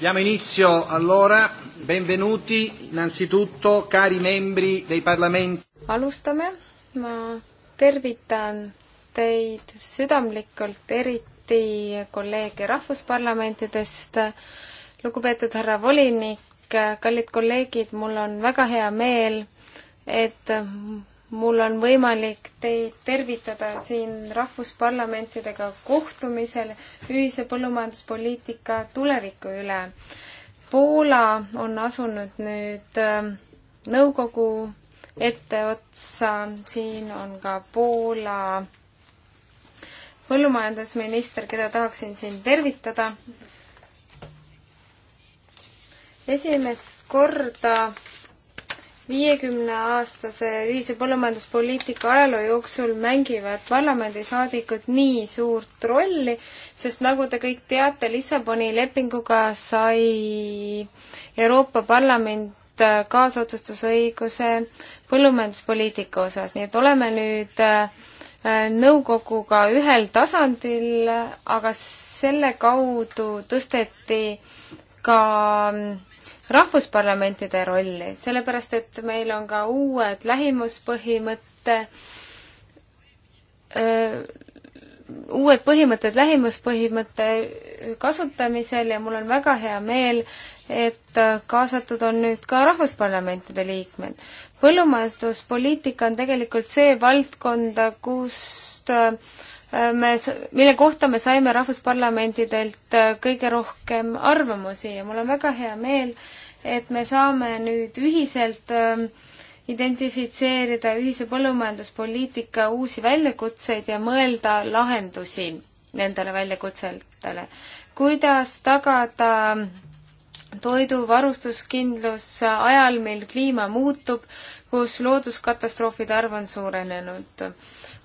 Diamo inizio allora, benvenuti innanzitutto cari membri dei parlamenti. alustame, ma tervitan teid südamlikult, eriti kolleege rahvusparlamentidest, lugupeetud härra volinik, kallid kolleegid, mul on väga hea meel, et mul on võimalik teid tervitada siin rahvusparlamentidega kohtumisel ühise põllumajanduspoliitika tuleviku üle. Poola on asunud nüüd ähm, nõukogu etteotsa, siin on ka Poola põllumajandusminister, keda tahaksin siin tervitada. esimest korda viiekümneaastase ühise põllumajanduspoliitika ajaloo jooksul mängivad parlamendisaadikud nii suurt rolli, sest nagu te kõik teate, Lissaboni lepinguga sai Euroopa Parlament kaasotsustusõiguse põllumajanduspoliitika osas, nii et oleme nüüd äh, nõukoguga ühel tasandil, aga selle kaudu tõsteti ka mm, rahvusparlamentide rolli, sellepärast et meil on ka uued lähimuspõhimõtte, uued põhimõtted lähimuspõhimõtte kasutamisel ja mul on väga hea meel, et kaasatud on nüüd ka rahvusparlamentide liikmed. põllumajanduspoliitika on tegelikult see valdkonda, kust me, mille kohta me saime rahvusparlamentidelt kõige rohkem arvamusi ja mul on väga hea meel, et me saame nüüd ühiselt ähm, identifitseerida ühise põllumajanduspoliitika uusi väljakutseid ja mõelda lahendusi nendele väljakutsetele. kuidas tagada toiduvarustuskindlus ajal, mil kliima muutub, kus looduskatastroofide arv on suurenenud.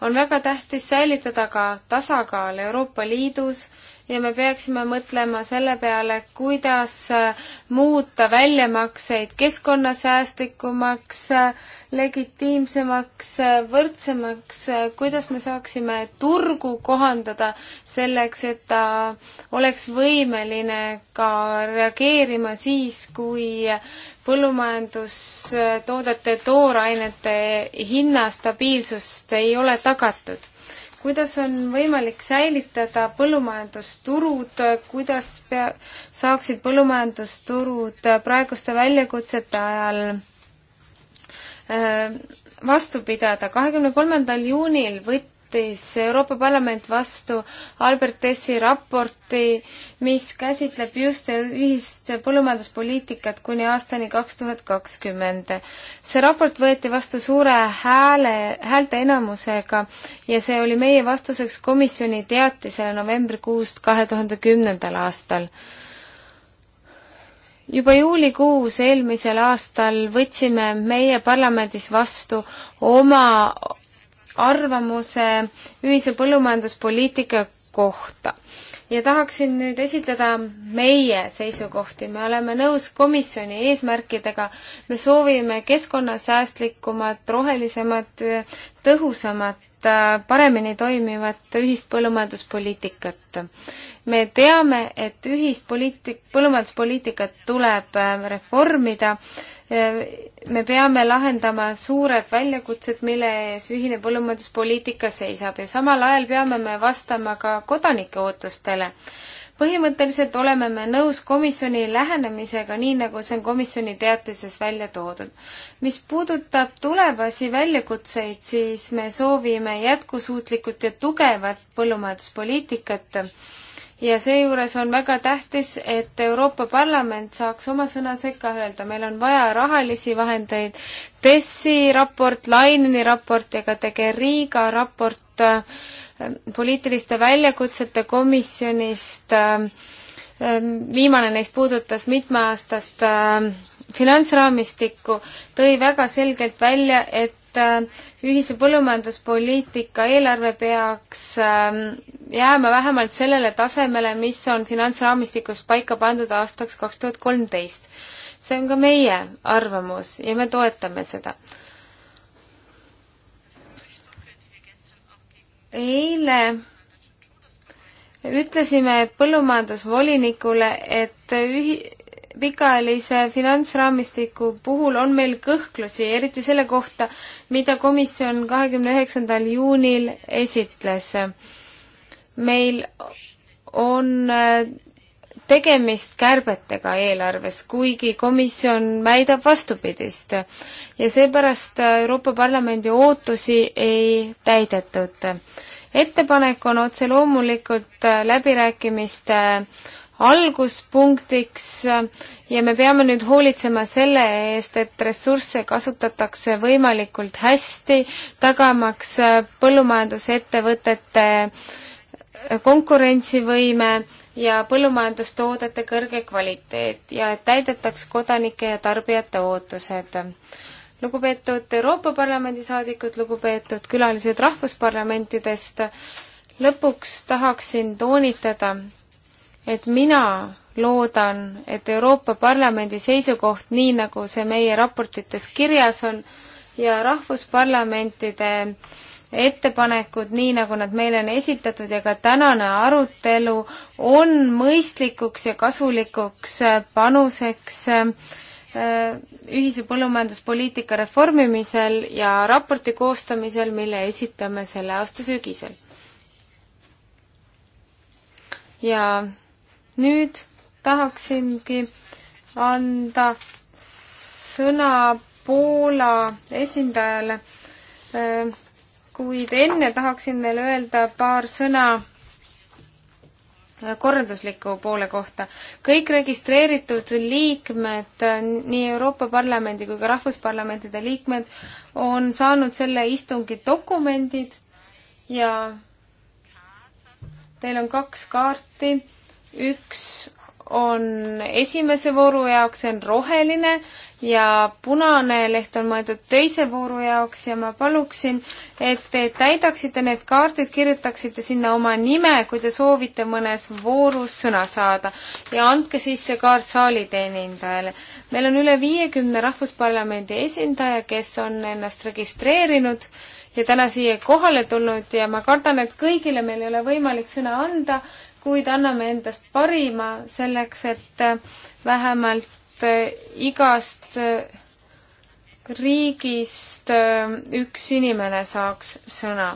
on väga tähtis säilitada ka tasakaal Euroopa Liidus ja me peaksime mõtlema selle peale, kuidas äh, muuta väljamakseid keskkonnasäästlikumaks, äh, legitiimsemaks, äh, võrdsemaks, kuidas me saaksime turgu kohandada selleks, et ta oleks võimeline ka reageerima siis, kui põllumajandustoodete toorainete hinna stabiilsust ei ole tagatud kuidas on võimalik säilitada põllumajandusturud, kuidas pea, saaksid põllumajandusturud praeguste väljakutsete ajal äh, vastu pidada. kahekümne kolmandal juunil võtt-, võttis Euroopa Parlament vastu Albert Tessi raporti, mis käsitleb just ühist põllumajanduspoliitikat kuni aastani kaks tuhat kakskümmend. see raport võeti vastu suure hääle, häälte enamusega ja see oli meie vastuseks komisjoni teatisele novembrikuust kahe tuhande kümnendal aastal juba juulikuus eelmisel aastal võtsime meie parlamendis vastu oma arvamuse ühise põllumajanduspoliitika kohta. ja tahaksin nüüd esitleda meie seisukohti, me oleme nõus komisjoni eesmärkidega, me soovime keskkonnasäästlikumat, rohelisemat, tõhusamat, paremini toimivat ühist põllumajanduspoliitikat. me teame, et ühist poliitik-, põllumajanduspoliitikat tuleb reformida me peame lahendama suured väljakutsed, mille ees ühine põllumajanduspoliitika seisab ja samal ajal peame me vastama ka kodanike ootustele. põhimõtteliselt oleme me nõus komisjoni lähenemisega, nii nagu see on komisjoni teatises välja toodud. mis puudutab tulevasi väljakutseid, siis me soovime jätkusuutlikult ja tugevat põllumajanduspoliitikat ja seejuures on väga tähtis, et Euroopa Parlament saaks oma sõna sekka öelda, meil on vaja rahalisi vahendeid, TESSi raport, Laineni raport ja ka Tegeriga raport äh, poliitiliste väljakutsete komisjonist äh, äh,, viimane neist puudutas mitmeaastast äh, finantsraamistikku, tõi väga selgelt välja, et et äh, ühise põllumajanduspoliitika eelarve peaks ähm, jääma vähemalt sellele tasemele, mis on finantsraamistikus paika pandud aastaks kaks tuhat kolmteist. see on ka meie arvamus ja me toetame seda. eile ütlesime põllumajandusvolinikule, et ühi-, pikaajalise finantsraamistiku puhul on meil kõhklusi, eriti selle kohta, mida komisjon kahekümne üheksandal juunil esitles. meil on äh, tegemist kärbetega eelarves, kuigi komisjon väidab vastupidist ja seepärast äh, Euroopa Parlamendi ootusi ei täidetud. ettepanek on otse loomulikult äh, läbirääkimiste alguspunktiks äh, ja me peame nüüd hoolitsema selle eest, et ressursse kasutatakse võimalikult hästi, tagamaks äh, põllumajandusettevõtete äh, konkurentsivõime ja põllumajandustoodete kõrge kvaliteet ja et täidetaks kodanike ja tarbijate ootused. lugupeetud Euroopa Parlamendi saadikud, lugupeetud külalised rahvusparlamentidest, lõpuks tahaksin toonitada, et mina loodan, et Euroopa Parlamendi seisukoht, nii nagu see meie raportites kirjas on, ja rahvusparlamentide ettepanekud, nii nagu nad meile on esitatud ja ka tänane arutelu on mõistlikuks ja kasulikuks panuseks äh, ühise põllumajanduspoliitika reformimisel ja raporti koostamisel, mille esitame selle aasta sügisel. ja nüüd tahaksingi anda sõna Poola esindajale, äh, kuid enne tahaksin veel öelda paar sõna äh, korraldusliku poole kohta. kõik registreeritud liikmed, äh, nii Euroopa Parlamendi kui ka rahvusparlamentide liikmed, on saanud selle istungi dokumendid ja teil on kaks kaarti üks on esimese vooru jaoks, see on roheline ja punane leht on mõeldud teise vooru jaoks ja ma paluksin, et te täidaksite need kaardid, kirjutaksite sinna oma nime, kui te soovite mõnes voorus sõna saada ja andke siis see kaart saali teenindajale. meil on üle viiekümne Rahvusparlamendi esindaja, kes on ennast registreerinud ja täna siia kohale tulnud ja ma kardan, et kõigile meil ei ole võimalik sõna anda kuid anname endast parima selleks, et vähemalt eh, igast eh, riigist eh, üks inimene saaks sõna.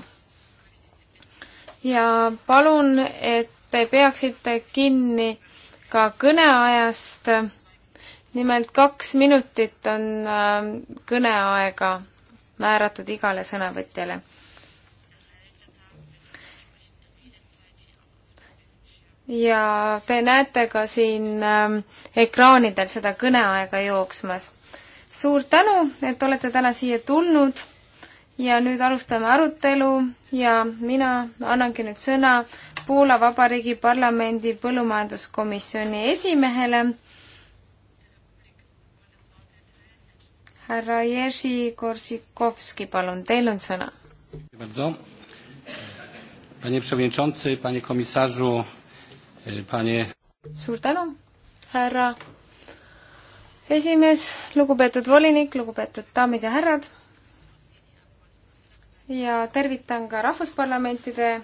ja palun, et te peaksite kinni ka kõneajast. nimelt kaks minutit on kõneaega määratud igale sõnavõtjale ja te näete ka siin ähm, ekraanidel seda kõneaega jooksmas. suur tänu, et olete täna siia tulnud ja nüüd alustame arutelu ja mina annangi nüüd sõna Poola Vabariigi Parlamendi põllumajanduskomisjoni esimehele, härra Jerzy Korsikovski, palun, teil on sõna. Panie przewodniczący, panie komisarzu, suur tänu, härra esimees, lugupeetud volinik, lugupeetud daamid ja härrad ja tervitan ka rahvusparlamentide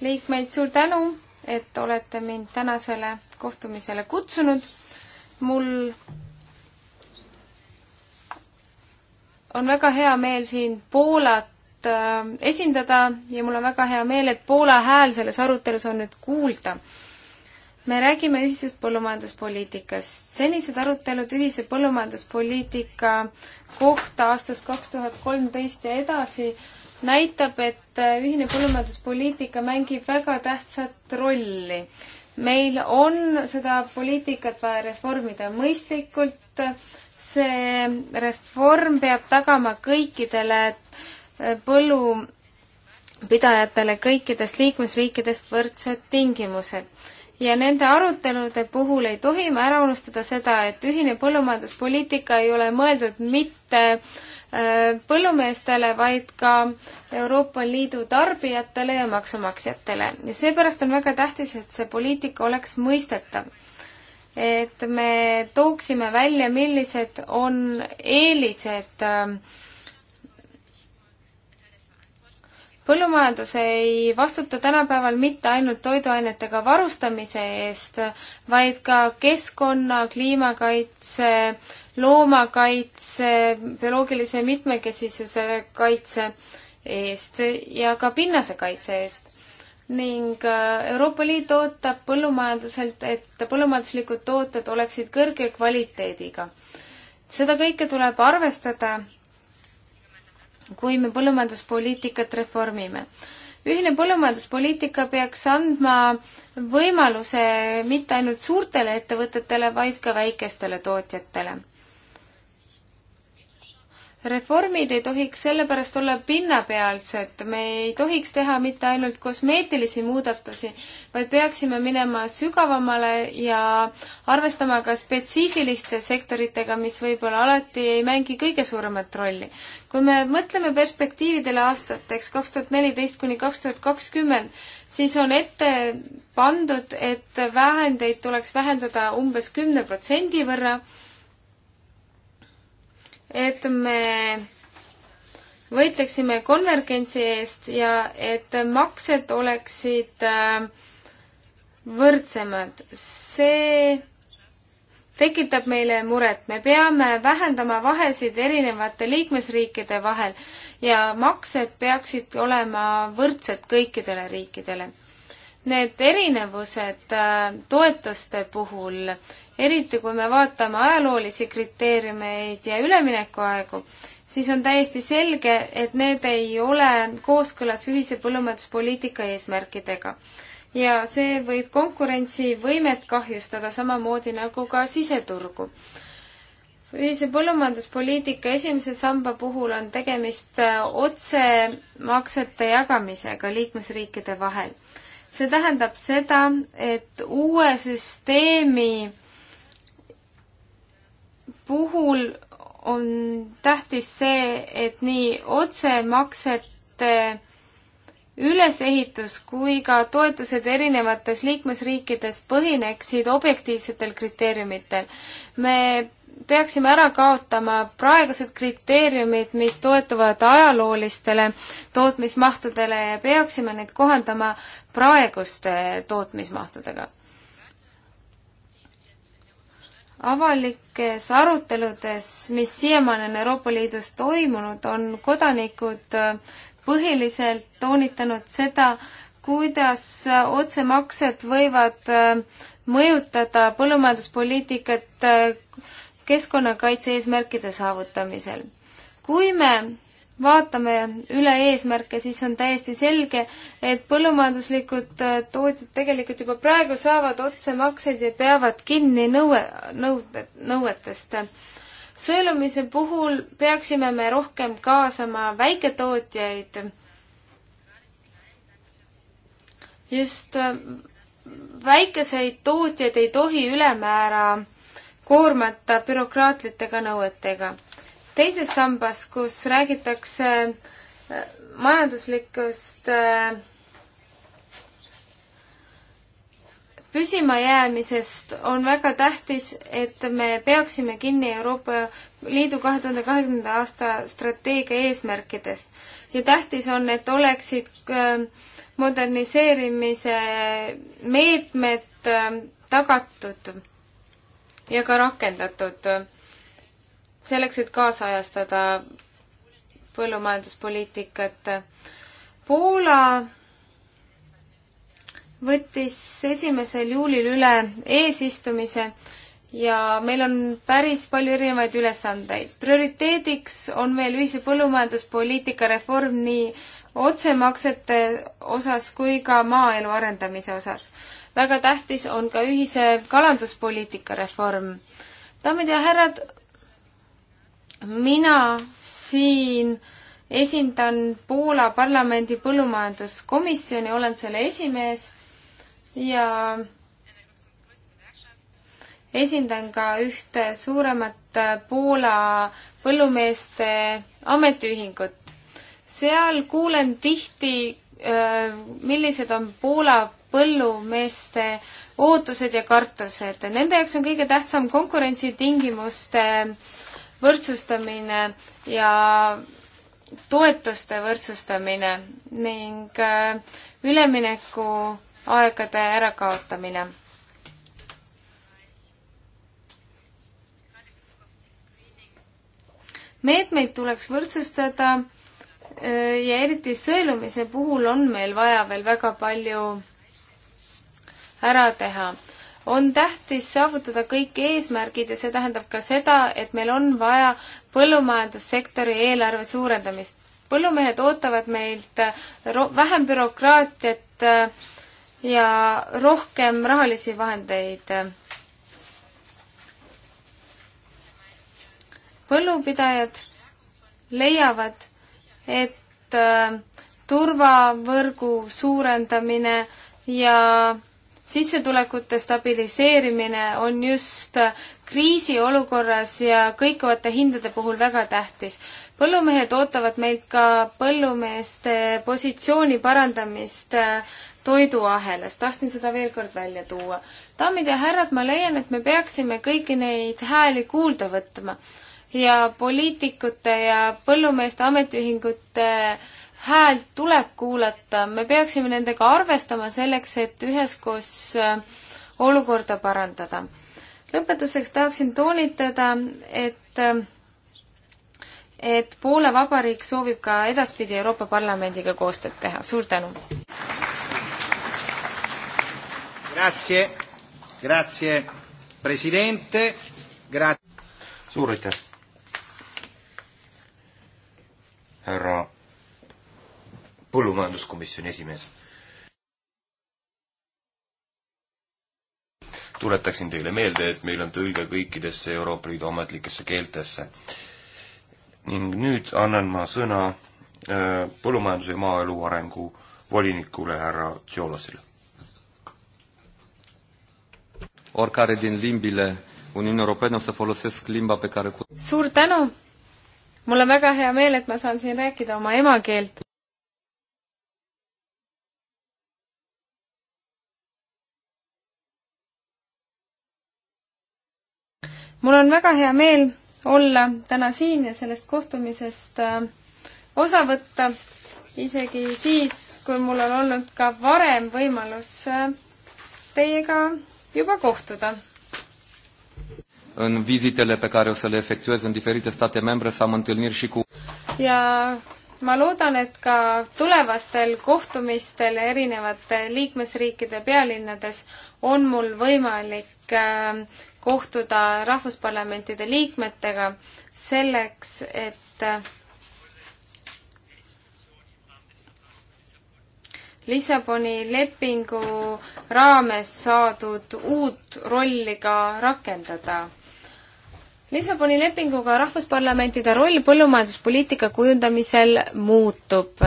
liikmeid, suur tänu, et olete mind tänasele kohtumisele kutsunud. mul on väga hea meel siin Poolat Äh, esindada ja mul on väga hea meel, et Poola hääl selles arutelus on nüüd kuulda. me räägime ühisest põllumajanduspoliitikast. senised arutelud ühise põllumajanduspoliitika kohta aastast kaks tuhat kolmteist ja edasi näitab, et äh, ühine põllumajanduspoliitika mängib väga tähtsat rolli. meil on seda poliitikat vaja reformida mõistlikult, see reform peab tagama kõikidele põllupidajatele kõikidest liikmesriikidest võrdsed tingimused. ja nende arutelude puhul ei tohi me ära unustada seda, et ühine põllumajanduspoliitika ei ole mõeldud mitte äh, põllumeestele, vaid ka Euroopa Liidu tarbijatele ja maksumaksjatele. ja seepärast on väga tähtis, et see poliitika oleks mõistetav. et me tooksime välja, millised on eelised äh, põllumajandus ei vastuta tänapäeval mitte ainult toiduainetega varustamise eest, vaid ka keskkonna, kliimakaitse, loomakaitse, bioloogilise mitmekesisuse kaitse eest ja ka pinnase kaitse eest ning äh, Euroopa Liit ootab põllumajanduselt, et põllumajanduslikud tooted oleksid kõrge kvaliteediga. seda kõike tuleb arvestada kui me põllumajanduspoliitikat reformime. ühine põllumajanduspoliitika peaks andma võimaluse mitte ainult suurtele ettevõtetele, vaid ka väikestele tootjatele reformid ei tohiks sellepärast olla pinnapealsed, me ei tohiks teha mitte ainult kosmeetilisi muudatusi, vaid peaksime minema sügavamale ja arvestama ka spetsiifiliste sektoritega, mis võib-olla alati ei mängi kõige suuremat rolli. kui me mõtleme perspektiividele aastateks kaks tuhat neliteist kuni kaks tuhat kakskümmend, siis on ette pandud, et vahendeid tuleks vähendada umbes kümne protsendi võrra et me võitleksime konvergentsi eest ja et maksed oleksid äh, võrdsemad. see tekitab meile muret. me peame vähendama vahesid erinevate liikmesriikide vahel ja maksed peaksid olema võrdsed kõikidele riikidele. Need erinevused äh, toetuste puhul eriti kui me vaatame ajaloolisi kriteeriumeid ja üleminekuaegu, siis on täiesti selge, et need ei ole kooskõlas ühise põllumajanduspoliitika eesmärkidega. ja see võib konkurentsivõimet kahjustada samamoodi nagu ka siseturgu ühise põllumajanduspoliitika esimese samba puhul on tegemist äh, otsemaksete jagamisega liikmesriikide vahel. see tähendab seda, et uue süsteemi puhul on tähtis see, et nii otsemaksete ülesehitus kui ka toetused erinevates liikmesriikides põhineksid objektiivsetel kriteeriumitel. me peaksime ära kaotama praegused kriteeriumid, mis toetuvad ajaloolistele tootmismahtudele ja peaksime neid kohandama praeguste tootmismahtudega avalikes aruteludes, mis siiamaani on Euroopa Liidus toimunud, on kodanikud äh, põhiliselt toonitanud seda, kuidas äh, otsemaksed võivad äh, mõjutada põllumajanduspoliitikat keskkonnakaitse eesmärkide saavutamisel. kui me vaatame üle eesmärke, siis on täiesti selge, et põllumajanduslikud äh, tootjad tegelikult juba praegu saavad otsemakseid ja peavad kinni nõue, nõude, nõuetest. sõelumise puhul peaksime me rohkem kaasama väiketootjaid, just äh, väikeseid tootjaid ei tohi ülemäära koormata bürokraatlitega nõuetega teises sambas, kus räägitakse äh, majanduslikust äh, püsimajäämisest on väga tähtis, et me peaksime kinni Euroopa Liidu kahe tuhande kahekümnenda aasta strateegia eesmärkidest. ja tähtis on, et oleksid äh, moderniseerimise meetmed tagatud ja ka rakendatud selleks, et kaasajastada põllumajanduspoliitikat. Poola võttis esimesel juulil üle eesistumise ja meil on päris palju erinevaid ülesandeid. prioriteediks on meil ühise põllumajanduspoliitika reform nii otsemaksete osas kui ka maaelu arendamise osas. väga tähtis on ka ühise kalanduspoliitika reform. daamid ja härrad, mina siin esindan Poola parlamendi põllumajanduskomisjoni, olen selle esimees ja esindan ka ühte suuremat Poola põllumeeste ametiühingut. seal kuulen tihti, millised on Poola põllumeeste ootused ja kartused. Nende jaoks on kõige tähtsam konkurentsitingimuste äh, võrdsustamine ja toetuste võrdsustamine ning äh, üleminekuaegade ärakaotamine meetmeid tuleks võrdsustada äh, ja eriti sõelumise puhul on meil vaja veel väga palju ära teha on tähtis saavutada kõik eesmärgid ja see tähendab ka seda, et meil on vaja põllumajandussektori eelarve suurendamist. põllumehed ootavad meilt äh, vähem bürokraatiat äh, ja rohkem rahalisi vahendeid. põllupidajad leiavad, et äh, turvavõrgu suurendamine ja sissetulekute stabiliseerimine on just kriisiolukorras ja kõikuvate hindade puhul väga tähtis. põllumehed ootavad meilt ka põllumeeste positsiooni parandamist äh, toiduahelas, tahtsin seda veel kord välja tuua. daamid ja härrad, ma leian, et me peaksime kõiki neid hääli kuulda võtma ja poliitikute ja põllumeeste ametiühingute äh, häält tuleb kuulata, me peaksime nendega arvestama selleks, et üheskoos äh, olukorda parandada. lõpetuseks tahaksin toonitada, et äh, et Poola Vabariik soovib ka edaspidi Euroopa Parlamendiga koostööd teha, suur tänu! Grazie, grazie, presidente, gra-. suur aitäh, härra põllumajanduskomisjoni esimees. tuletaksin teile meelde, et meil on tõlge kõikidesse Euroopa Liidu ametlikesse keeltesse. ning nüüd annan ma sõna äh, põllumajanduse ja maaelu arengu volinikule härra Tšolosile. oricare din limbile Uniunea Europeană o să folosesc limba pe care... Suur tänu! Mul on väga hea meel, et ma saan siin rääkida oma emakeelt. mul on väga hea meel olla täna siin ja sellest kohtumisest äh, osa võtta, isegi siis, kui mul on olnud ka varem võimalus äh, teiega juba kohtuda. În vizitele pe care o să le efectuez în diferite state membre s-am întâlnit și cu ja ma loodan, et ka tulevastel kohtumistel erinevate liikmesriikide pealinnades on mul võimalik äh, kohtuda rahvusparlamentide liikmetega selleks, et äh, Lissaboni lepingu raames saadud uut rolli ka rakendada Lissaboni lepinguga rahvusparlamentide roll põllumajanduspoliitika kujundamisel muutub.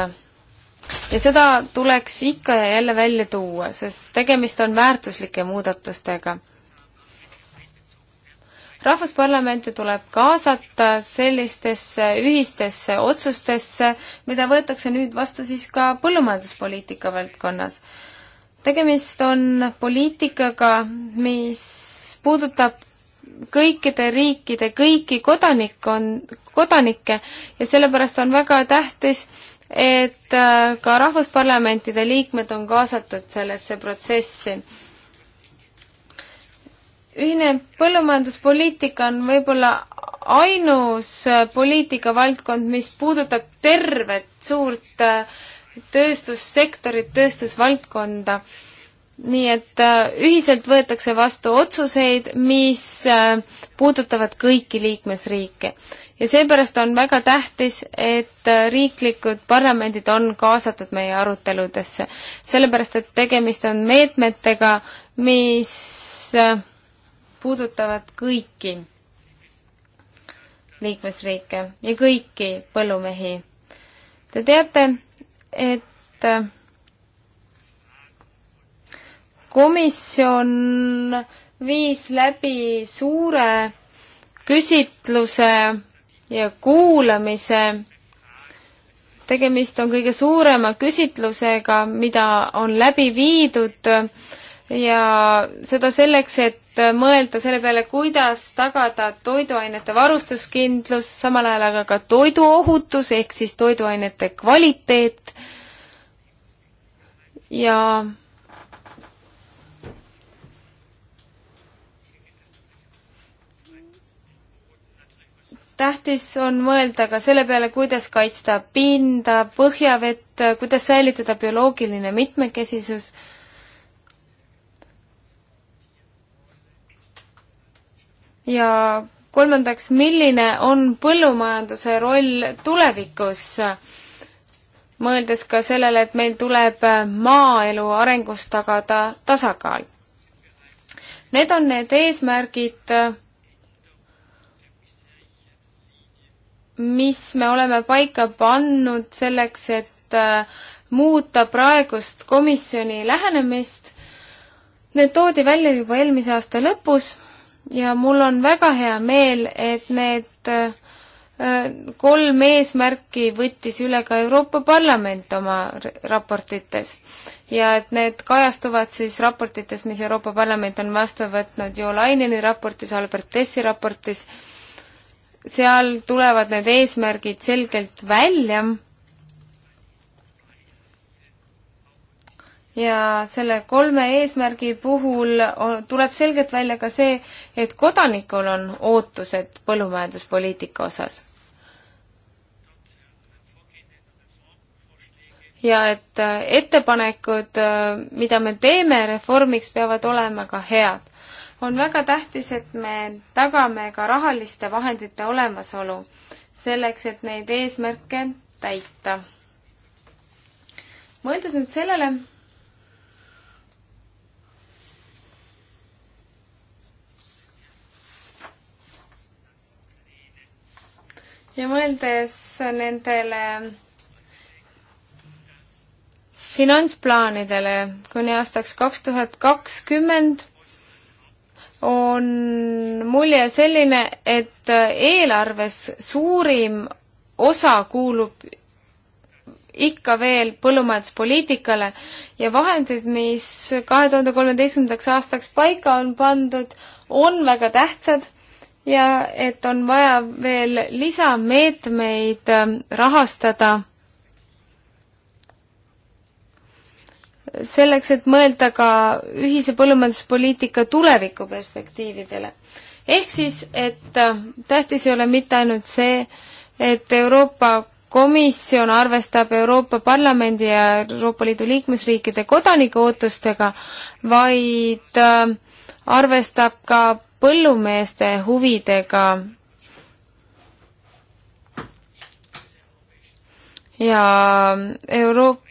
ja seda tuleks ikka ja jälle välja tuua, sest tegemist on väärtuslike muudatustega. rahvusparlamente tuleb kaasata sellistesse ühistesse otsustesse, mida võetakse nüüd vastu siis ka põllumajanduspoliitika valdkonnas tegemist on poliitikaga, mis puudutab kõikide riikide kõiki kodanikkon-, kodanikke ja sellepärast on väga tähtis, et äh, ka rahvusparlamentide liikmed on kaasatud sellesse protsessi. ühine põllumajanduspoliitika on võib-olla ainus äh, poliitikavaldkond, mis puudutab tervet suurt äh, tööstussektorit, tööstusvaldkonda nii et äh, ühiselt võetakse vastu otsuseid, mis äh, puudutavad kõiki liikmesriike. ja seepärast on väga tähtis, et äh, riiklikud parlamendid on kaasatud meie aruteludesse, sellepärast et tegemist on meetmetega, mis puudutavad kõiki liikmesriike ja kõiki põllumehi. Te teate, et komisjon viis läbi suure küsitluse ja kuulamise. tegemist on kõige suurema küsitlusega, mida on läbi viidud ja seda selleks, et mõelda selle peale, kuidas tagada toiduainete varustuskindlus, samal ajal aga ka toiduohutus ehk siis toiduainete kvaliteet ja tähtis on mõelda ka selle peale, kuidas kaitsta pinda, põhjavett, kuidas säilitada bioloogiline mitmekesisus. ja kolmandaks, milline on põllumajanduse roll tulevikus? mõeldes ka sellele, et meil tuleb maaelu arengus tagada tasakaal. Need on need eesmärgid, mis me oleme paika pannud selleks, et äh, muuta praegust komisjoni lähenemist. Need toodi välja juba eelmise aasta lõpus ja mul on väga hea meel, et need äh, kolm eesmärki võttis üle ka Euroopa Parlament oma raportites ja et need kajastuvad siis raportites, mis Euroopa Parlament on vastu võtnud, Joe Laineni raportis, Albert Tessi raportis äh,, seal tulevad need eesmärgid selgelt välja ja selle kolme eesmärgi puhul on, tuleb selgelt välja ka see, et kodanikul on ootused põllumajanduspoliitika osas. ja et ettepanekud, mida me teeme reformiks, peavad olema ka head on väga tähtis, et me tagame ka rahaliste vahendite olemasolu selleks, et neid eesmärke täita. mõeldes nüüd sellele, ja mõeldes nendele finantsplaanidele kuni aastaks kaks tuhat kakskümmend on mulje selline, et eelarves suurim osa kuulub ikka veel põllumajanduspoliitikale ja vahendid, mis kahe tuhande kolmeteistkümnendaks aastaks paika on pandud, on väga tähtsad ja et on vaja veel lisameetmeid rahastada selleks, et mõelda ka ühise põllumajanduspoliitika tuleviku perspektiividele. ehk siis, et äh, tähtis ei ole mitte ainult see, et Euroopa Komisjon arvestab Euroopa Parlamendi ja Euroopa Liidu liikmesriikide kodanike ootustega, vaid äh, arvestab ka põllumeeste huvidega ja Euroopa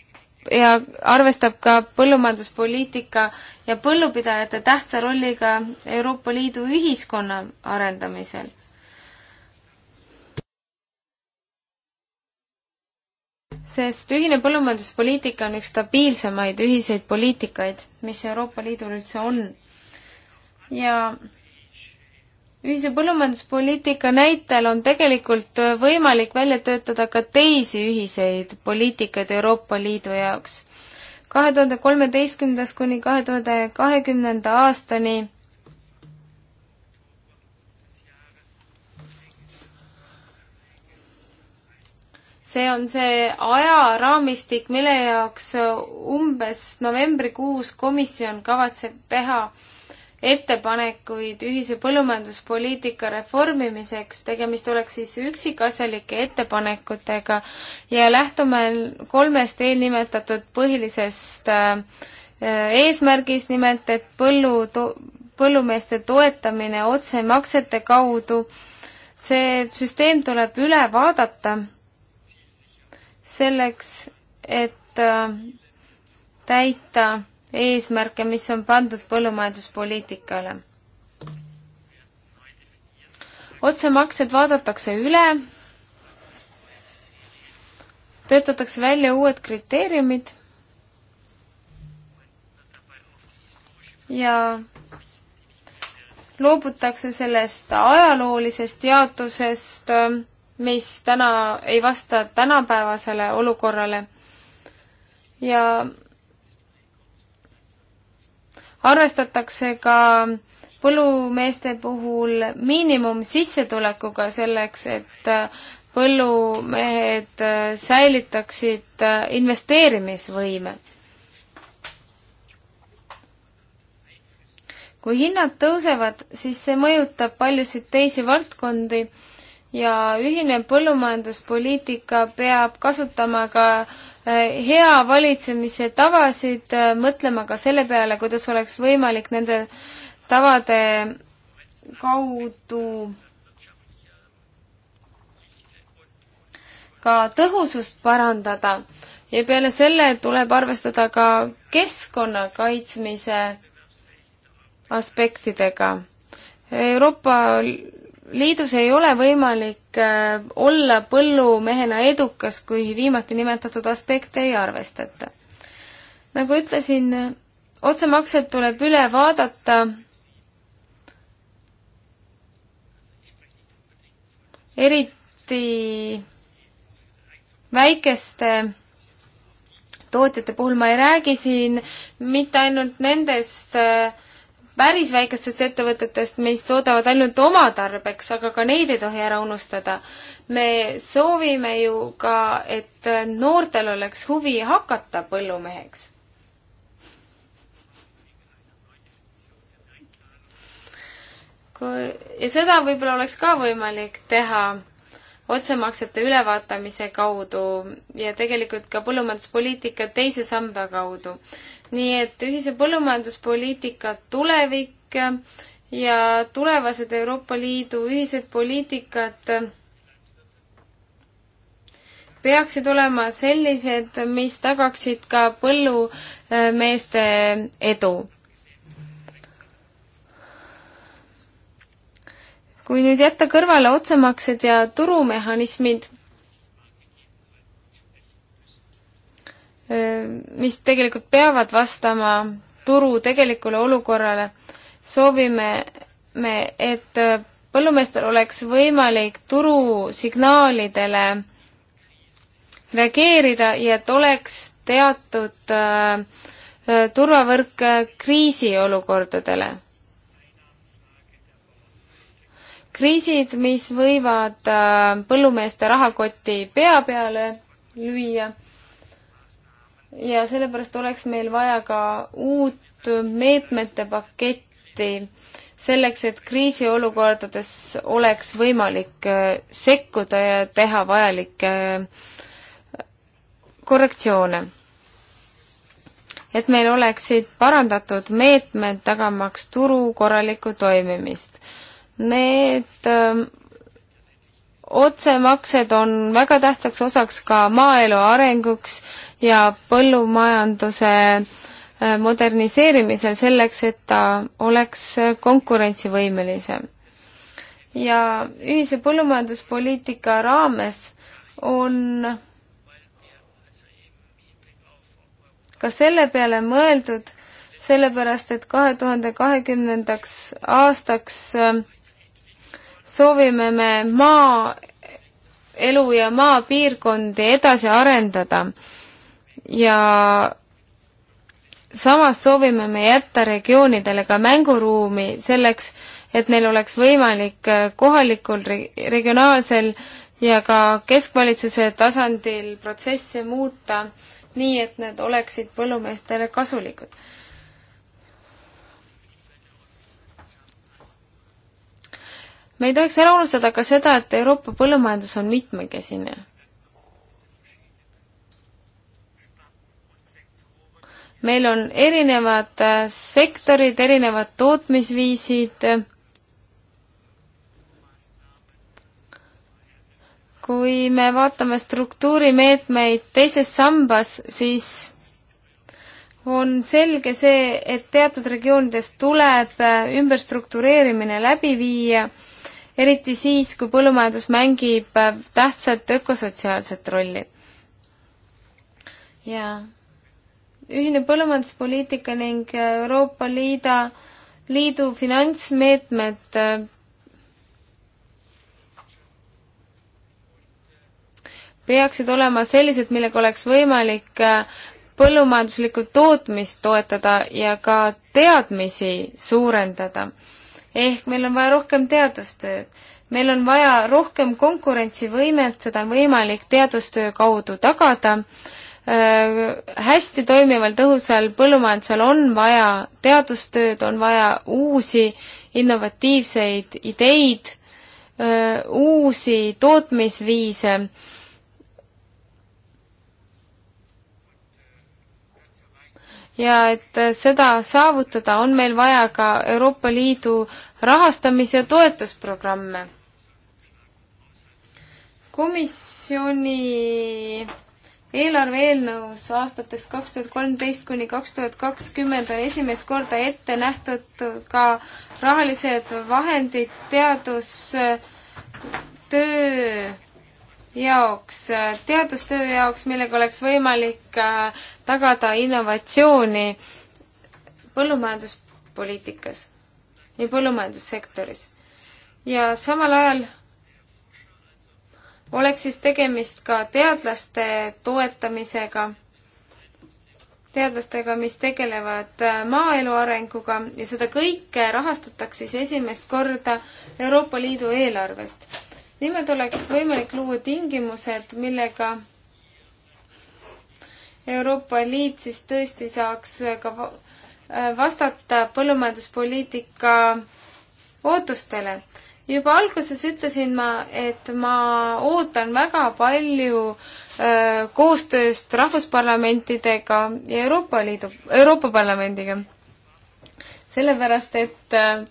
ja arvestab ka põllumajanduspoliitika ja põllupidajate tähtsa rolliga Euroopa Liidu ühiskonna arendamisel. sest ühine põllumajanduspoliitika on üks stabiilsemaid ühiseid poliitikaid, mis Euroopa Liidul üldse on. ja ühise põllumajanduspoliitika näitel on tegelikult võimalik välja töötada ka teisi ühiseid poliitikaid Euroopa Liidu jaoks. kahe tuhande kolmeteistkümnendast kuni kahe tuhande kahekümnenda aastani see on see ajaraamistik, mille jaoks umbes novembrikuus komisjon kavatseb teha ettepanekuid ühise põllumajanduspoliitika reformimiseks, tegemist oleks siis üksikasjalike ettepanekutega ja lähtume kolmest eelnimetatud põhilisest äh, eesmärgist, nimelt et põllu, põllumeeste toetamine otsemaksete kaudu, see süsteem tuleb üle vaadata selleks, et äh, täita eesmärke, mis on pandud põllumajanduspoliitikale. otsemaksed vaadatakse üle, töötatakse välja uued kriteeriumid ja loobutakse sellest ajaloolisest jaotusest, mis täna ei vasta tänapäevasele olukorrale ja arvestatakse ka põllumeeste puhul miinimumsissetulekuga selleks, et äh, põllumehed äh, säilitaksid äh, investeerimisvõime. kui hinnad tõusevad, siis see mõjutab paljusid teisi valdkondi ja ühine põllumajanduspoliitika peab kasutama ka äh, Äh, hea valitsemise tavasid, äh, mõtlema ka selle peale, kuidas oleks võimalik nende tavade kaudu ka tõhusust parandada ja peale selle tuleb arvestada ka keskkonna kaitsmise aspektidega. Euroopa liidus ei ole võimalik äh, olla põllumehena edukas, kui viimati nimetatud aspekte ei arvestata. nagu ütlesin, otsemaksed tuleb üle vaadata eriti väikeste tootjate puhul ma ei räägi siin mitte ainult nendest äh, päris väikestest ettevõtetest, mis toodavad ainult oma tarbeks, aga ka neid ei tohi ära unustada. me soovime ju ka, et noortel oleks huvi hakata põllumeheks. ja seda võib-olla oleks ka võimalik teha otsemaksete ülevaatamise kaudu ja tegelikult ka põllumajanduspoliitika teise samba kaudu. nii et ühise põllumajanduspoliitika tulevik ja tulevased Euroopa Liidu ühised poliitikad peaksid olema sellised, mis tagaksid ka põllumeeste edu kui nüüd jätta kõrvale otsemaksed ja turumehhanismid, mis tegelikult peavad vastama turu tegelikule olukorrale, soovime me, et põllumeestel oleks võimalik turusignaalidele reageerida ja et oleks teatud äh, turvavõrk kriisiolukordadele kriisid, mis võivad äh, põllumeeste rahakoti pea peale lüüa. ja sellepärast oleks meil vaja ka uut meetmete paketti selleks, et kriisiolukordades oleks võimalik äh, sekkuda ja teha vajalikke äh, korrektsioone et meil oleksid parandatud meetmed tagamaks turu korralikku toimimist. Need öö, ähm, otsemaksed on väga tähtsaks osaks ka maaelu arenguks ja põllumajanduse äh, moderniseerimisel selleks, et ta oleks äh, konkurentsivõimelisem. ja ühise põllumajanduspoliitika raames on ka selle peale mõeldud, sellepärast et kahe tuhande kahekümnendaks aastaks äh, soovime me maaelu ja maapiirkondi edasi arendada ja samas soovime me jätta regioonidele ka mänguruumi selleks, et neil oleks võimalik äh, kohalikul, regionaalsel ja ka keskvalitsuse tasandil protsesse muuta nii, et need oleksid põllumeestele kasulikud me ei tohiks ära unustada ka seda, et Euroopa põllumajandus on mitmekesine. meil on erinevad äh, sektorid, erinevad tootmisviisid, kui me vaatame struktuurimeetmeid teises sambas, siis on selge see, et teatud regioonides tuleb äh, ümberstruktureerimine läbi viia eriti siis, kui põllumajandus mängib äh, tähtsat ökosotsiaalset rolli. jaa. ühine põllumajanduspoliitika ning Euroopa Liida, Liidu finantsmeetmed äh, peaksid olema sellised, millega oleks võimalik äh, põllumajanduslikku tootmist toetada ja ka teadmisi suurendada ehk meil on vaja rohkem teadustööd. meil on vaja rohkem konkurentsivõimet, seda on võimalik teadustöö kaudu tagada hästi toimival tõhusal põllumajandusel on vaja teadustööd, on vaja uusi innovatiivseid ideid, uusi tootmisviise ja et seda saavutada, on meil vaja ka Euroopa Liidu rahastamis- ja toetusprogramme. komisjoni eelarve eelnõus aastatest kaks tuhat kolmteist kuni kaks tuhat kakskümmend on esimest korda ette nähtud ka rahalised vahendid teadustöö jaoks, äh, teadustöö jaoks, millega oleks võimalik äh, tagada innovatsiooni põllumajanduspoliitikas ja põllumajandussektoris. ja samal ajal oleks siis tegemist ka teadlaste toetamisega, teadlastega, mis tegelevad äh, maaelu arenguga ja seda kõike rahastatakse siis esimest korda Euroopa Liidu eelarvest nimelt oleks võimalik luua tingimused, millega Euroopa Liit siis tõesti saaks ka äh, vastata põllumajanduspoliitika ootustele. juba alguses ütlesin ma, et ma ootan väga palju äh, koostööst rahvusparlamentidega ja Euroopa Liidu, Euroopa Parlamendiga. sellepärast, et äh,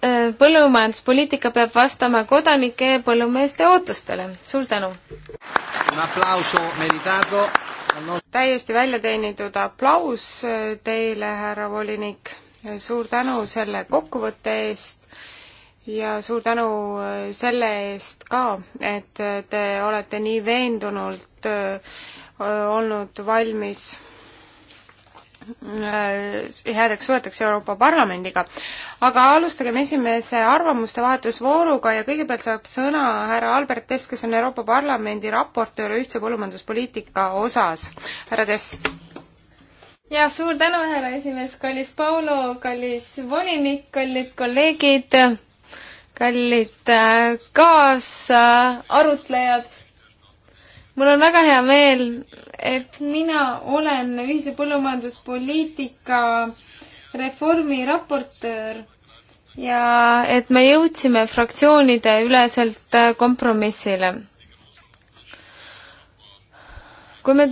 Äh, põllumajanduspoliitika peab vastama kodanike ja põllumeeste ootustele. suur tänu! täiesti välja teenitud aplaus äh, teile, härra volinik, äh, suur tänu selle kokkuvõtte eest ja suur tänu selle eest ka, et te olete nii veendunult olnud valmis Äh, headeks suheteks Euroopa Parlamendiga. aga alustagem esimese arvamuste vahetusvooruga ja kõigepealt saab sõna härra Albert Tess, kes on Euroopa Parlamendi raportöör ühtse põllumajanduspoliitika osas. härra Tess. ja suur tänu, härra esimees, kallis Paulo, kallis volinik, kallid kolleegid, kallid äh, kaasarutlejad mul on väga hea meel, et mina olen ühise põllumajanduspoliitika reformi raportöör ja et me jõudsime fraktsioonide üleselt kompromissile. kui me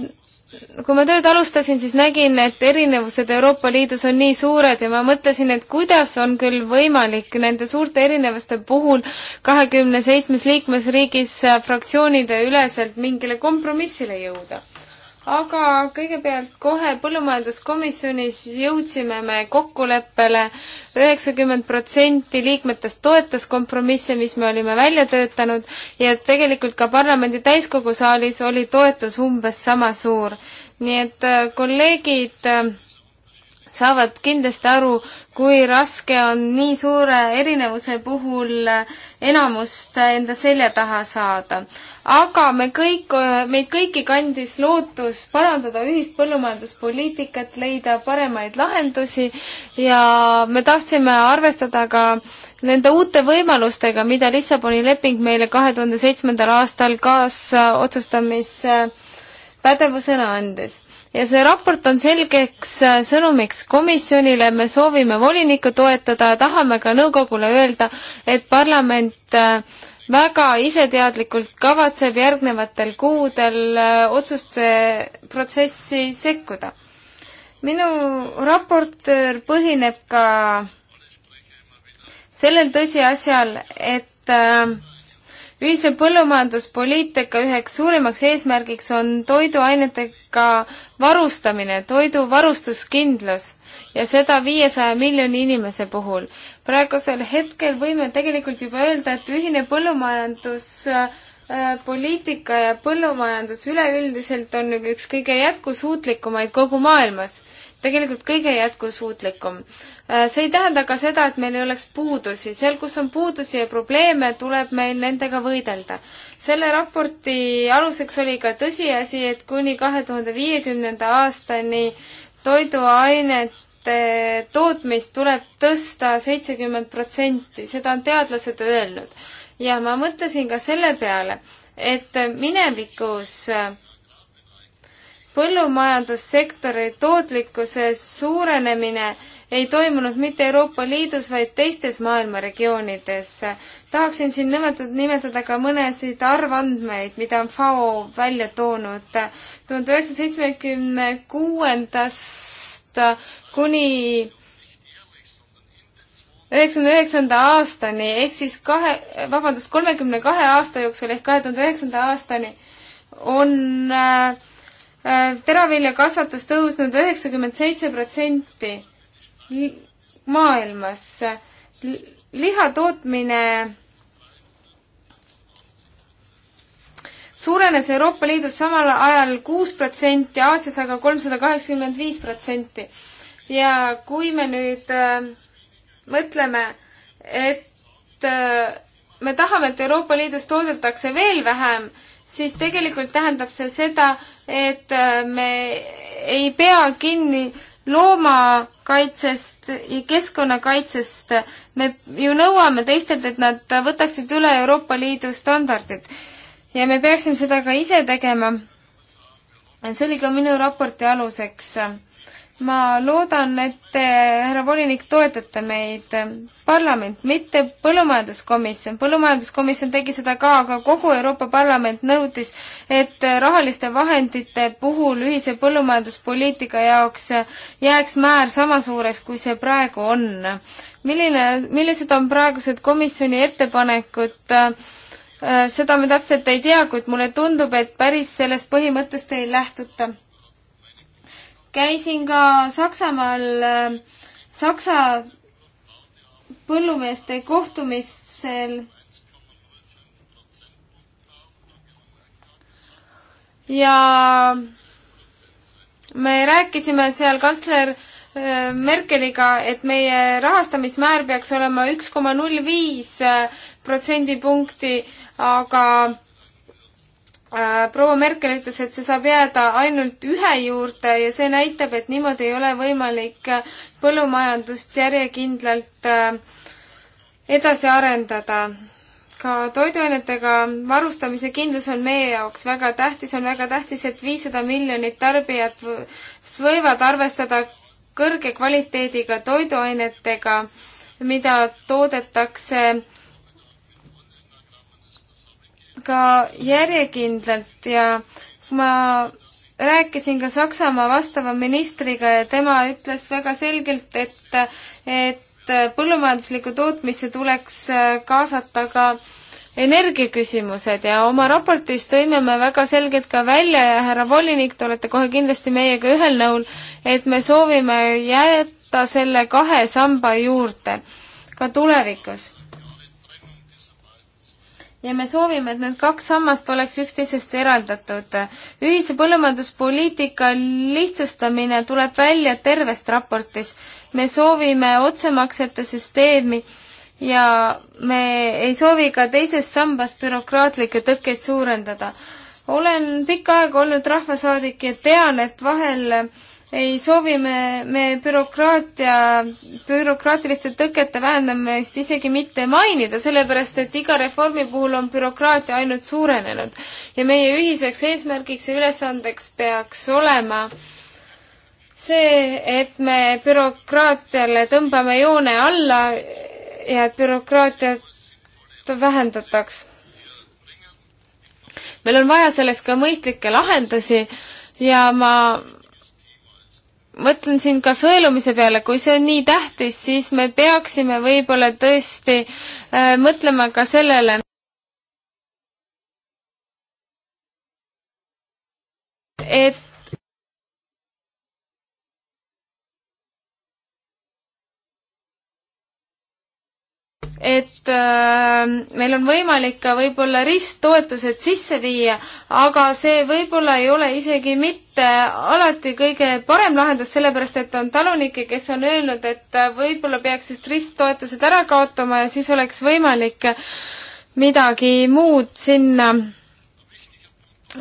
kui ma tööd alustasin, siis nägin, et erinevused Euroopa Liidus on nii suured ja ma mõtlesin, et kuidas on küll võimalik nende suurte erinevuste puhul kahekümne seitsmes liikmesriigis fraktsioonide üleselt mingile kompromissile jõuda aga kõigepealt kohe põllumajanduskomisjonis jõudsime me kokkuleppele, üheksakümmend protsenti liikmetest toetas kompromisse, mis me olime välja töötanud ja tegelikult ka parlamendi täiskogu saalis oli toetus umbes sama suur. nii et äh, kolleegid äh, saavad kindlasti aru, kui raske on nii suure erinevuse puhul enamust enda selja taha saada. aga me kõik, meid kõiki kandis lootus parandada ühist põllumajanduspoliitikat, leida paremaid lahendusi ja me tahtsime arvestada ka nende uute võimalustega, mida Lissaboni leping meile kahe tuhande seitsmendal aastal kaasotsustamise pädevusena andis ja see raport on selgeks äh, sõnumiks komisjonile, me soovime volinikku toetada ja tahame ka nõukogule öelda, et parlament äh, väga iseteadlikult kavatseb järgnevatel kuudel äh, otsuste protsessi sekkuda. minu raportöör põhineb ka sellel tõsiasjal, et äh, ühise põllumajanduspoliitika üheks suurimaks eesmärgiks on toiduainetega varustamine, toidu varustuskindlus ja seda viiesaja miljoni inimese puhul. praegusel hetkel võime tegelikult juba öelda, et ühine põllumajanduspoliitika äh, ja põllumajandus üleüldiselt on üks kõige jätkusuutlikumaid kogu maailmas tegelikult kõige jätkusuutlikum. Äh, see ei tähenda ka seda, et meil ei oleks puudusi, seal, kus on puudusi ja probleeme, tuleb meil nendega võidelda. selle raporti aluseks oli ka tõsiasi, et kuni kahe tuhande viiekümnenda aastani toiduainet tootmist tuleb tõsta seitsekümmend protsenti, seda on teadlased öelnud. ja ma mõtlesin ka selle peale, et minevikus äh, põllumajandussektori tootlikkuse suurenemine ei toimunud mitte Euroopa Liidus, vaid teistes maailma regioonides. tahaksin siin nimetada, nimetada ka mõnesid arvandmeid, mida on FAO välja toonud. tuhande üheksasaja seitsmekümne kuuendast kuni üheksakümne üheksanda aastani ehk siis kahe, vabandust, kolmekümne kahe aasta jooksul ehk kahe tuhande üheksanda aastani on äh, Äh, teraviljakasvatus tõusnud üheksakümmend seitse protsenti maailmas. liha tootmine suurenes Euroopa Liidus samal ajal kuus protsenti, Aasias aga kolmsada kaheksakümmend viis protsenti. ja kui me nüüd äh, mõtleme, et äh, me tahame, et Euroopa Liidus toodetakse veel vähem, siis tegelikult tähendab see seda, et äh, me ei pea kinni loomakaitsest ja keskkonnakaitsest. me ju nõuame teistelt, et nad võtaksid üle Euroopa Liidu standardid ja me peaksime seda ka ise tegema. see oli ka minu raporti aluseks ma loodan, et te, härra volinik, toetate meid. parlament, mitte põllumajanduskomisjon. põllumajanduskomisjon tegi seda ka, aga kogu Euroopa Parlament nõudis, et rahaliste vahendite puhul ühise põllumajanduspoliitika jaoks jääks määr sama suureks, kui see praegu on. milline, millised on praegused komisjoni ettepanekud äh, seda me täpselt ei tea, kuid mulle tundub, et päris sellest põhimõttest ei lähtuta käisin ka Saksamaal äh, Saksa põllumeeste kohtumisel ja me rääkisime seal kantsler äh, Merkeliga, et meie rahastamismäär peaks olema üks koma null viis äh, protsendipunkti, aga Äh, proua Merkel ütles, et see saab jääda ainult ühe juurde ja see näitab, et niimoodi ei ole võimalik põllumajandust järjekindlalt äh, edasi arendada. ka toiduainetega varustamise kindlus on meie jaoks väga tähtis, on väga tähtis, et viissada miljonit tarbijat võivad arvestada kõrge kvaliteediga toiduainetega, mida toodetakse aga järjekindlalt ja ma rääkisin ka Saksamaa vastava ministriga ja tema ütles väga selgelt, et, et põllumajanduslikku tootmisse tuleks kaasata ka energiaküsimused ja oma raportis tõime me väga selgelt ka välja ja härra volinik, te olete kohe kindlasti meiega ühel nõul, et me soovime jääda selle kahe samba juurde ka tulevikus ja me soovime, et need kaks sammast oleks üksteisest eraldatud. ühise põllumajanduspoliitika lihtsustamine tuleb välja tervest raportis. me soovime otsemaksete süsteemi ja me ei soovi ka teises sambas bürokraatlikke tõkkeid suurendada. olen pikka aega olnud rahvasaadik ja tean, et vahel ei soovi me, me bürokraatia, bürokraatiliste tõkete vähendamist isegi mitte mainida, sellepärast et iga reformi puhul on bürokraatia ainult suurenenud. ja meie ühiseks eesmärgiks ja ülesandeks peaks olema see, et me bürokraatiale tõmbame joone alla ja et bürokraatiat vähendataks. meil on vaja selleks ka mõistlikke lahendusi ja ma mõtlen siin ka sõelumise peale, kui see on nii tähtis, siis me peaksime võib-olla tõesti äh, mõtlema ka sellele, et et äh, meil on võimalik ka võib-olla risttoetused sisse viia, aga see võib-olla ei ole isegi mitte alati kõige parem lahendus, sellepärast et on talunikke, kes on öelnud, et äh, võib-olla peaks just risttoetused ära kaotama ja siis oleks võimalik midagi muud sinna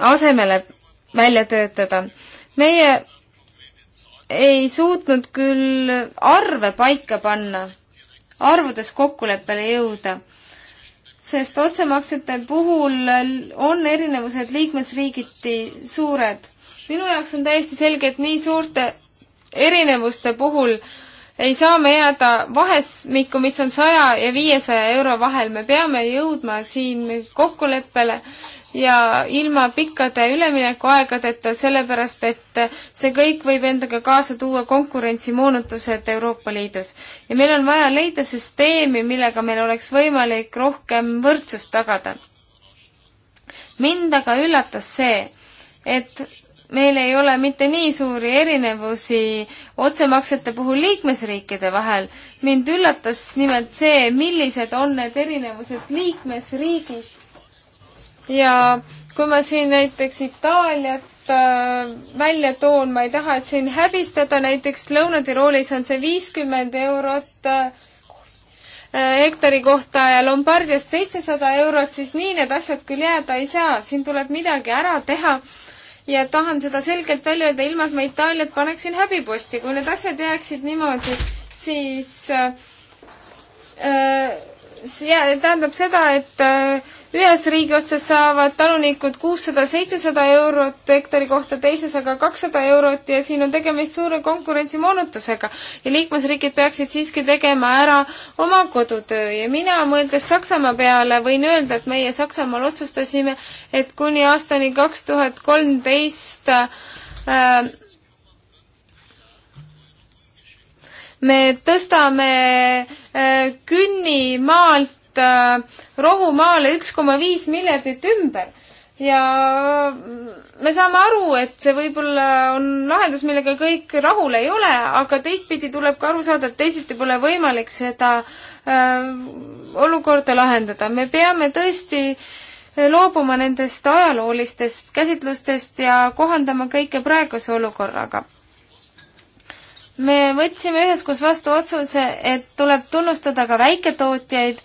asemele välja töötada. meie ei suutnud küll arve paika panna arvudes kokkuleppele jõuda. sest otsemaksete puhul on erinevused liikmesriigiti suured. minu jaoks on täiesti selge, et nii suurte erinevuste puhul ei saa me jääda vahesmikku, mis on saja ja viiesaja euro vahel, me peame jõudma siin kokkuleppele ja ilma pikkade üleminekuaegadeta, sellepärast et see kõik võib endaga kaasa tuua konkurentsimoonutused Euroopa Liidus. ja meil on vaja leida süsteemi, millega meil oleks võimalik rohkem võrdsust tagada. mind aga üllatas see, et meil ei ole mitte nii suuri erinevusi otsemaksete puhul liikmesriikide vahel. mind üllatas nimelt see, millised on need erinevused liikmesriigist ja kui ma siin näiteks Itaaliat äh, välja toon, ma ei taha, et siin häbistada, näiteks Lõuna-Tiroolis on see viiskümmend eurot äh, hektari kohta ja Lombardias seitsesada eurot, siis nii need asjad küll jääda ei saa, siin tuleb midagi ära teha. ja tahan seda selgelt välja öelda, ilma et ma Itaaliat paneksin häbiposti, kui need asjad jääksid niimoodi, siis äh, äh see tähendab seda, et äh, ühes riigi otsas saavad talunikud kuussada, seitsesada eurot hektari kohta, teises aga kakssada eurot ja siin on tegemist suure konkurentsimoonutusega. ja liikmesriigid peaksid siiski tegema ära oma kodutöö ja mina, mõeldes Saksamaa peale, võin öelda, et meie Saksamaal otsustasime, et kuni aastani kaks tuhat kolmteist äh, me tõstame äh, künni maalt Äh, rohumaale üks koma viis miljardit ümber ja äh, me saame aru, et see võib-olla on lahendus, millega kõik rahul ei ole, aga teistpidi tuleb ka aru saada, et teisiti pole võimalik seda äh, olukorda lahendada. me peame tõesti äh, loobuma nendest ajaloolistest käsitlustest ja kohandama kõike praeguse olukorraga me võtsime üheskoos vastu otsuse, et tuleb tunnustada ka väiketootjaid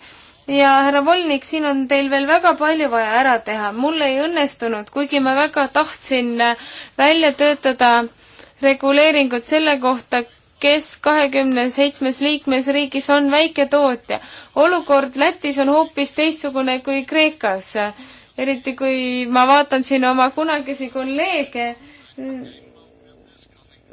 ja härra volinik, siin on teil veel väga palju vaja ära teha. mul ei õnnestunud, kuigi ma väga tahtsin välja töötada reguleeringut selle kohta, kes kahekümne seitsmes liikmesriigis on väiketootja. olukord Lätis on hoopis teistsugune kui Kreekas. eriti kui ma vaatan siin oma kunagisi kolleege,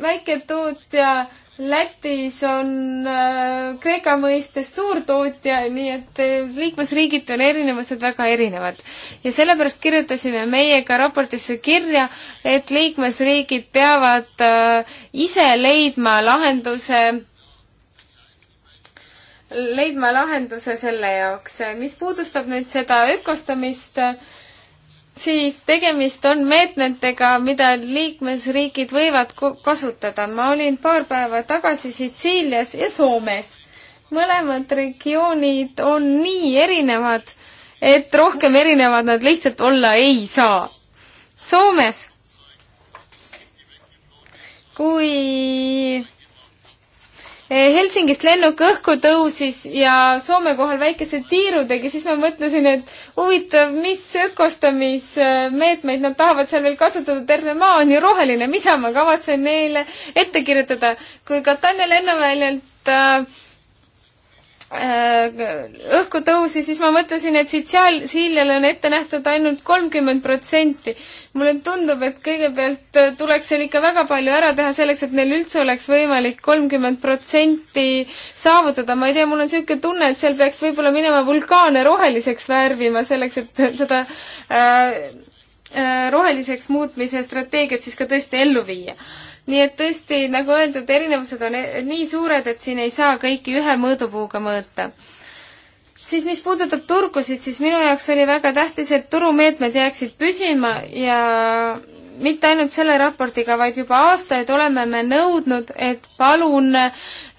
väiketootja Lätis on äh, Kreeka mõistes suurtootja, nii et äh, liikmesriigiti on erinevused väga erinevad. ja sellepärast kirjutasime meie ka raportisse kirja, et liikmesriigid peavad äh, ise leidma lahenduse leidma lahenduse selle jaoks. mis puudustab nüüd seda ökostamist, siis tegemist on meetmetega, mida liikmesriigid võivad kasutada. ma olin paar päeva tagasi Sitsiilias ja Soomes. mõlemad regioonid on nii erinevad, et rohkem erinevad nad lihtsalt olla ei saa. Soomes, kui Eh, Helsingist lennuk õhku tõusis ja Soome kohal väikese tiiru tegi, siis ma mõtlesin, et huvitav, mis ökostamismeetmeid nad tahavad seal veel kasutada, terve maa on ju roheline, mida ma kavatsen neile ette kirjutada. kui Katania lennuväljalt äh, Äh, õhku tõusis, siis ma mõtlesin, et siit seal, siiljale on ette nähtud ainult kolmkümmend protsenti. mulle tundub, et kõigepealt äh, tuleks seal ikka väga palju ära teha selleks, et neil üldse oleks võimalik kolmkümmend protsenti saavutada. ma ei tea, mul on niisugune tunne, et seal peaks võib-olla minema vulkaane roheliseks värvima, selleks et seda äh, äh, roheliseks muutmise strateegiat siis ka tõesti ellu viia nii et tõesti, nagu öeldud, erinevused on e- nii suured, et siin ei saa kõiki ühe mõõdupuuga mõõta. siis mis puudutab turgusid, siis minu jaoks oli väga tähtis, et turumeetmed jääksid püsima ja mitte ainult selle raportiga, vaid juba aastaid oleme me nõudnud, et palun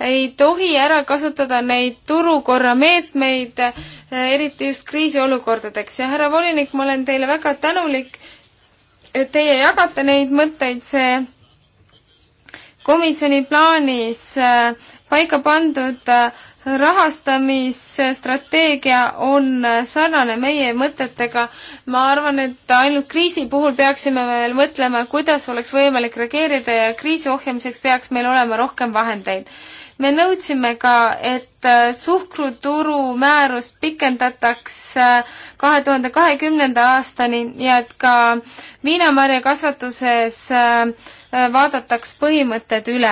ei tohi ära kasutada neid turukorra meetmeid, eriti just kriisiolukordadeks ja härra volinik, ma olen teile väga tänulik, et teie jagate neid mõtteid, see komisjoni plaanis äh, paika pandud äh, rahastamisstrateegia on äh, sarnane meie mõtetega. ma arvan, et ainult kriisi puhul peaksime veel mõtlema, kuidas oleks võimalik reageerida ja kriisi ohjamiseks peaks meil olema rohkem vahendeid. me nõudsime ka, et suhkruturu määrust pikendataks kahe tuhande kahekümnenda aastani ja et ka viinamarjakasvatuses äh, Äh, vaadataks põhimõtted üle.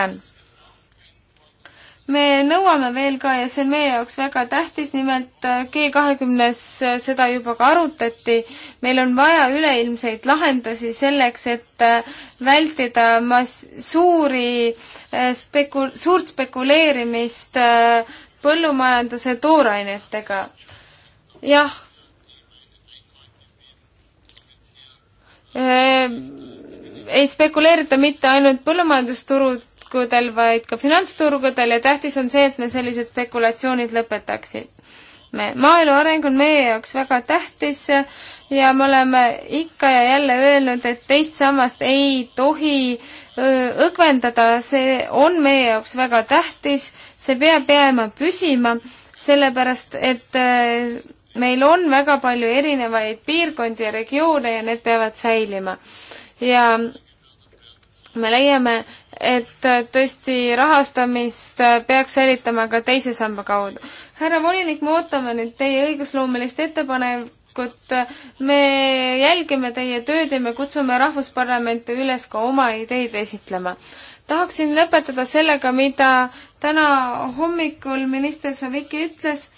me nõuame veel ka ja see on meie jaoks väga tähtis, nimelt äh, G kahekümnes äh, seda juba ka arutati, meil on vaja üleilmseid lahendusi selleks, et vältida mass-, suuri speku-, suurt spekuleerimist põllumajanduse toorainetega. jah ei spekuleerita mitte ainult põllumajandusturgudel, vaid ka finantsturgudel ja tähtis on see, et me sellised spekulatsioonid lõpetaksime. maaelu areng on meie jaoks väga tähtis ja me oleme ikka ja jälle öelnud, et teist sammast ei tohi õgvendada, see on meie jaoks väga tähtis, see peab jääma püsima, sellepärast et meil on väga palju erinevaid piirkondi ja regioone ja need peavad säilima ja me leiame, et tõesti rahastamist peaks säilitama ka teise samba kaudu. härra volinik, me ootame nüüd teie õigusloomelist ettepanekut, me jälgime teie tööd ja me kutsume Rahvusparlamente üles ka oma ideid esitlema. tahaksin lõpetada sellega, mida täna hommikul minister Savicki ütles,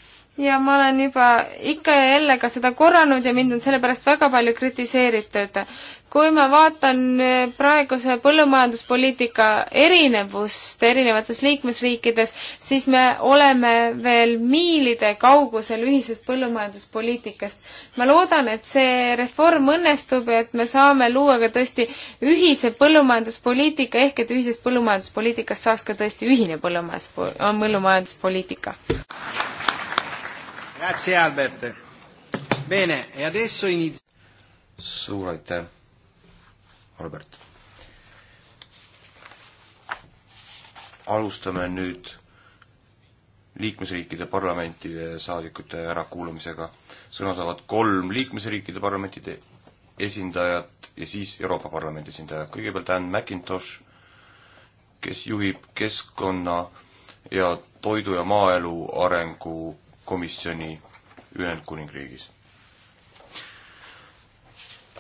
ja ma olen juba ikka ja jälle ka seda korranud ja mind on selle pärast väga palju kritiseeritud. kui ma vaatan eh, praeguse põllumajanduspoliitika erinevust erinevates liikmesriikides, siis me oleme veel miilide kaugusel ühisest põllumajanduspoliitikast. ma loodan, et see reform õnnestub ja et me saame luua ka tõesti ühise põllumajanduspoliitika, ehk et ühisest põllumajanduspoliitikast saaks ka tõesti ühine põllumajandus, põllumajanduspoliitika. Grazie Albert. Bene, e adesso inizio. suur aitäh, Albert. alustame nüüd liikmesriikide parlamentide saadikute ärakuulamisega. sõna saavad kolm liikmesriikide parlamentide esindajat ja siis Euroopa Parlamendi esindaja. kõigepealt Anne McIntosh, kes juhib keskkonna ja toidu ja maaelu arengu komisjoni Ühendkuningriigis.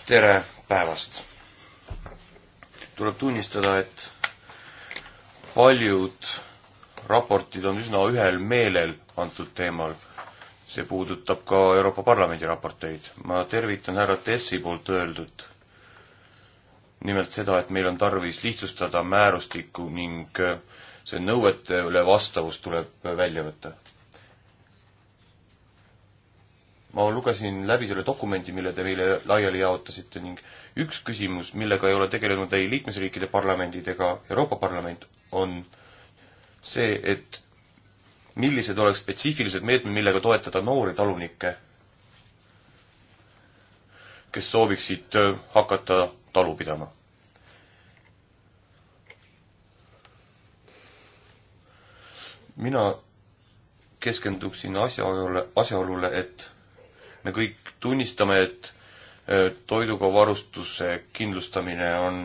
tere päevast! tuleb tunnistada, et paljud raportid on üsna ühel meelel antud teemal. see puudutab ka Euroopa Parlamendi raporteid. ma tervitan härra Tessi poolt öeldut. nimelt seda, et meil on tarvis lihtsustada määrustikku ning see nõuetele vastavus tuleb välja võtta ma lugesin läbi selle dokumendi, mille te meile laiali jaotasite ning üks küsimus, millega ei ole tegelenud ei liikmesriikide parlamendid ega Euroopa Parlament, on see, et millised oleks spetsiifilised meetmed, millega toetada noori talunikke, kes sooviksid äh, hakata talu pidama? mina keskenduksin asjaolule, asjaolule, et me kõik tunnistame, et e, toiduga varustuse kindlustamine on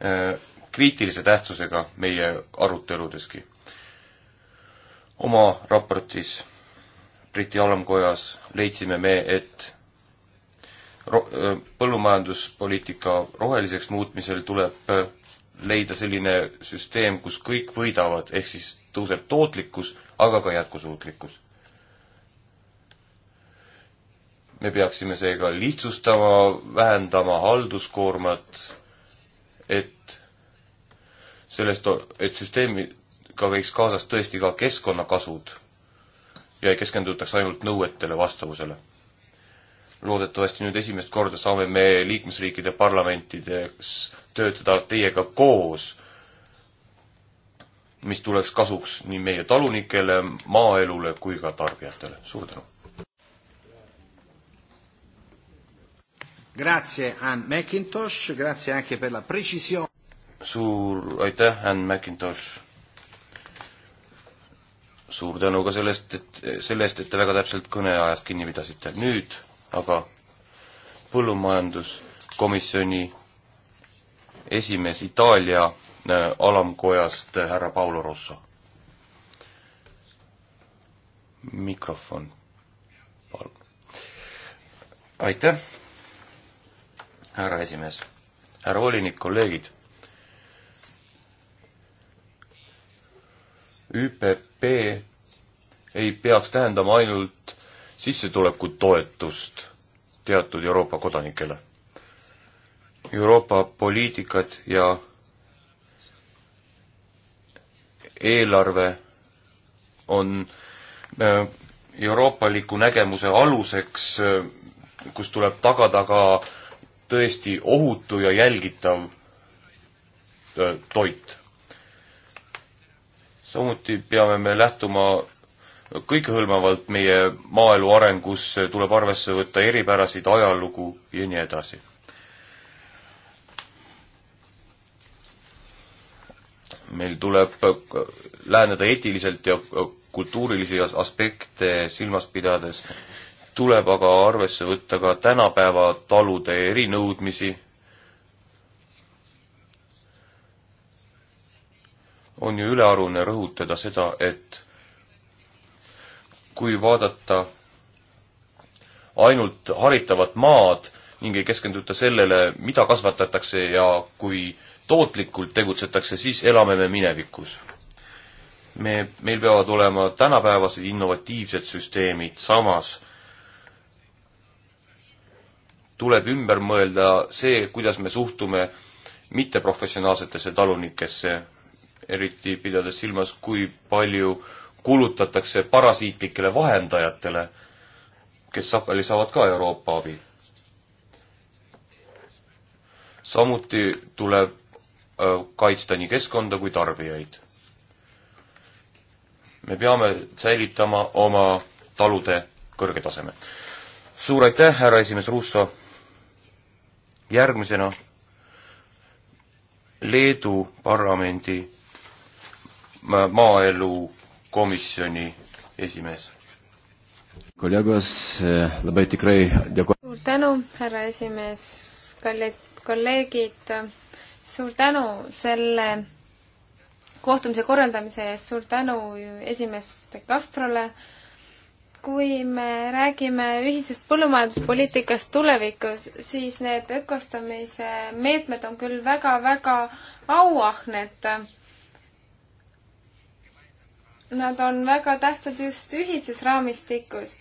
e, kriitilise tähtsusega meie aruteludeski. oma raportis Briti alamkojas leidsime me, et ro-, e, põllumajanduspoliitika roheliseks muutmisel tuleb leida selline süsteem, kus kõik võidavad, ehk siis tõuseb tootlikkus, aga ka jätkusuutlikkus. me peaksime seega lihtsustama, vähendama halduskoormat, et sellest, et süsteemiga käiks kaasas tõesti ka keskkonnakasud ja ei keskendutaks ainult nõuetele vastavusele. loodetavasti nüüd esimest korda saame me liikmesriikide parlamentides töötada teiega koos, mis tuleks kasuks nii meie talunikele, maaelule kui ka tarbijatele. suur tänu! Grazie Ann McIntosh, grazie anche per la precisione. suur aitäh, Ann McIntosh! suur tänu ka sellest, et, selle eest, et te väga täpselt kõneajast kinni pidasite. nüüd aga põllumajanduskomisjoni esimees Itaalia äh, alamkojast äh, härra Paolo Rosso. mikrofon, palun. aitäh härra esimees, härra volinik, kolleegid. ÜPP ei peaks tähendama ainult sissetulekutoetust teatud Euroopa kodanikele. Euroopa poliitikad ja eelarve on äh, euroopaliku nägemuse aluseks, äh, kus tuleb tagada ka tõesti ohutu ja jälgitav toit. samuti peame me lähtuma kõikehõlmavalt meie maaelu arengus, tuleb arvesse võtta eripärasid, ajalugu ja nii edasi. meil tuleb läheneda eetiliselt ja kultuurilisi aspekte silmas pidades tuleb aga arvesse võtta ka tänapäeva talude erinõudmisi. on ju ülearune rõhutada seda, et kui vaadata ainult haritavat maad ning ei keskenduta sellele, mida kasvatatakse ja kui tootlikult tegutsetakse, siis elame me minevikus me, meil peavad olema tänapäevased innovatiivsed süsteemid, samas tuleb ümber mõelda see, kuidas me suhtume mitteprofessionaalsetesse talunikesse, eriti pidades silmas, kui palju kulutatakse parasiitlikele vahendajatele, kes sageli saavad ka Euroopa abi. samuti tuleb äh, kaitsta nii keskkonda kui tarbijaid. me peame säilitama oma talude kõrge taseme. suur aitäh, härra esimees Russo! järgmisena Leedu parlamendi maaelu komisjoni esimees. kolleegos, eh, labai tikrai suur tänu, härra esimees, kallid kolleegid, suur tänu selle kohtumise korraldamise eest, suur tänu esimees De Castrole, kui me räägime ühisest põllumajanduspoliitikast tulevikus, siis need ökostamise meetmed on küll väga-väga auahned. Nad on väga tähtsad just ühises raamistikus,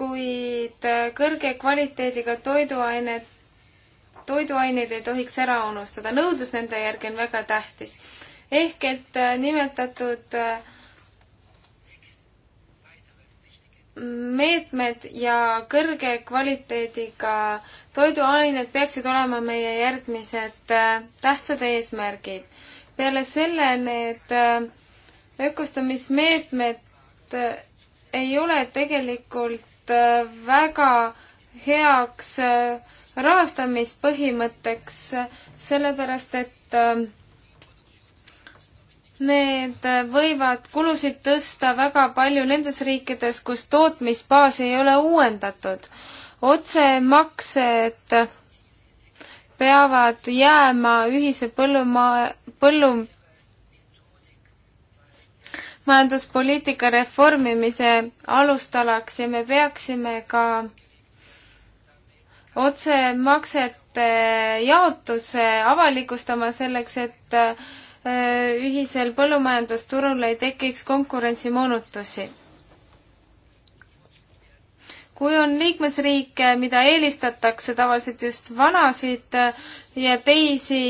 kuid kõrge kvaliteediga toiduained, toiduaineid ei tohiks ära unustada. nõudlus nende järgi on väga tähtis. ehk et nimetatud äh, meetmed ja kõrge kvaliteediga toiduained peaksid olema meie järgmised äh, tähtsad eesmärgid. peale selle need äh, ökostamismeetmed äh, ei ole tegelikult väga heaks rahastamispõhimõtteks, sellepärast et Need võivad kulusid tõsta väga palju nendes riikides, kus tootmisbaasi ei ole uuendatud. otsemaksed peavad jääma ühise põllumaa, põllu, majanduspoliitika reformimise alustalaks ja me peaksime ka otsemaksete jaotuse avalikustama selleks, et Äh, ühisel põllumajandusturul ei tekiks konkurentsimoonutusi. kui on liikmesriike, mida eelistatakse tavaliselt just vanasid äh, ja teisi,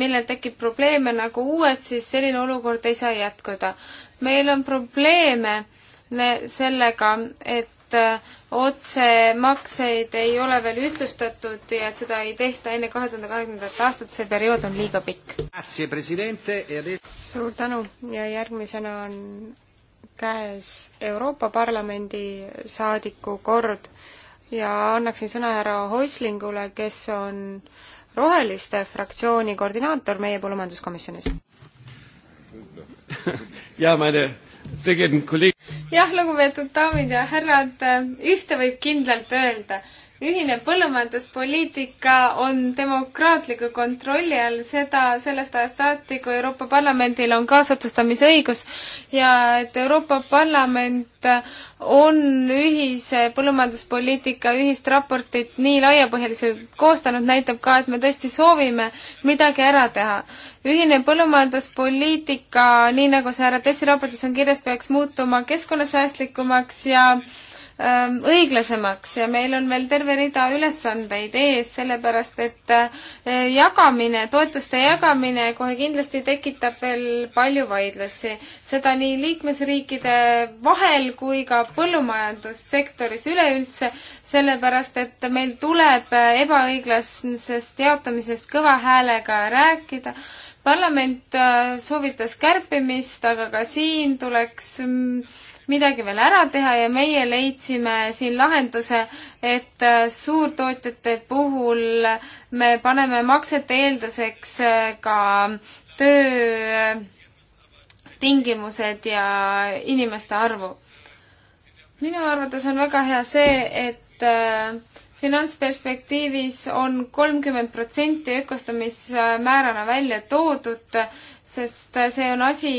millel tekib probleeme nagu uued, siis selline olukord ei saa jätkuda. meil on probleeme sellega, et äh, otsemakseid ei ole veel ühtlustatud ja et seda ei tehta enne kahe tuhande kahekümnendat aastat, see periood on liiga pikk. E suur tänu ja järgmisena on käes Euroopa Parlamendi saadiku kord ja annaksin sõna härra Hoislingule, kes on Roheliste fraktsiooni koordinaator meie põllumajanduskomisjonis. jaa, ma ei tea jah, lugupeetud daamid ja härrad, ühte võib kindlalt öelda, ühine põllumajanduspoliitika on demokraatliku kontrolli all, seda sellest ajast saati, kui Euroopa Parlamendil on kaasotsustamisõigus ja et Euroopa Parlament on ühise põllumajanduspoliitika ühist raportit nii laiapõhjaliselt koostanud, näitab ka, et me tõesti soovime midagi ära teha. ühine põllumajanduspoliitika, nii nagu see härra Tessi raportis on kirjas, peaks muutuma keskkonnasäästlikumaks ja äh, Ähm, õiglasemaks ja meil on veel terve rida ülesandeid ees, sellepärast et äh, jagamine, toetuste jagamine kohe kindlasti tekitab veel palju vaidlusi. seda nii liikmesriikide vahel kui ka põllumajandussektoris üleüldse, sellepärast et meil tuleb ebaõiglasest jaotamisest kõva häälega rääkida parlament äh, soovitas kärpimist, aga ka siin tuleks mm, midagi veel ära teha ja meie leidsime siin lahenduse, et äh, suurtootjate puhul me paneme maksete eelduseks äh, ka töötingimused äh, ja inimeste arvu. minu arvates on väga hea see, et finantsperspektiivis on kolmkümmend protsenti ökostamismäärana välja toodud, sest see on asi,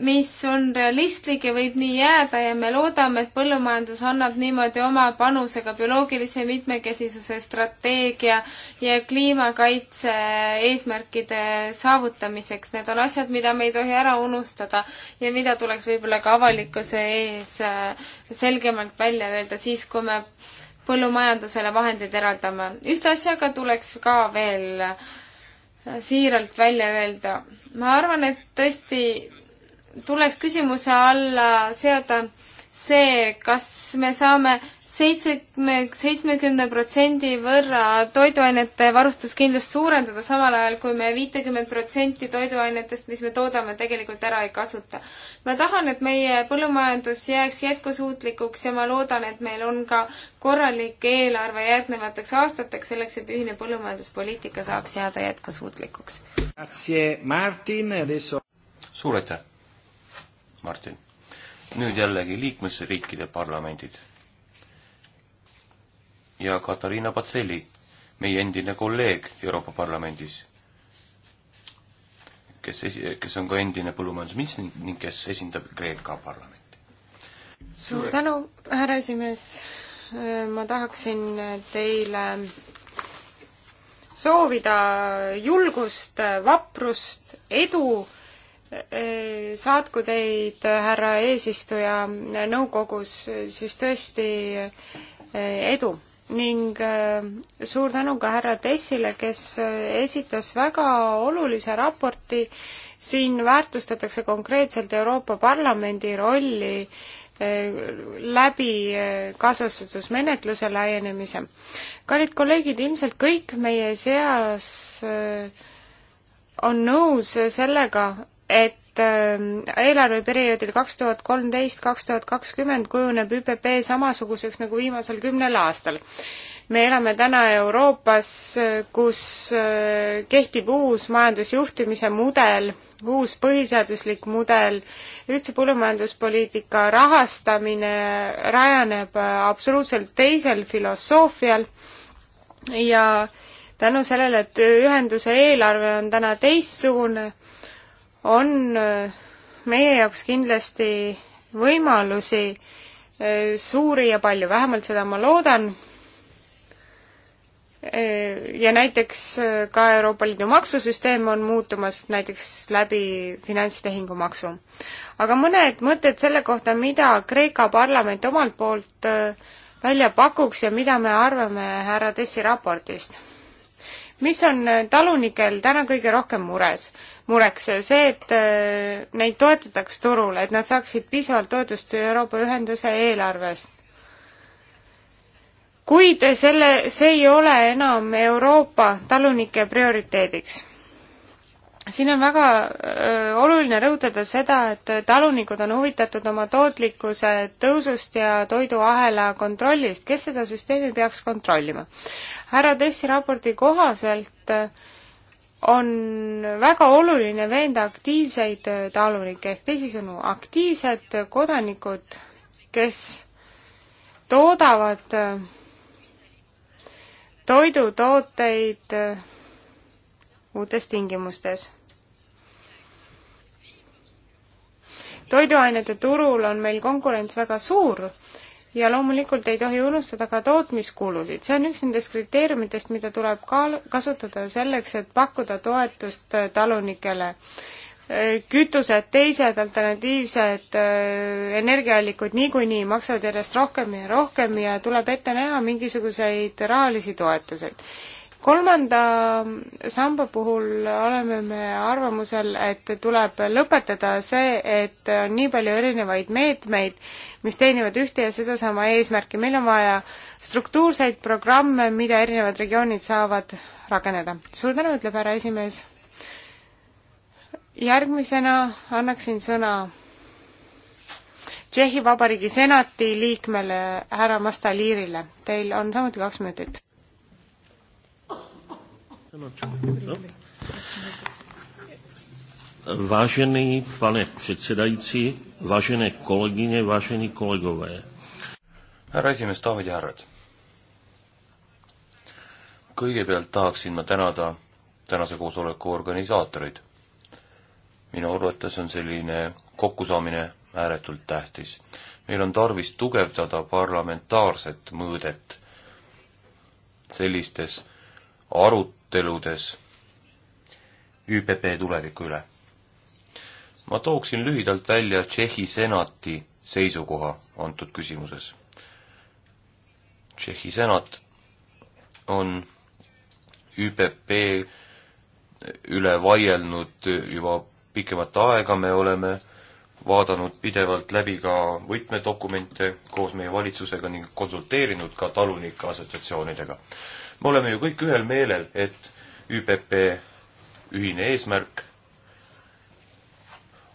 mis on realistlik ja võib nii jääda ja me loodame, et põllumajandus annab niimoodi oma panusega bioloogilise mitmekesisuse strateegia ja kliimakaitse eesmärkide saavutamiseks. Need on asjad, mida me ei tohi ära unustada ja mida tuleks võib-olla ka avalikkuse ees äh, selgemalt välja öelda siis, kui me põllumajandusele vahendeid eraldame. ühte asja aga tuleks ka veel äh, siiralt välja öelda. ma arvan, et tõesti tuleks küsimuse alla seada see, kas me saame seitsekümme, seitsmekümne protsendi võrra toiduainete varustuskindlust suurendada, samal ajal kui me viitekümmet protsenti toiduainetest, mis me toodame, tegelikult ära ei kasuta. ma tahan, et meie põllumajandus jääks jätkusuutlikuks ja ma loodan, et meil on ka korralik eelarve järgnevateks aastateks, selleks et ühine põllumajanduspoliitika saaks jääda jätkusuutlikuks. suur aitäh! Martin. nüüd jällegi liikmesriikide parlamendid. ja Katariina Patselli, meie endine kolleeg Euroopa Parlamendis, kes esi-, kes on ka endine põllumajandusminister ning kes esindab Kreeka parlamenti. suur tänu, härra esimees, ma tahaksin teile soovida julgust, vaprust, edu saatku teid, härra eesistuja, nõukogus siis tõesti eh, edu ning eh, suur tänu ka härra Tessile, kes eh, esitas väga olulise raporti. siin väärtustatakse konkreetselt Euroopa Parlamendi rolli läbi kaasasutusmenetluse laienemise. kallid kolleegid, ilmselt kõik meie seas on nõus sellega, et ähm, eelarveperioodil kaks tuhat kolmteist, kaks tuhat kakskümmend kujuneb ÜPP samasuguseks nagu viimasel kümnel aastal. me elame täna Euroopas, kus äh, kehtib uus majandusjuhtimise mudel, uus põhiseaduslik mudel, ühtse põllumajanduspoliitika rahastamine rajaneb absoluutselt teisel filosoofial ja tänu sellele, et ühenduse eelarve on täna teistsugune, on äh, meie jaoks kindlasti võimalusi äh, suuri ja palju, vähemalt seda ma loodan. Äh, ja näiteks ka Euroopa Liidu maksusüsteem on muutumas näiteks läbi finantstehingumaksu. aga mõned mõtted selle kohta, mida Kreeka parlament omalt poolt välja pakuks ja mida me arvame härra Tessi raportist mis on äh, talunikel täna kõige rohkem mures? mureks see, et äh, neid toetataks turul, et nad saaksid piisavalt toetust Euroopa Ühenduse eelarvest. kuid selle, see ei ole enam Euroopa talunike prioriteediks siin on väga öö, oluline rõhutada seda, et talunikud on huvitatud oma tootlikkuse tõusust ja toiduahela kontrollist. kes seda süsteemi peaks kontrollima? härra Tessi raporti kohaselt on väga oluline veenda aktiivseid talunikke ehk teisisõnu, aktiivsed kodanikud, kes toodavad toidutooteid uutes tingimustes toiduainete turul on meil konkurents väga suur ja loomulikult ei tohi unustada ka tootmiskulusid. see on üks nendest kriteeriumitest, mida tuleb kaal-, kasutada selleks, et pakkuda toetust äh, talunikele. Äh, kütused, teised alternatiivsed äh, energiaallikud niikuinii maksavad järjest rohkem ja rohkem ja tuleb ette näha mingisuguseid rahalisi toetuseid kolmanda samba puhul oleme me arvamusel, et tuleb lõpetada see, et on nii palju erinevaid meetmeid, mis teenivad ühte ja sedasama eesmärki. meil on vaja struktuurseid programme, mida erinevad regioonid saavad rakendada. suur tänu, ütleb härra esimees. järgmisena annaksin sõna Tšehhi Vabariigi senati liikmele härra Mastaliirile. Teil on samuti kaks minutit Vážený pane předsedající, vážené kolegyně, vážení kolegové. härra esimees, daamid ja härrad. kõigepealt tahaksin ma tänada tänase koosoleku organisaatoreid. minu arvates on selline kokkusaamine ääretult tähtis. meil on tarvis tugevdada parlamentaarset mõõdet sellistes arut-, aruteludes ÜPP tuleviku üle. ma tooksin lühidalt välja Tšehhi senati seisukoha antud küsimuses. Tšehhi senat on ÜPP üle vaielnud juba pikemat aega, me oleme vaadanud pidevalt läbi ka võtmedokumente koos meie valitsusega ning konsulteerinud ka talunike assotsiatsioonidega me oleme ju kõik ühel meelel, et ÜPP ühine eesmärk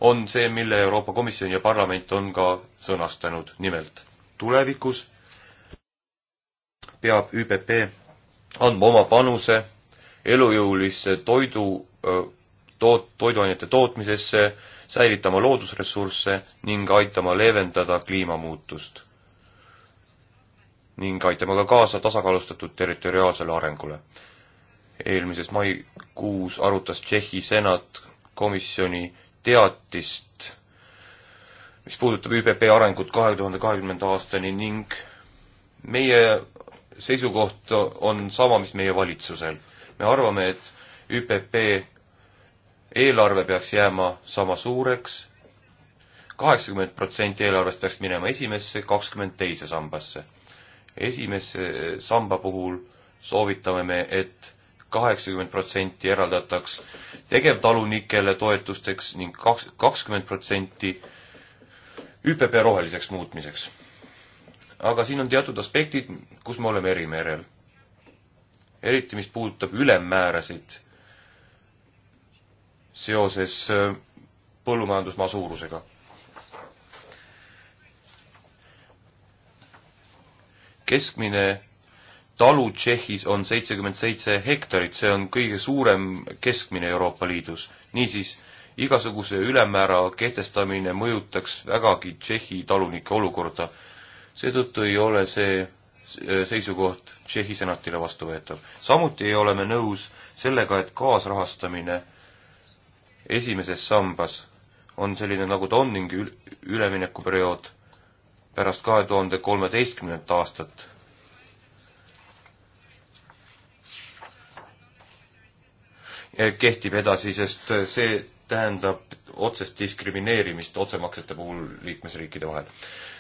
on see, mille Euroopa Komisjon ja parlament on ka sõnastanud, nimelt tulevikus peab ÜPP andma oma panuse elujõulisse toidu, toot-, toiduainete tootmisesse, säilitama loodusressursse ning aitama leevendada kliimamuutust ning aitama ka kaasa tasakaalustatud territoriaalsele arengule. eelmises maikuus arutas Tšehhi senat komisjoni teatist, mis puudutab ÜPP arengut kahe tuhande kahekümnenda aastani ning meie seisukoht on sama, mis meie valitsusel. me arvame, et ÜPP eelarve peaks jääma sama suureks, kaheksakümmend protsenti eelarvest peaks minema esimesse, kakskümmend teise sambasse esimese samba puhul soovitame me et, et kaheksakümmend protsenti eraldataks tegevtalunikele toetusteks ning kaks, kakskümmend protsenti ÜPP roheliseks muutmiseks. aga siin on teatud aspektid, kus me oleme eri merel. eriti, mis puudutab ülemmäärasid seoses äh, põllumajandusmaa suurusega keskmine talu Tšehhis on seitsekümmend seitse hektarit, see on kõige suurem keskmine Euroopa Liidus. niisiis, igasuguse ülemäära kehtestamine mõjutaks vägagi Tšehhi talunike olukorda. seetõttu ei ole see seisukoht Tšehhi senatile vastuvõetav. samuti ei ole me nõus sellega, et kaasrahastamine esimeses sambas on selline, nagu ta on ning üleminekuperiood pärast kahe tuhande kolmeteistkümnendat aastat. kehtib edasi, sest see tähendab otsest diskrimineerimist otsemaksete puhul liikmesriikide vahel.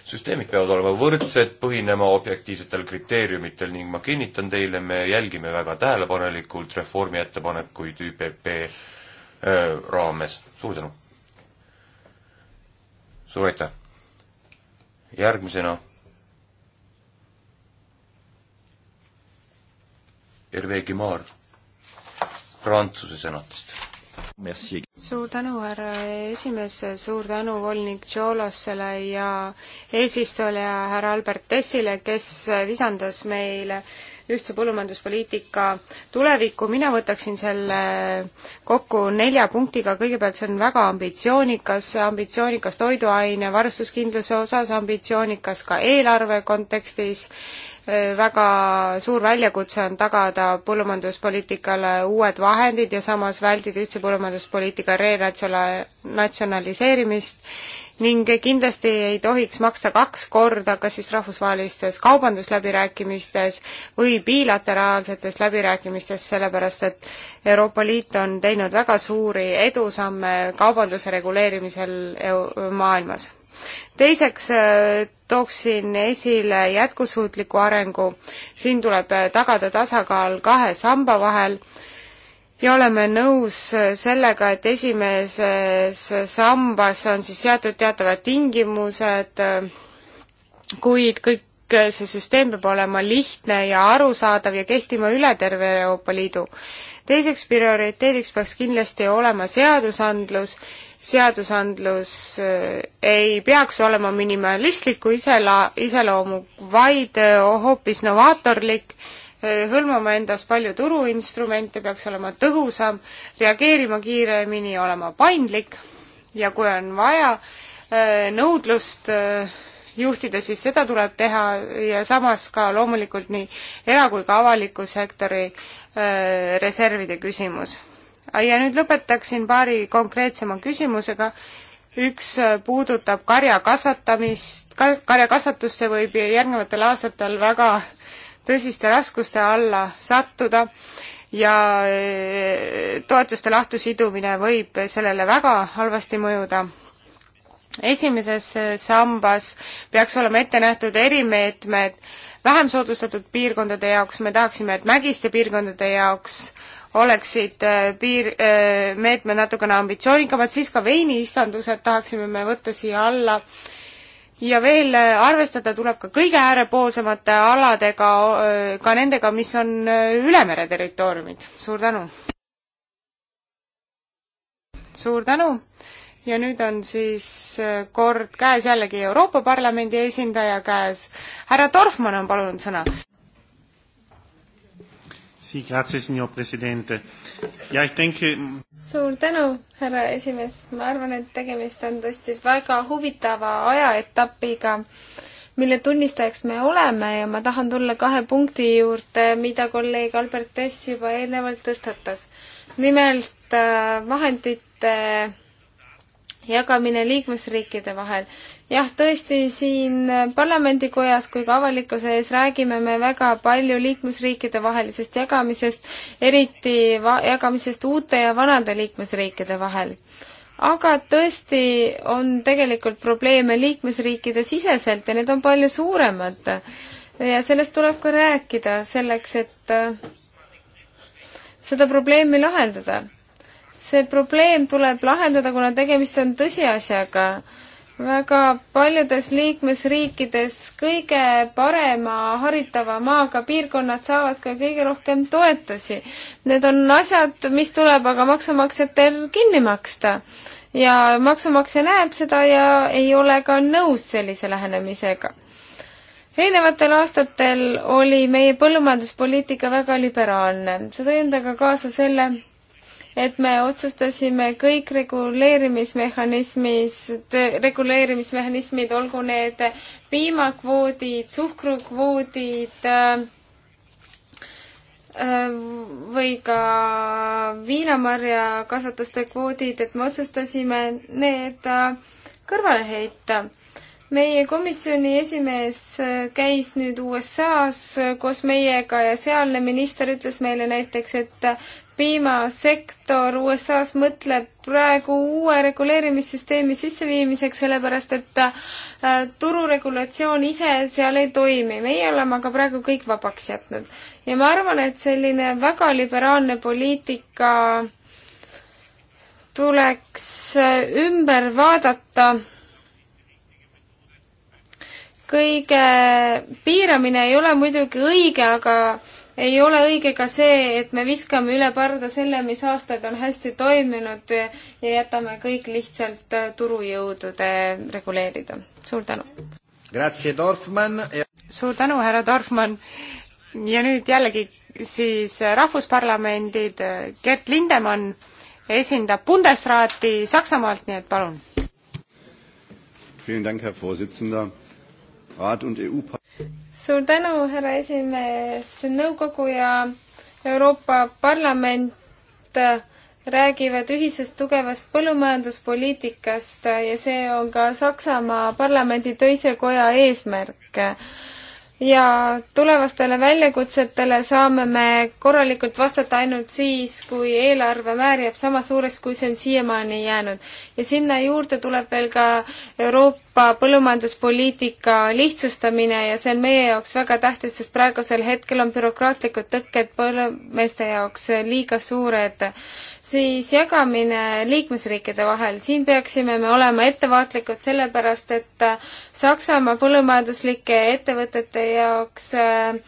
süsteemid peavad olema võrdsed, põhinema objektiivsetel kriteeriumitel ning ma kinnitan teile, me jälgime väga tähelepanelikult reformi ettepanekuid ÜPP äh, raames. suur tänu! suur aitäh! järgmisena Hervé Guimard Prantsuse senatist. suur tänu, härra esimees, suur tänu volinik Tšolosele ja eesistujale ja härra Albert Tessile, kes visandas meile äh, ühtse põllumajanduspoliitika tulevikku, mina võtaksin selle kokku nelja punktiga, kõigepealt see on väga ambitsioonikas, ambitsioonikas toiduaine varustuskindluse osas, ambitsioonikas ka eelarve kontekstis Äh, väga suur väljakutse on tagada põllumajanduspoliitikale uued vahendid ja samas väldida üldse põllumajanduspoliitika renatsionaliseerimist ning kindlasti ei tohiks maksta kaks korda, kas siis rahvusvahelistes kaubandusläbirääkimistes või bilateraalsetes läbirääkimistes, sellepärast et Euroopa Liit on teinud väga suuri edusamme kaubanduse reguleerimisel maailmas teiseks äh, tooksin esile jätkusuutliku arengu. siin tuleb äh, tagada tasakaal kahe samba vahel ja oleme nõus äh, sellega, et esimeses sambas on siis seatud teatavad tingimused, kuid kõik see süsteem peab olema lihtne ja arusaadav ja kehtima üle terve Euroopa Liidu teiseks prioriteediks peaks kindlasti olema seadusandlus, seadusandlus äh, ei peaks olema minimalistliku isela-, iseloomu, vaid äh, hoopis novaatorlik, äh, hõlmama endas palju turuinstrumente, peaks olema tõhusam, reageerima kiiremini, olema paindlik ja kui on vaja, nõudlust juhtida, siis seda tuleb teha ja samas ka loomulikult nii era- kui ka avaliku sektori öö, äh, reservide küsimus. ja nüüd lõpetaksin paari konkreetsema küsimusega. üks äh, puudutab karja kasvatamist, karjakasvatust, see võib järgnevatel aastatel väga tõsiste raskuste alla sattuda ja äh, toetuste lahtisidumine võib sellele väga halvasti mõjuda esimeses äh, sambas peaks olema ette nähtud erimeetmed vähem soodustatud piirkondade jaoks, me tahaksime, et mägiste piirkondade jaoks oleksid äh, piir, äh, meetmed natukene ambitsioonikamad, siis ka veiniistandused tahaksime me võtta siia alla. ja veel arvestada tuleb ka kõige äärepoolsemate aladega, ka nendega, mis on üle mere territooriumid. suur tänu! suur tänu! ja nüüd on siis äh, kord käes jällegi Euroopa Parlamendi esindaja käes. härra Dorfmann on palunud sõna. suur tänu, härra esimees, ma arvan, et tegemist on tõesti väga huvitava ajaetapiga mille tunnistajaks me oleme ja ma tahan tulla kahe punkti juurde, mida kolleeg Albert Tess juba eelnevalt tõstatas. nimelt äh, vahendite jagamine liikmesriikide vahel. jah, tõesti, siin parlamendikojas kui ka avalikkuse ees räägime me väga palju liikmesriikide vahelisest jagamisest, eriti va-, jagamisest uute ja vanade liikmesriikide vahel. aga tõesti on tegelikult probleeme liikmesriikide siseselt ja need on palju suuremad. ja sellest tuleb ka rääkida, selleks et äh, seda probleemi lahendada see probleem tuleb lahendada, kuna tegemist on tõsiasjaga. väga paljudes liikmesriikides kõige parema haritava maaga piirkonnad saavad ka kõige rohkem toetusi. Need on asjad, mis tuleb aga maksumaksjatel kinni maksta ja maksumaksja näeb seda ja ei ole ka nõus sellise lähenemisega eelnevatel aastatel oli meie põllumajanduspoliitika väga liberaalne. see tõi endaga kaasa selle, et me otsustasime kõik reguleerimismehhanismis, reguleerimismehhanismid, olgu need piimakvoodid, suhkrukvoodid äh, või ka viinamarjakasvatuste kvoodid, et me otsustasime need äh, kõrvale heita meie komisjoni esimees äh, käis nüüd USA-s koos meiega ja sealne minister ütles meile näiteks, et piimasektor USA-s mõtleb praegu uue reguleerimissüsteemi sisseviimiseks, sellepärast et äh, tururegulatsioon ise seal ei toimi. meie oleme aga praegu kõik vabaks jätnud. ja ma arvan, et selline väga liberaalne poliitika tuleks äh, ümber vaadata kõige piiramine ei ole muidugi õige, aga ei ole õige ka see, et me viskame üle parda selle, mis aastaid on hästi toiminud ja jätame kõik lihtsalt äh, turujõudude reguleerida. suur tänu! suur tänu, härra Dorfmann! ja nüüd jällegi siis rahvusparlamendid, Gert Lindemann esindab Bundesrati Saksamaalt, nii et palun! E suur tänu, härra esimees, nõukogu ja Euroopa Parlament äh, räägivad ühisest tugevast põllumajanduspoliitikast ja see on ka Saksamaa parlamendi teise koja eesmärk ja tulevastele väljakutsetele saame me korralikult vastata ainult siis, kui eelarvemäär jääb sama suureks, kui see on siiamaani jäänud. ja sinna juurde tuleb veel ka Euroopa põllumajanduspoliitika lihtsustamine ja see on meie jaoks väga tähtis, sest praegusel hetkel on bürokraatlikud tõkked põllumeeste jaoks liiga suured siis jagamine liikmesriikide vahel, siin peaksime me olema ettevaatlikud, sellepärast et äh, Saksamaa põllumajanduslike ettevõtete jaoks äh,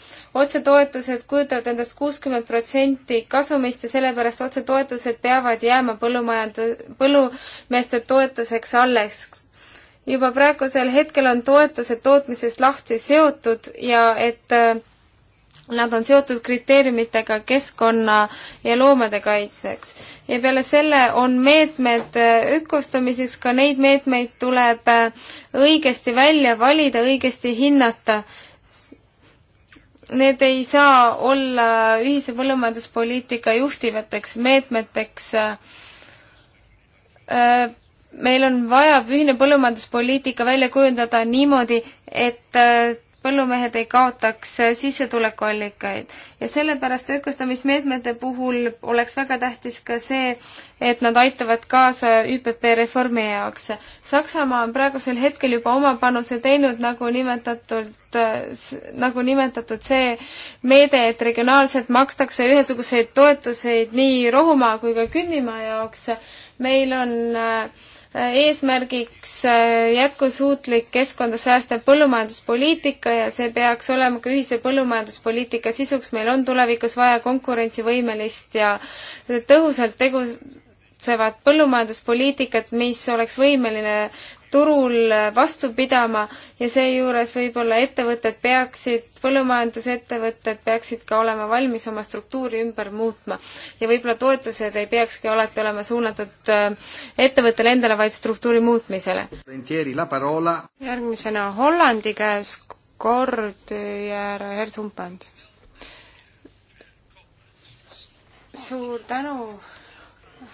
otsetoetused kujutavad endast kuuskümmend protsenti kasumist ja sellepärast otsetoetused peavad jääma põllumajandus, põllumeeste toetuseks alles juba praegusel hetkel on toetused tootmisest lahti seotud ja et äh, Nad on seotud kriteeriumitega keskkonna ja loomade kaitseks. ja peale selle on meetmed ökostamiseks, äh, ka neid meetmeid tuleb äh, õigesti välja valida, õigesti hinnata. Need ei saa olla ühise põllumajanduspoliitika juhtivateks meetmeteks äh, meil on vaja ühine põllumajanduspoliitika välja kujundada niimoodi, et põllumehed ei kaotaks sissetulekuallikaid. ja sellepärast ökostamismeetmete puhul oleks väga tähtis ka see, et nad aitavad kaasa ÜPP reformi jaoks. Saksamaa on praegusel hetkel juba oma panuse teinud, nagu nimetatud, äh, nagu nimetatud see meede, et regionaalselt makstakse ühesuguseid toetuseid nii rohumaa kui ka künnimaa jaoks. meil on äh, eesmärgiks äh, jätkusuutlik keskkonda säästev põllumajanduspoliitika ja see peaks olema ka ühise põllumajanduspoliitika sisuks. meil on tulevikus vaja konkurentsivõimelist ja tõhusalt tegutsevat põllumajanduspoliitikat, mis oleks võimeline turul vastu pidama ja seejuures võib-olla ettevõtted peaksid, põllumajandusettevõtted peaksid ka olema valmis oma struktuuri ümber muutma. ja võib-olla toetused ei peakski alati olema suunatud äh, ettevõttele endale, vaid struktuuri muutmisele. järgmisena Hollandi käes kord ja härra äh, Herd Humpand. suur tänu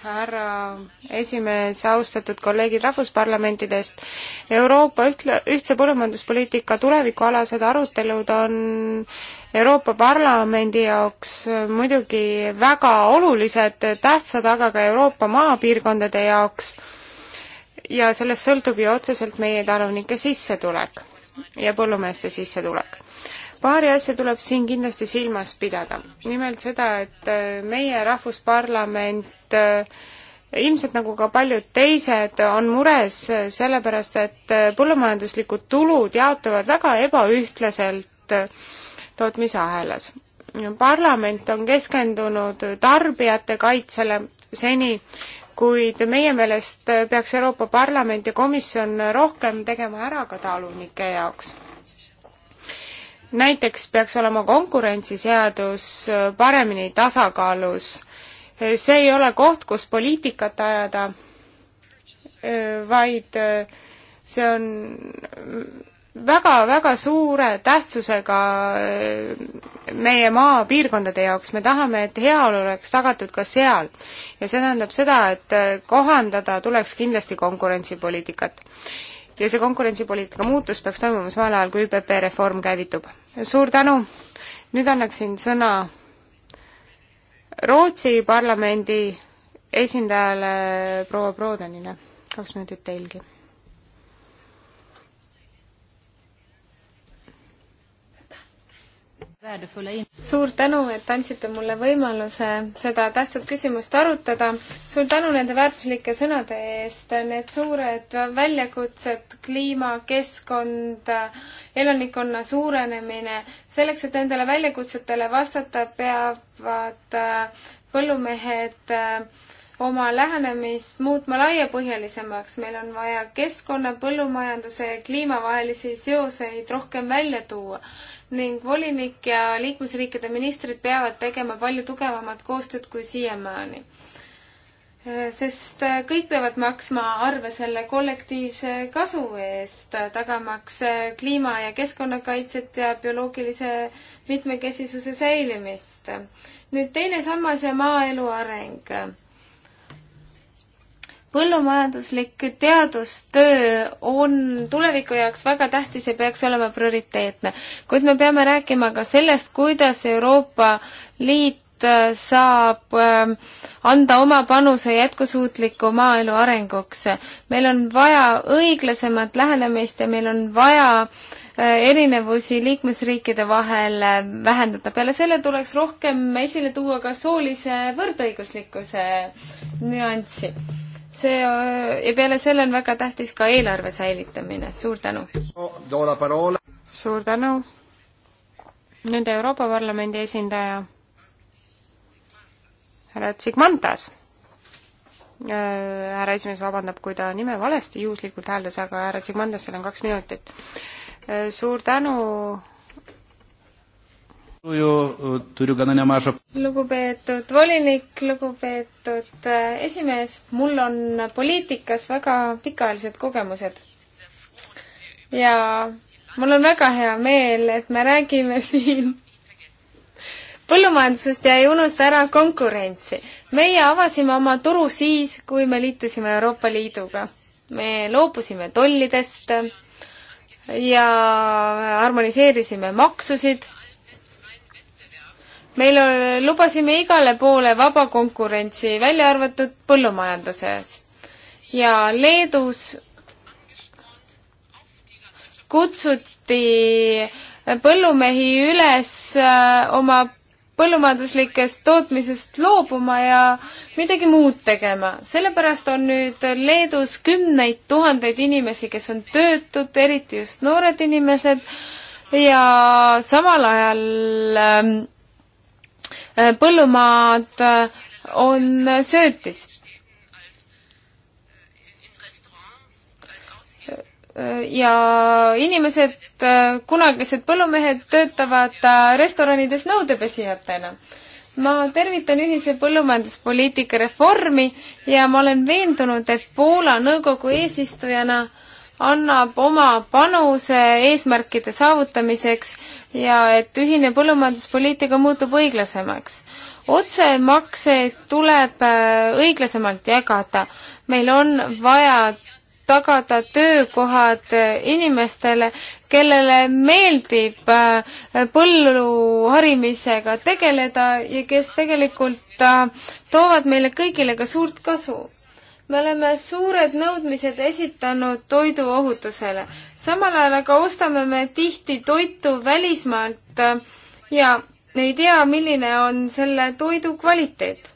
härra esimees, austatud kolleegid rahvusparlamentidest. Euroopa ühtle, ühtse põllumajanduspoliitika tulevikualased arutelud on Euroopa Parlamendi jaoks muidugi väga olulised, tähtsad aga ka Euroopa maapiirkondade jaoks ja sellest sõltub ju otseselt meie talunike sissetulek ja põllumeeste sissetulek paari asja tuleb siin kindlasti silmas pidada. nimelt seda, et äh, meie Rahvusparlament äh, ilmselt nagu ka paljud teised on mures äh, sellepärast, et põllumajanduslikud tulud jaotuvad väga ebaühtlaselt tootmisahelas. parlament on keskendunud tarbijate kaitsele seni, kuid meie meelest peaks Euroopa Parlament ja Komisjon rohkem tegema ära ka talunike jaoks näiteks peaks olema konkurentsiseadus äh, paremini tasakaalus. Äh, see ei ole koht, kus poliitikat ajada, äh, vaid see on väga-väga suure tähtsusega meie maapiirkondade jaoks, me tahame, et heaolu oleks tagatud ka seal. ja see tähendab seda, et kohandada tuleks kindlasti konkurentsipoliitikat. ja see konkurentsipoliitika muutus peaks toimuma samal ajal, kui ÜPP reform käivitub suur tänu, nüüd annaksin sõna Rootsi parlamendi esindajale proua Brodenile, kaks minutit teilgi suur tänu, et andsite mulle võimaluse seda tähtsat küsimust arutada. suur tänu nende väärtuslike sõnade eest, need suured väljakutsed, kliima, keskkond, elanikkonna suurenemine, selleks, et nendele väljakutsetele vastata, peavad äh, põllumehed äh, oma lähenemist muutma laiapõhjalisemaks, meil on vaja keskkonna, põllumajanduse ja kliima vahelisi seoseid rohkem välja tuua ning volinik ja liikmesriikide ministrid peavad tegema palju tugevamat koostööd kui siiamaani. sest kõik peavad maksma arve selle kollektiivse kasu eest, tagamaks kliima- ja keskkonnakaitset ja bioloogilise mitmekesisuse säilimist. nüüd teine sammas ja maaelu areng põllumajanduslik teadustöö on tuleviku jaoks väga tähtis ja peaks olema prioriteetne. kuid me peame rääkima ka sellest, kuidas Euroopa Liit äh, saab ähm, anda oma panuse jätkusuutliku maaelu arenguks. meil on vaja õiglasemat lähenemist ja meil on vaja äh, erinevusi liikmesriikide vahel äh, vähendada. peale selle tuleks rohkem esile tuua ka soolise võrdõiguslikkuse nüanssi see ja peale selle on väga tähtis ka eelarve säilitamine, suur tänu! suur tänu! nüüd Euroopa Parlamendi esindaja härra Tsigmantas. Äh, härra esimees vabandab, kui ta nime valesti juhuslikult hääldas, aga härra Tsigmantasel on kaks minutit. Äh, suur tänu, lugupeetud volinik, lugupeetud äh, esimees, mul on poliitikas väga pikaajalised kogemused. ja mul on väga hea meel, et me räägime siin põllumajandusest ja ei unusta ära konkurentsi. meie avasime oma turu siis, kui me liitusime Euroopa Liiduga. me loobusime tollidest ja harmoniseerisime maksusid meil on, lubasime igale poole vaba konkurentsi, välja arvatud põllumajanduses. ja Leedus kutsuti põllumehi üles äh, oma põllumajanduslikest tootmisest loobuma ja midagi muud tegema. sellepärast on nüüd Leedus kümneid tuhandeid inimesi, kes on töötud, eriti just noored inimesed, ja samal ajal ähm, Äh, põllumaad äh, on söötis. Äh, ja inimesed, kunagised põllumehed töötavad restoranides nõudepesijatena ma tervitan ühise põllumajanduspoliitika reformi ja ma olen veendunud, et Poola nõukogu eesistujana äh, annab oma panuse eesmärkide saavutamiseks ja et ühine põllumajanduspoliitika muutub õiglasemaks. otsemakseid tuleb äh, õiglasemalt jagada. meil on vaja tagada töökohad äh, inimestele, kellele meeldib äh, põllu harimisega tegeleda ja kes tegelikult toovad meile kõigile ka suurt kasu me oleme suured nõudmised esitanud toiduohutusele. samal ajal aga ostame me tihti toitu välismaalt ja ei tea, milline on selle toidu kvaliteet.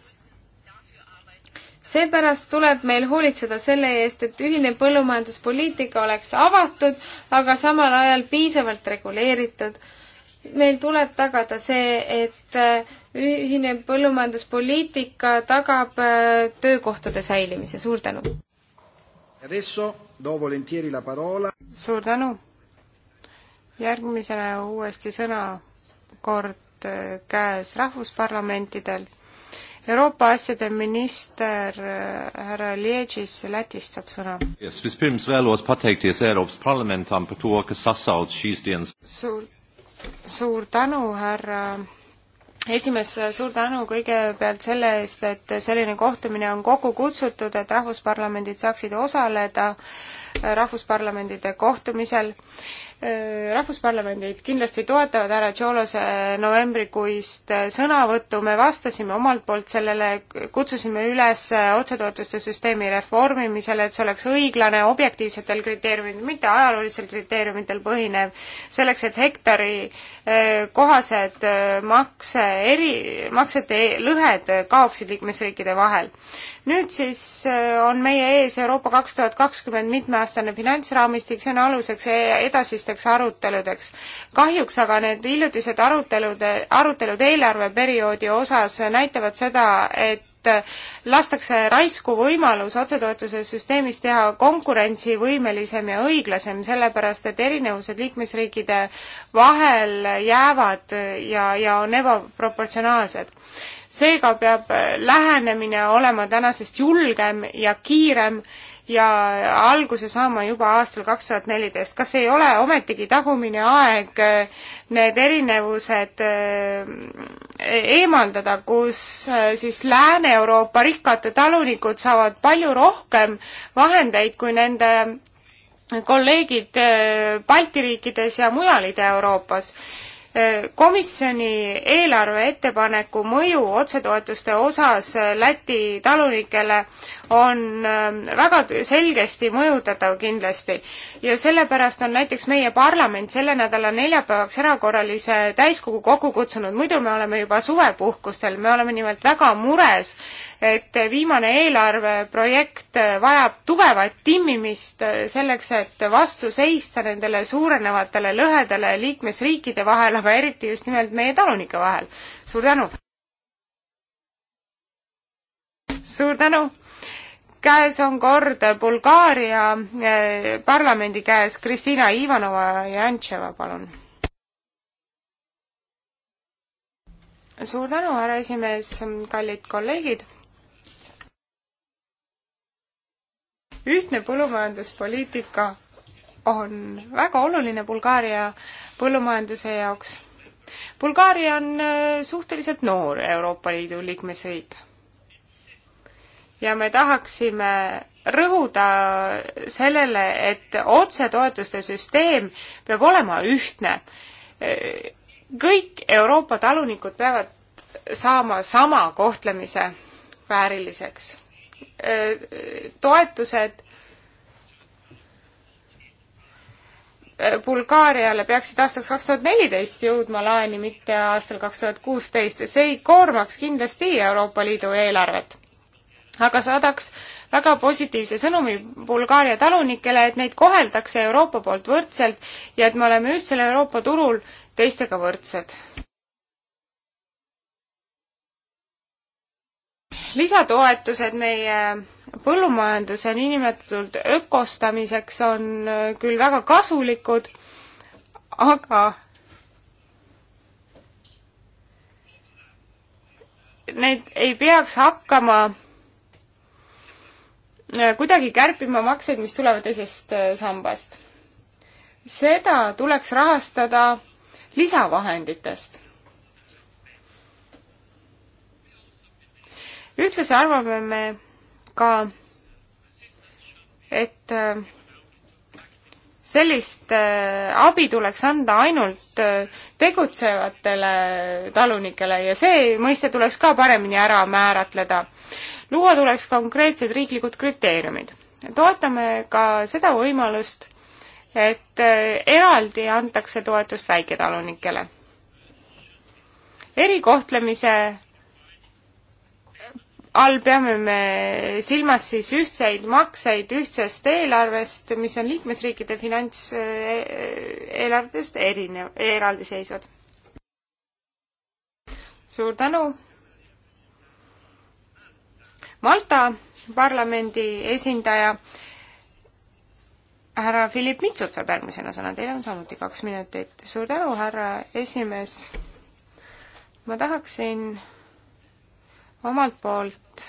seepärast tuleb meil hoolitseda selle eest, et ühine põllumajanduspoliitika oleks avatud, aga samal ajal piisavalt reguleeritud. meil tuleb tagada see, et ühine põllumajanduspoliitika tagab äh, töökohtade säilimise, suur tänu! suur tänu! järgmisena uuesti sõnakord äh, käes rahvusparlamentidel. Euroopa asjade minister äh, härra Liegis Lätist saab sõna yes,. suur, suur tänu, härra esimees, suur tänu kõigepealt selle eest, et selline kohtumine on kokku kutsutud, et rahvusparlamendid saaksid osaleda rahvusparlamendide kohtumisel. Äh, rahvusparlamendid kindlasti toetavad härra Tšolose novembrikuist sõnavõttu, me vastasime omalt poolt sellele, kutsusime üles otsetoetuste süsteemi reformimisele, et see oleks õiglane objektiivsetel kriteeriumidel, mitte ajaloolistel kriteeriumidel põhinev, selleks et hektari äh, Eh, kohased eh, makse eri, maksete e-, lõhed eh, kaoksid liikmesriikide vahel. nüüd siis on meie ees Euroopa kaks tuhat kakskümmend mitmeaastane finantsraamistik, see on aluseks e-, edasisteks aruteludeks. kahjuks aga need hiljutised arutelud, arutelud eelarveperioodi osas näitavad seda, et lastakse raisku võimalus otsetoetuse süsteemis teha konkurentsivõimelisem ja õiglasem, sellepärast et erinevused liikmesriikide vahel jäävad ja, ja on ebaproportsionaalsed seega peab äh, lähenemine olema tänasest julgem ja kiirem ja alguse saama juba aastal kaks tuhat neliteist. kas ei ole ometigi tagumine aeg äh, need erinevused äh, eemaldada, kus siis Lääne-Euroopa rikkad talunikud saavad palju rohkem vahendeid kui nende kolleegid Balti riikides ja mujal Ida-Euroopas komisjoni eelarve ettepaneku mõju otsetoetuste osas Läti talunikele on ähm, väga selgesti mõjutatav kindlasti ja sellepärast on näiteks meie parlament selle nädala neljapäevaks erakorralise täiskogu kokku kutsunud, muidu me oleme juba suvepuhkustel, me oleme nimelt väga mures, et viimane eelarveprojekt vajab tugevat timmimist selleks, et vastu seista nendele suurenevatele lõhedele liikmesriikide vahel, aga eriti just nimelt meie talunike vahel. suur tänu! suur tänu! käes on kord Bulgaaria eh, parlamendi käes, Kristina Ivanova ja Jantševa, palun. suur tänu, härra esimees, kallid kolleegid. ühtne põllumajanduspoliitika on väga oluline Bulgaaria põllumajanduse jaoks. Bulgaaria on äh, suhteliselt noor Euroopa Liidu liikmesriik. ja me tahaksime rõhuda sellele, et otsetoetuste süsteem peab olema ühtne. Äh, kõik Euroopa talunikud peavad saama sama kohtlemise vääriliseks. Äh, toetused Äh, Bulgaariale peaksid aastaks kaks tuhat neliteist jõudma laeni, mitte aastal kaks tuhat kuusteist ja see ei koormaks kindlasti Euroopa Liidu eelarvet. aga saadaks väga positiivse sõnumi Bulgaaria talunikele, et neid koheldakse Euroopa poolt võrdselt ja et me oleme ühtsel Euroopa turul teistega võrdsed. lisatoetused meie põllumajanduse niinimetatud ökostamiseks on äh, küll väga kasulikud, aga need ei peaks hakkama äh, kuidagi kärpima makseid, mis tulevad teisest äh, sambast. seda tuleks rahastada lisavahenditest ühtlasi arvame me ka, et sellist äh, abi tuleks anda ainult äh, tegutsevatele talunikele ja see mõiste tuleks ka paremini ära määratleda. luua tuleks konkreetsed riiklikud kriteeriumid. toetame ka seda võimalust, et äh, eraldi antakse toetust väiketalunikele. erikohtlemise all peame me silmas siis ühtseid makseid ühtsest eelarvest, mis on liikmesriikide finantseelarvetest äh, erinev, eraldiseisvad. suur tänu. Malta parlamendi esindaja härra Philip Mitsut saab järgmisena sõna, teil on samuti kaks minutit. suur tänu, härra esimees. ma tahaksin omalt poolt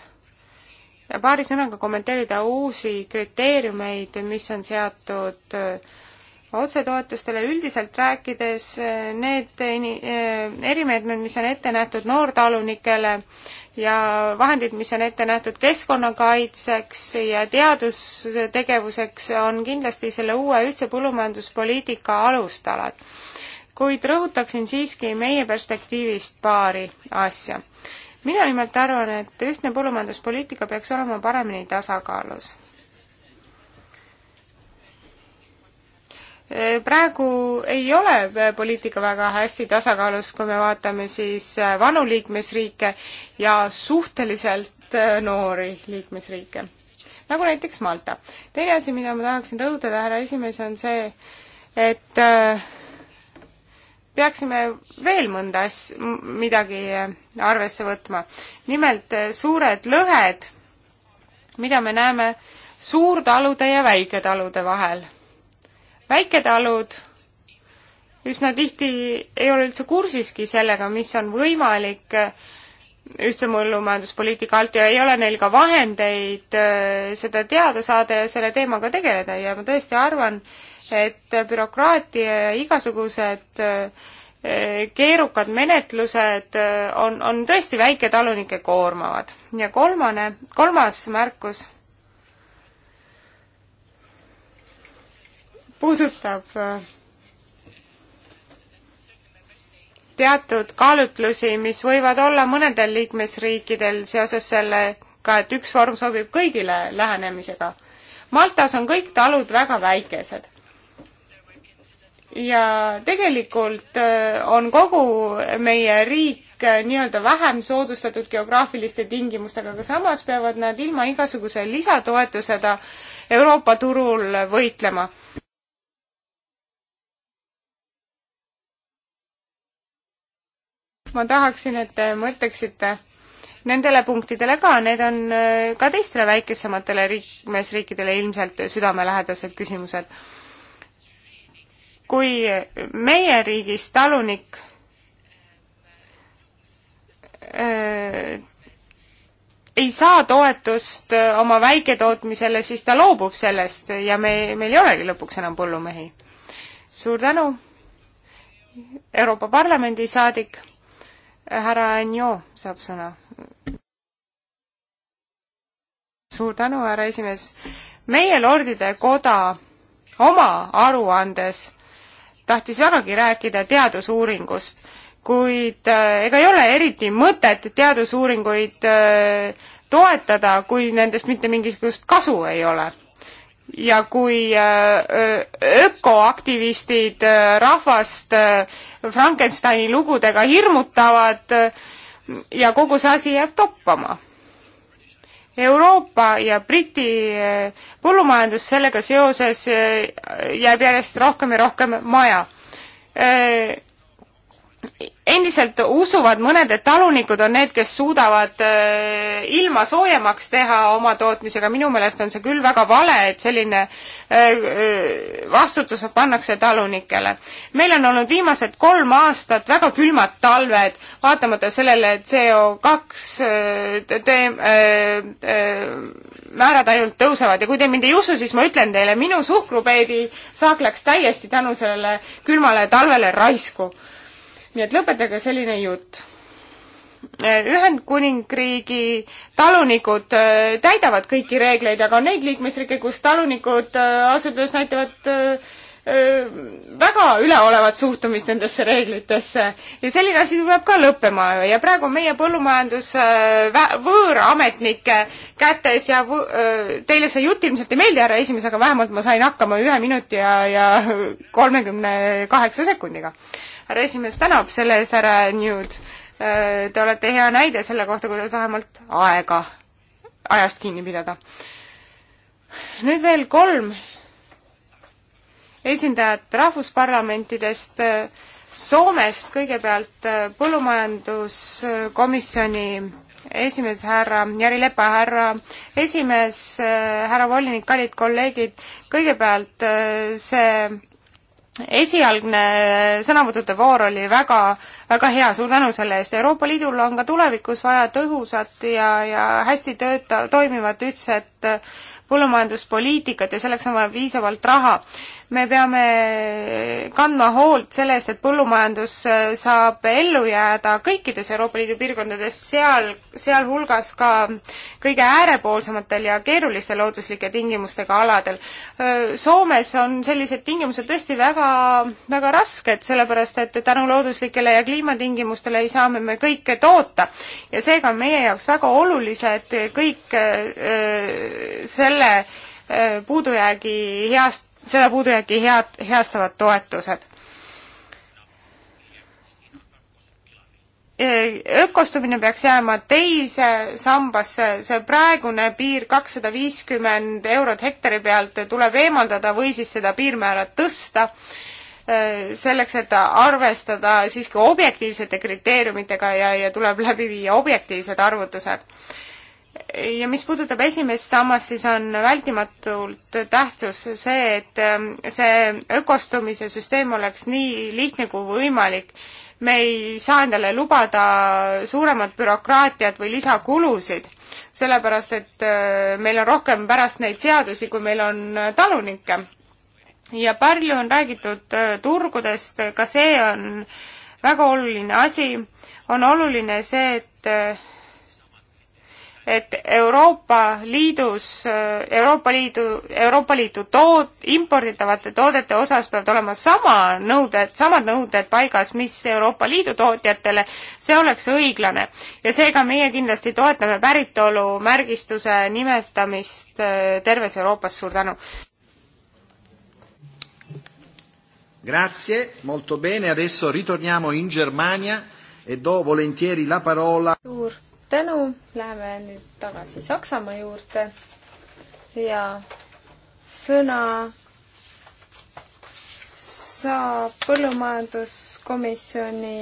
ja paari sõnaga kommenteerida uusi kriteeriumeid, mis on seatud äh, otsetoetustele üldiselt rääkides, äh, need äh, erimeetmed, mis on ette nähtud noortalunikele ja vahendid, mis on ette nähtud keskkonnakaitseks ja teadustegevuseks, on kindlasti selle uue ühtse põllumajanduspoliitika alustalad kuid rõhutaksin siiski meie perspektiivist paari asja mina nimelt arvan, et ühtne põllumajanduspoliitika peaks olema paremini tasakaalus. praegu ei ole poliitika väga hästi tasakaalus, kui me vaatame siis vanu liikmesriike ja suhteliselt noori liikmesriike, nagu näiteks Malta. teine asi, mida ma tahaksin rõhutada, härra esimees, on see, et äh, peaksime veel mõnda as-, midagi arvesse võtma. nimelt eh, suured lõhed, mida me näeme suurtalude ja väiketalude vahel. väiketalud üsna tihti ei ole üldse kursiski sellega, mis on võimalik eh, ühtse mõllumajanduspoliitika alt ja ei ole neil ka vahendeid eh, seda teada saada ja selle teemaga tegeleda ja ma tõesti arvan, et bürokraatia ja igasugused eh, keerukad menetlused eh, on, on tõesti väiketalunikke koormavad. ja kolmane, kolmas märkus puudutab eh, teatud kaalutlusi, mis võivad olla mõnedel liikmesriikidel seoses sellega, et üks vorm sobib kõigile lähenemisega. Maltas on kõik talud väga väikesed ja tegelikult äh, on kogu meie riik äh, nii-öelda vähem soodustatud geograafiliste tingimustega, aga samas peavad nad ilma igasuguse lisatoetuseta Euroopa turul võitlema. ma tahaksin, et te mõtleksite nendele punktidele ka, need on äh, ka teistele väikesematele liikmesriikidele ilmselt südamelähedased küsimused kui meie riigis talunik öö, äh, ei saa toetust äh, oma väiketootmisele, siis ta loobub sellest ja me, meil ei olegi lõpuks enam põllumehi. suur tänu, Euroopa Parlamendi saadik härra Anjo saab sõna. suur tänu, härra esimees. meie Lordide Koda oma aruandes tahtis vägagi rääkida teadusuuringust, kuid äh, ega ei ole eriti mõtet teadusuuringuid äh, toetada, kui nendest mitte mingisugust kasu ei ole. ja kui äh, ökoaktivistid rahvast Frankensteini lugudega hirmutavad ja kogu see asi jääb toppama Euroopa ja Briti eh, põllumajandus sellega seoses eh, jääb järjest rohkem ja rohkem maja eh, endiselt usuvad mõned, et talunikud on need, kes suudavad äh, ilma soojemaks teha oma tootmisega, minu meelest on see küll väga vale, et selline äh, äh, vastutus pannakse talunikele. meil on olnud viimased kolm aastat väga külmad talved, vaatamata sellele, et CO2 tee-, määrad ainult tõusevad ja kui te mind ei usu, siis ma ütlen teile, minu suhkrupeedi saak läks täiesti tänu sellele külmale talvele raisku nii et lõpetage selline jutt. Ühendkuningriigi talunikud äh, täidavad kõiki reegleid, aga on neid liikmesriike, kus talunikud äh, ausalt öeldes näitavad äh, väga üleolevat suhtumist nendesse reeglitesse ja selline asi tuleb ka lõppema ja praegu meie põllumajandus võõrametnike kätes ja võ, teile see jutt ilmselt ei meeldi, härra esimees, aga vähemalt ma sain hakkama ühe minuti ja, ja kolmekümne kaheksa sekundiga härra esimees tänab selle eest, härra Newt. Äh, te olete hea näide selle kohta, kuidas vähemalt aega, ajast kinni pidada. nüüd veel kolm esindajat rahvusparlamentidest. Soomest kõigepealt põllumajanduskomisjoni esimees härra Jari Lepa, härra esimees, äh, härra volinik, kallid kolleegid, kõigepealt äh, see esialgne sõnavõtute voor oli väga, väga hea, suur tänu selle eest. Euroopa Liidul on ka tulevikus vaja tõhusat ja, ja hästi tööta-, toimivat ühtset põllumajanduspoliitikat ja selleks on vaja piisavalt raha. me peame kandma hoolt selle eest, et põllumajandus äh, saab ellu jääda kõikides Euroopa Liidu piirkondades, seal, sealhulgas ka kõige äärepoolsematel ja keerulistel looduslike tingimustega aladel. Äh, Soomes on sellised tingimused tõesti väga, väga rasked, sellepärast et tänu looduslikele ja kliimatingimustele ei saa me, me kõike toota ja seega on meie jaoks väga olulised kõik öö, äh, selle äh, puudujäägi heast, seda puudujäägi head, heastavad toetused. Äh, ökostumine peaks jääma teise sambasse, see praegune piir kakssada viiskümmend eurot hektari pealt tuleb eemaldada või siis seda piirmäära tõsta äh, selleks, et arvestada siiski objektiivsete kriteeriumitega ja, ja tuleb läbi viia objektiivsed arvutused ja mis puudutab esimest sammast, siis on vältimatult tähtsus see, et ähm, see ökostumise süsteem oleks nii lihtne kui võimalik. me ei saa endale lubada suuremat bürokraatiat või lisakulusid, sellepärast et äh, meil on rohkem pärast neid seadusi, kui meil on äh, talunikke. ja palju on räägitud äh, turgudest, ka see on väga oluline asi. on oluline see, et et Euroopa Liidus, Euroopa Liidu, Euroopa Liidu tood-, imporditavate toodete osas peavad olema sama nõuded, samad nõuded paigas, mis Euroopa Liidu tootjatele, see oleks õiglane. ja seega meie kindlasti toetame päritolumärgistuse nimetamist äh, terves Euroopas, suur tänu! Grazie, molto bene, adesso ritorniamo in Germania e do volentieri la parola suur tänu, läheme nüüd tagasi Saksamaa juurde ja sõna saab põllumajanduskomisjoni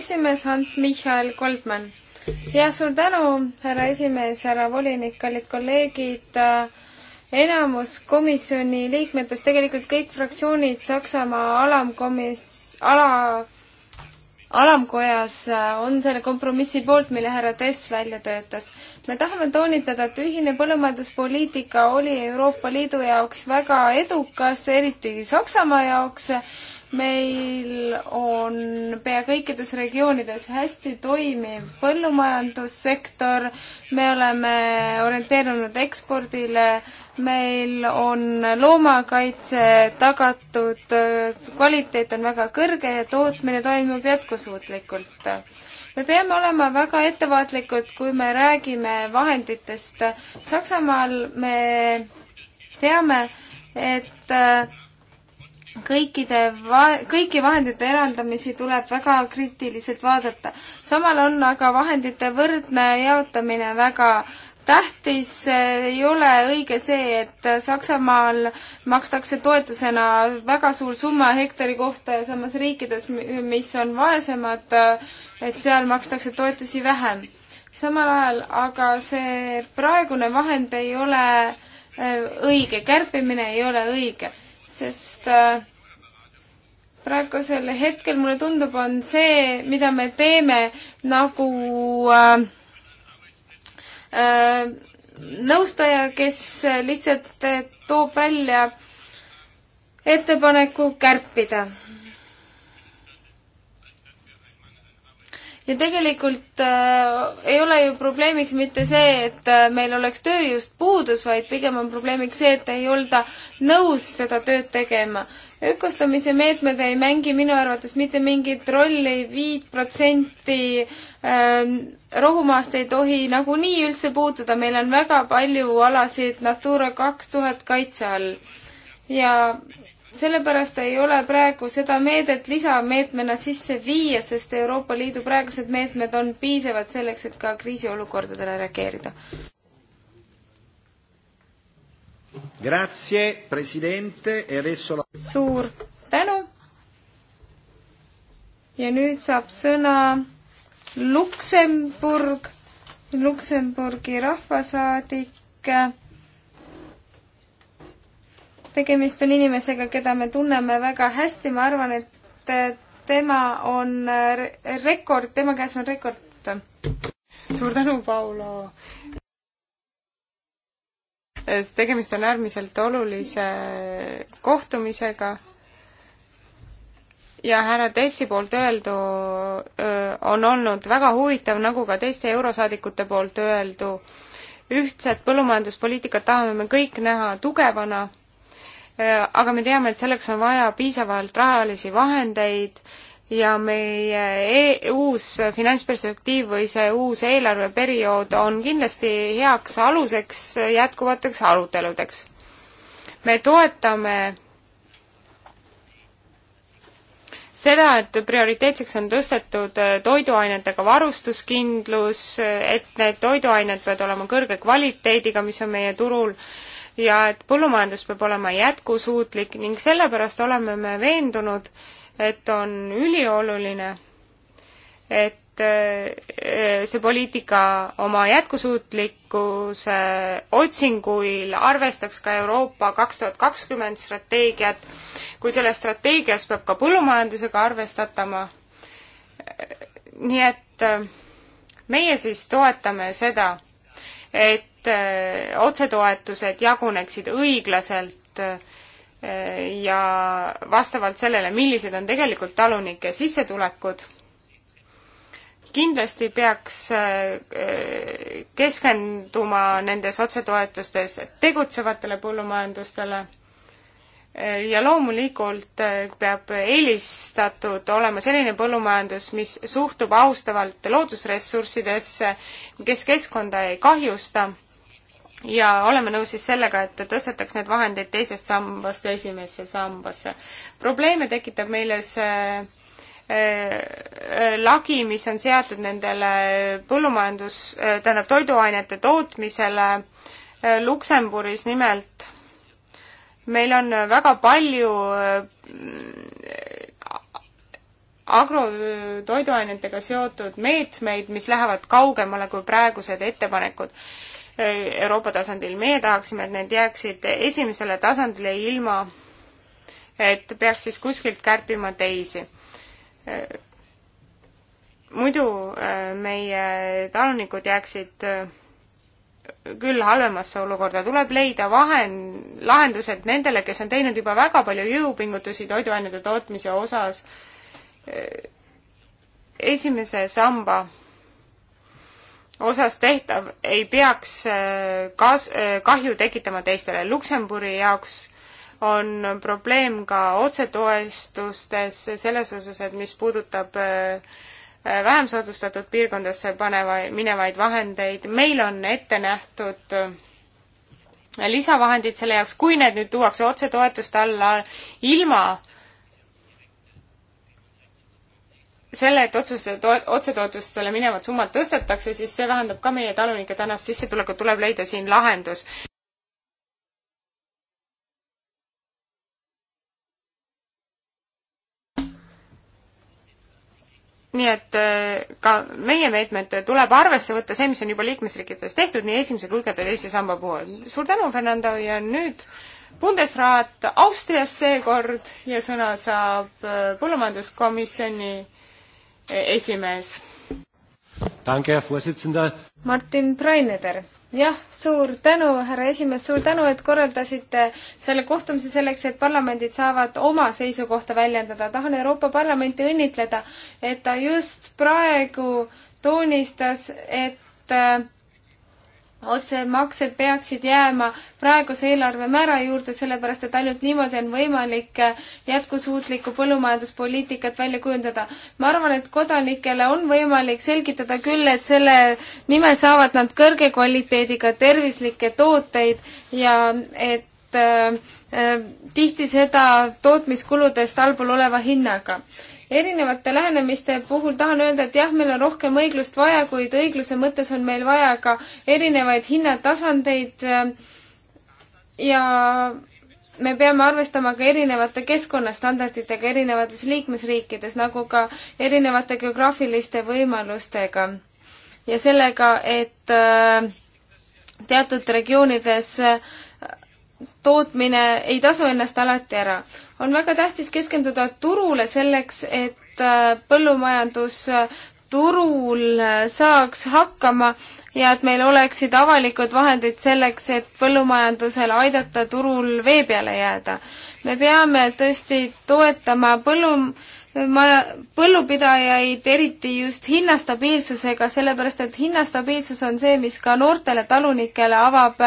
esimees Hans-Michael Goldmann. jah, suur tänu, härra esimees, härra volinik, kallid kolleegid enamus komisjoni liikmetest, tegelikult kõik fraktsioonid Saksamaa alamkomis-, ala alamkojas äh, on selle kompromissi poolt, mille härra Tess välja töötas. me tahame toonitada, et ühine põllumajanduspoliitika oli Euroopa Liidu jaoks väga edukas, eriti Saksamaa jaoks, meil on pea kõikides regioonides hästi toimiv põllumajandussektor, me oleme orienteerunud ekspordile, meil on loomakaitse tagatud, kvaliteet on väga kõrge ja tootmine toimub jätkusuutlikult. me peame olema väga ettevaatlikud, kui me räägime vahenditest. Saksamaal me teame, et äh, kõikide va-, kõiki vahendite eraldamisi tuleb väga kriitiliselt vaadata. samal on aga vahendite võrdne jaotamine väga tähtis, ei ole õige see, et Saksamaal makstakse toetusena väga suur summa hektari kohta ja samas riikides, mis on vaesemad, et seal makstakse toetusi vähem. samal ajal aga see praegune vahend ei ole eh, õige, kärpimine ei ole õige sest äh, praegusel hetkel mulle tundub, on see, mida me teeme nagu äh, äh, nõustaja, kes lihtsalt äh, toob välja ettepaneku kärpida ja tegelikult äh, ei ole ju probleemiks mitte see, et äh, meil oleks tööjõust puudus, vaid pigem on probleemiks see, et ei olda nõus seda tööd tegema. ökostamise meetmed ei mängi minu arvates mitte mingit rolli, viit protsenti äh, rohumaast ei tohi nagunii üldse puutuda, meil on väga palju alasid Natura kaks tuhat kaitse all. ja sellepärast ei ole praegu seda meedet lisameetmena sisse viia, sest Euroopa Liidu praegused meetmed on piisavad selleks, et ka kriisiolukordadele reageerida. Grazie, presidente, e adesso la... suur tänu. ja nüüd saab sõna Luksemburg, Luksemburgi rahvasaadik tegemist on inimesega, keda me tunneme väga hästi, ma arvan, et tema on rekord, tema käes on rekord. suur tänu, Paulo! tegemist on äärmiselt olulise kohtumisega ja härra Tessi poolt öeldu on olnud väga huvitav, nagu ka teiste eurosaadikute poolt öeldu. ühtset põllumajanduspoliitikat tahame me kõik näha tugevana Äh, aga me teame, et selleks on vaja piisavalt rahalisi vahendeid ja meie e uus finantsperspektiiv või see uus eelarveperiood on kindlasti heaks aluseks jätkuvateks aruteludeks. me toetame seda, et prioriteetseks on tõstetud toiduainetega varustuskindlus, et need toiduained peavad olema kõrge kvaliteediga, mis on meie turul äh, ja et põllumajandus peab olema jätkusuutlik ning sellepärast oleme me veendunud, et on ülioluline, et eh, see poliitika oma jätkusuutlikkuse otsinguil arvestaks ka Euroopa kaks tuhat kakskümmend strateegiat, kuid selles strateegias peab ka põllumajandusega arvestatama. nii et eh, meie siis toetame seda et äh, otsetoetused jaguneksid õiglaselt äh, ja vastavalt sellele, millised on tegelikult talunike sissetulekud kindlasti peaks äh, keskenduma nendes otsetoetustes tegutsevatele põllumajandustele ja loomulikult eh, peab eelistatud olema selline põllumajandus, mis suhtub austavalt loodusressurssidesse, kes keskkonda ei kahjusta ja oleme nõus siis sellega, et tõstetaks need vahendid teisest sambast esimesse sambasse. probleeme tekitab meile see eh, eh, lagi, mis on seatud nendele põllumajandus, tähendab toiduainete tootmisele Luksemburis nimelt meil on väga palju äh, agrotoiduainetega seotud meetmeid, mis lähevad kaugemale kui praegused ettepanekud äh, Euroopa tasandil. meie tahaksime, et need jääksid esimesele tasandile ilma, et peaks siis kuskilt kärpima teisi. Äh, muidu meie talunikud jääksid küll halvemasse olukorda, tuleb leida vahend, lahendused nendele, kes on teinud juba väga palju jõupingutusi toiduainete tootmise osas. esimese samba osas tehtav ei peaks äh, kas-, äh, kahju tekitama teistele. Luksemburi jaoks on probleem ka otsetoestustes selles osas, et mis puudutab äh, vähem soodustatud piirkondadesse paneva, minevaid vahendeid, meil on ette nähtud lisavahendid selle jaoks, kui need nüüd tuuakse otsetoetuste alla ilma selle, et otsuste, otsetoetustele minevad summad tõstetakse, siis see vähendab ka meie talunike tänast sissetulekut, tuleb leida siin lahendus. nii et äh, ka meie meetmed tuleb arvesse võtta, see, mis on juba liikmesriikides tehtud nii esimese kui ka teise samba puhul. suur tänu, Fernando, ja nüüd Bundesrat Austriast seekord ja sõna saab äh, põllumajanduskomisjoni äh, esimees. Martin Breineder jah, suur tänu, härra esimees, suur tänu, et korraldasite selle kohtumise selleks, et parlamendid saavad oma seisukohta väljendada. tahan Euroopa Parlamenti õnnitleda, et ta just praegu toonistas, et äh, otsemaksed peaksid jääma praeguse eelarvemäära juurde, sellepärast et ainult niimoodi on võimalik äh, jätkusuutlikku põllumajanduspoliitikat välja kujundada. ma arvan, et kodanikele on võimalik selgitada küll, et selle nimel saavad nad kõrge kvaliteediga tervislikke tooteid ja et äh, äh tihti seda tootmiskuludest allpool oleva hinnaga erinevate lähenemiste puhul tahan öelda, et jah, meil on rohkem õiglust vaja, kuid õigluse mõttes on meil vaja ka erinevaid hinnatasandeid äh, ja me peame arvestama ka erinevate keskkonnastandarditega erinevates liikmesriikides, nagu ka erinevate geograafiliste võimalustega. ja sellega, et äh, teatud regioonides äh, tootmine ei tasu ennast alati ära on väga tähtis keskenduda turule selleks, et äh, põllumajandusturul äh, äh, saaks hakkama ja et meil oleksid avalikud vahendid selleks, et põllumajandusel aidata turul vee peale jääda. me peame tõesti toetama põllum-, maja, põllupidajaid eriti just hinnastabiilsusega, sellepärast et hinnastabiilsus on see, mis ka noortele talunikele avab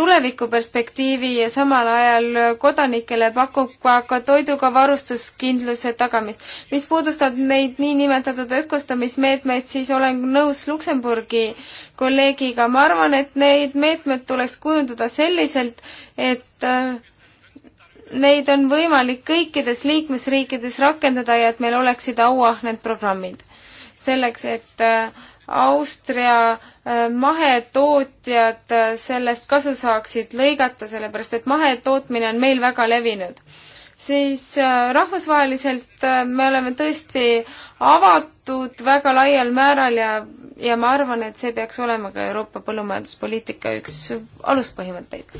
tulevikuperspektiivi ja samal ajal kodanikele pakub ka, ka toiduga varustuskindluse tagamist. mis puudustab neid niinimetatud ökostamismeetmeid, siis olen nõus Luksemburgi kolleegiga, ma arvan, et neid meetmed tuleks kujundada selliselt, et äh, neid on võimalik kõikides liikmesriikides rakendada ja et meil oleksid auahned programmid. selleks, et äh, Austria äh, mahetootjad äh, sellest kasu saaksid lõigata, sellepärast et mahetootmine on meil väga levinud. siis rahvusvaheliselt me oleme tõesti avatud väga laial määral ja, ja ma arvan, et see peaks olema ka Euroopa põllumajanduspoliitika üks aluspõhimõtteid.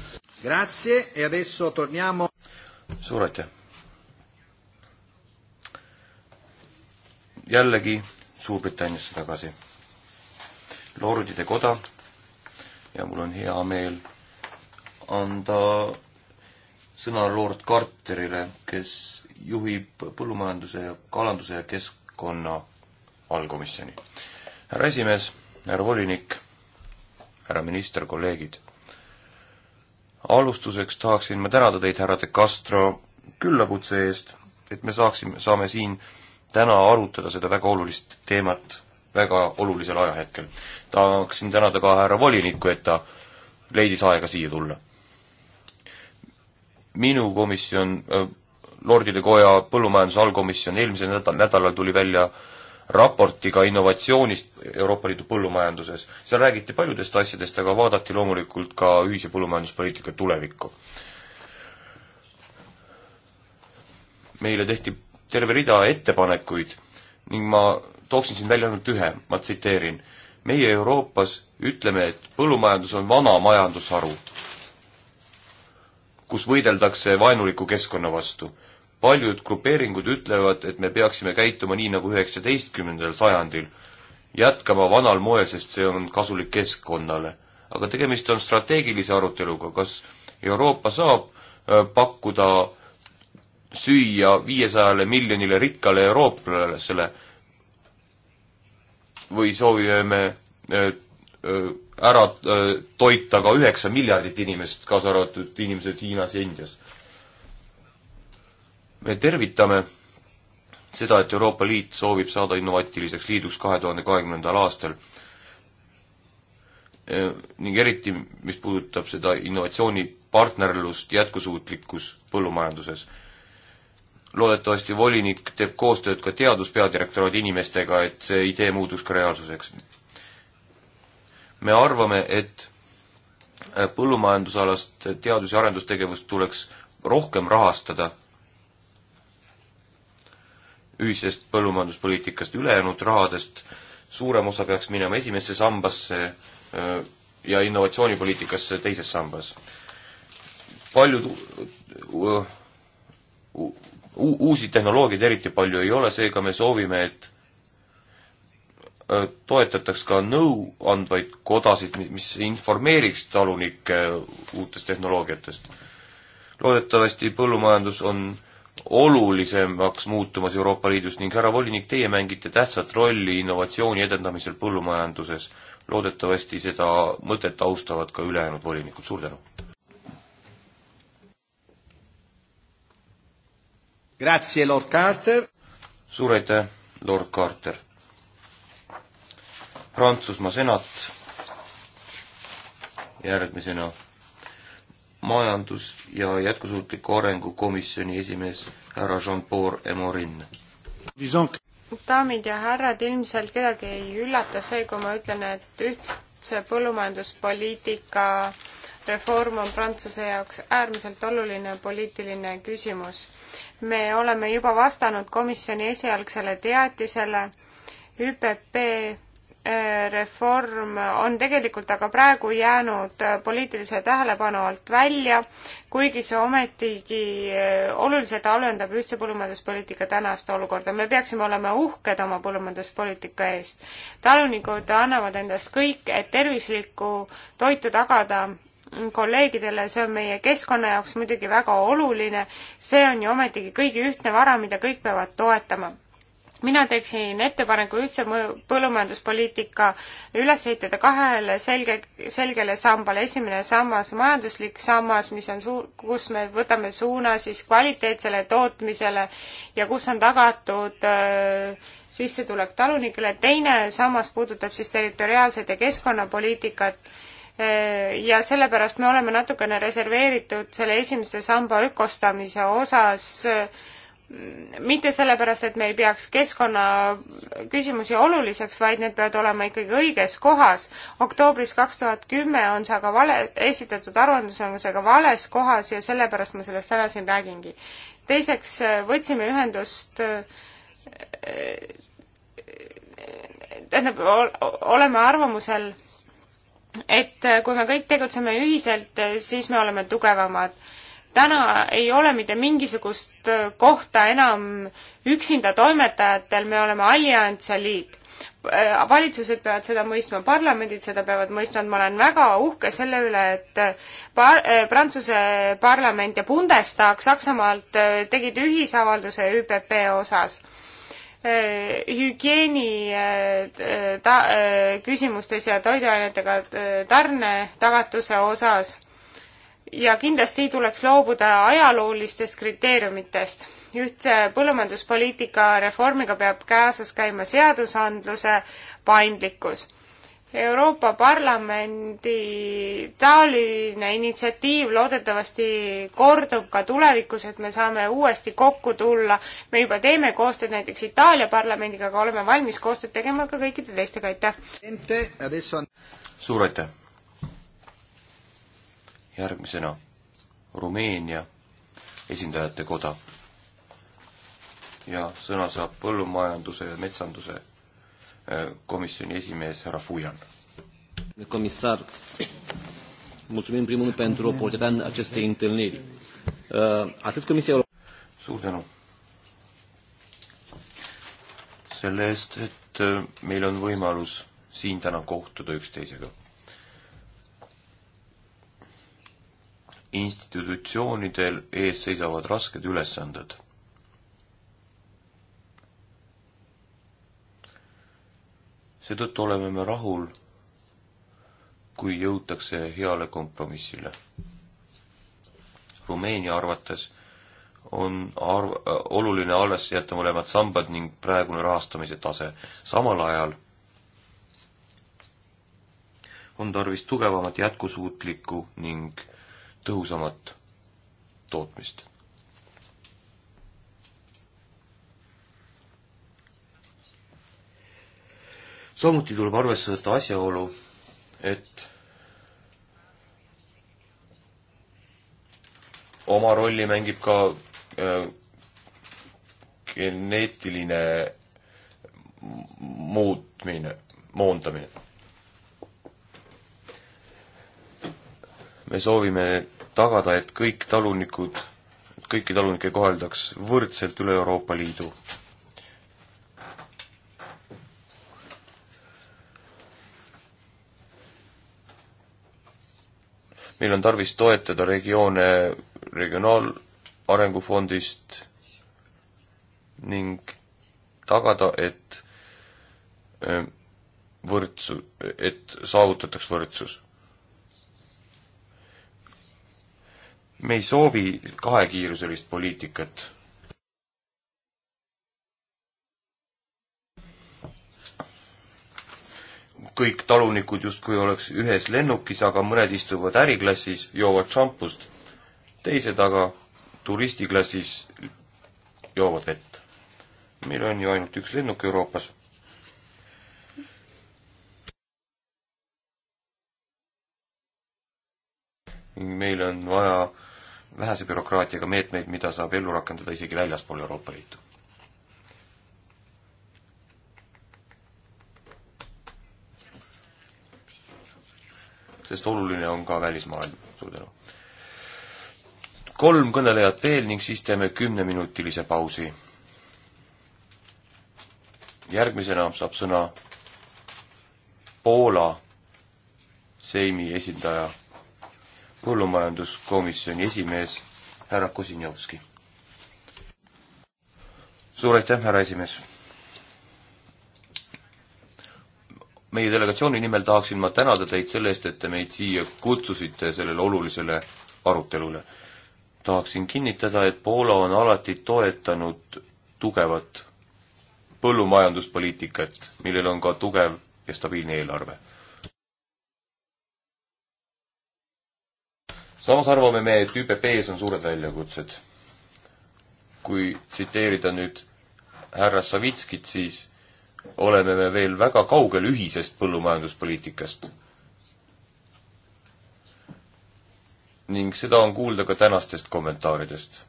Grazie e adesso torniamo suur aitäh! jällegi Suurbritanniasse tagasi. Lordide koda ja mul on hea meel anda sõna Lord Carterile, kes juhib põllumajanduse ja kalanduse ja keskkonna allkomisjoni. härra esimees, härra volinik, härra minister, kolleegid alustuseks tahaksin ma tänada teid, härra De Castro, küllakutse eest, et me saaksime, saame siin täna arutada seda väga olulist teemat väga olulisel ajahetkel. tahaksin tänada ka härra volinikku, et ta leidis aega siia tulla. minu komisjon, äh, Lordide Koja põllumajanduse allkomisjon eelmisel nädal, nädalal tuli välja äh, raportiga innovatsioonist Euroopa Liidu põllumajanduses. seal räägiti paljudest asjadest, aga vaadati loomulikult ka ühise põllumajanduspoliitika tulevikku. meile tehti terve rida ettepanekuid ning ma tooksin siin välja ainult ühe, ma tsiteerin. meie Euroopas ütleme, et põllumajandus on vana majandusharu, kus võideldakse vaenuliku keskkonna vastu paljud grupeeringud ütlevad, et me peaksime käituma nii nagu üheksateistkümnendal sajandil, jätkama vanal moel, sest see on kasulik keskkonnale. aga tegemist on strateegilise aruteluga, kas Euroopa saab äh, pakkuda süüa viiesajale miljonile rikkale eurooplasele või soovime me äh, äh, ära toita ka üheksa miljardit inimest, kaasa arvatud inimesed Hiinas ja Indias me tervitame seda, et Euroopa Liit soovib saada innovaatiliseks liiduks kahe tuhande kahekümnendal aastal e, ning eriti, mis puudutab seda innovatsioonipartnerlust jätkusuutlikkus põllumajanduses. loodetavasti volinik teeb koostööd ka teaduspeadirektoraadi inimestega, et see idee muutuks ka reaalsuseks. me arvame, et põllumajandusalast teadus- ja arendustegevust tuleks rohkem rahastada ühisest põllumajanduspoliitikast, ülejäänud rahadest suurem osa peaks minema esimesse sambasse ja innovatsioonipoliitikasse teises sambas. paljud uusi tehnoloogiaid eriti palju ei ole, seega me soovime, et toetataks ka nõuandvaid kodasid, mis informeeriks talunikke uutest tehnoloogiatest. loodetavasti põllumajandus on äh, olulisemaks muutumas Euroopa Liidus ning härra volinik, teie mängite tähtsat rolli innovatsiooni edendamisel põllumajanduses. loodetavasti seda mõtet austavad ka ülejäänud volinikud, suur tänu! Grazie, Lord Carter! suur aitäh, Lord Carter! Prantsusmaa senat järgmisena majandus- ja jätkusuutliku arengu komisjoni esimees härra Jean-Paul Emorin. daamid ja härrad, ilmselt kedagi ei üllata see, kui ma ütlen, et ühtse põllumajanduspoliitika reform on Prantsuse jaoks äärmiselt oluline poliitiline küsimus. me oleme juba vastanud komisjoni esialgsele teatisele, ÜPP reform on tegelikult aga praegu jäänud äh, poliitilise tähelepanu alt välja, kuigi see ometigi äh, oluliselt halvendab ühtse põllumajanduspoliitika tänast olukorda. me peaksime olema uhked oma põllumajanduspoliitika eest. talunikud annavad endast kõik, et tervislikku toitu tagada kolleegidele, see on meie keskkonna jaoks muidugi väga oluline, see on ju ometigi kõigi ühtne vara, mida kõik peavad toetama mina teeksin ettepaneku ühtse põllumajanduspoliitika üles ehitada kahele selge, selgele sambale. esimene sammas, majanduslik sammas, mis on suur, kus me võtame suuna siis kvaliteetsele tootmisele ja kus on tagatud äh, sissetulek talunikele. teine sammas puudutab siis territoriaalset ja keskkonnapoliitikat äh, ja sellepärast me oleme natukene reserveeritud selle esimese samba ökostamise osas äh, mitte sellepärast, et me ei peaks keskkonnaküsimusi oluliseks, vaid need peavad olema ikkagi õiges kohas. oktoobris kaks tuhat kümme on see aga vale, esitatud aruandlus on see aga vales kohas ja sellepärast ma sellest täna siin räägingi. teiseks äh, võtsime ühendust äh, äh, tähendab, oleme arvamusel, et kui me kõik tegutseme ühiselt, siis me oleme tugevamad täna ei ole mitte mingisugust kohta enam üksinda toimetajatel, me oleme allianss ja liit. valitsused peavad seda mõistma, parlamendid seda peavad mõistma, et ma olen väga uhke selle üle, et par-, Prantsuse parlament ja Bundestag Saksamaalt tegid ühisavalduse ÜPP osas hügieeni äh, ta-, äh, küsimustes ja toiduainetega äh, tarne tagatuse osas ja kindlasti tuleks loobuda ajaloolistest kriteeriumitest. ühtse põllumajanduspoliitika reformiga peab kaasas käima seadusandluse paindlikkus. Euroopa Parlamendi taoline initsiatiiv loodetavasti kordub ka tulevikus, et me saame uuesti kokku tulla. me juba teeme koostööd näiteks Itaalia parlamendiga, aga oleme valmis koostööd tegema ka kõikide teistega, aitäh! suur aitäh! järgmisena Rumeenia esindajate koda. ja sõna saab põllumajanduse ja metsanduse äh, komisjoni esimees härra Fuian. komissar, mulțumim primul pentru oportunitatea acestei întâlniri. Äh, atât Comisia suur tänu selle eest, et äh, meil on võimalus siin täna kohtuda üksteisega institutsioonidel ees seisavad rasked ülesanded. seetõttu oleme me rahul, kui jõutakse heale kompromissile. Rumeenia arvates on arv-, oluline alles jätta mõlemad sambad ning praegune rahastamise tase. samal ajal on tarvis tugevamat jätkusuutlikku ning tõhusamat tootmist. samuti tuleb arvesse võtta asjaolu, et oma rolli mängib ka äh, geneetiline muutmine, moondamine. me soovime tagada, et kõik talunikud, kõiki talunikke koheldaks võrdselt üle Euroopa Liidu. meil on tarvis toetada regioone regionaalarengufondist ning tagada, et äh, võrdsu, et saavutataks võrdsus. me ei soovi kahekiiruselist poliitikat. kõik talunikud justkui oleks ühes lennukis, aga mõned istuvad äriklassis, joovad šampust, teised aga turistiklassis joovad vett. meil on ju ainult üks lennuk Euroopas ning meil on vaja vähese bürokraatiaga meetmeid, mida saab ellu rakendada isegi väljaspool Euroopa Liitu. sest oluline on ka välismaailm. suur tänu. kolm kõnelejat veel ning siis teeme kümneminutilise pausi. järgmisena saab sõna Poola Seimi esindaja põllumajanduskomisjoni esimees härra Kosinjovski. suur aitäh, härra esimees! meie delegatsiooni nimel tahaksin ma tänada teid selle eest, et te meid siia kutsusite sellele olulisele arutelule. tahaksin kinnitada, et Poola on alati toetanud tugevat põllumajanduspoliitikat, millel on ka tugev ja stabiilne eelarve samas arvame me, et ÜPP-s on suured väljakutsed. kui tsiteerida nüüd härra Savitskit, siis oleme me veel väga kaugel ühisest põllumajanduspoliitikast. ning seda on kuulda ka tänastest kommentaaridest.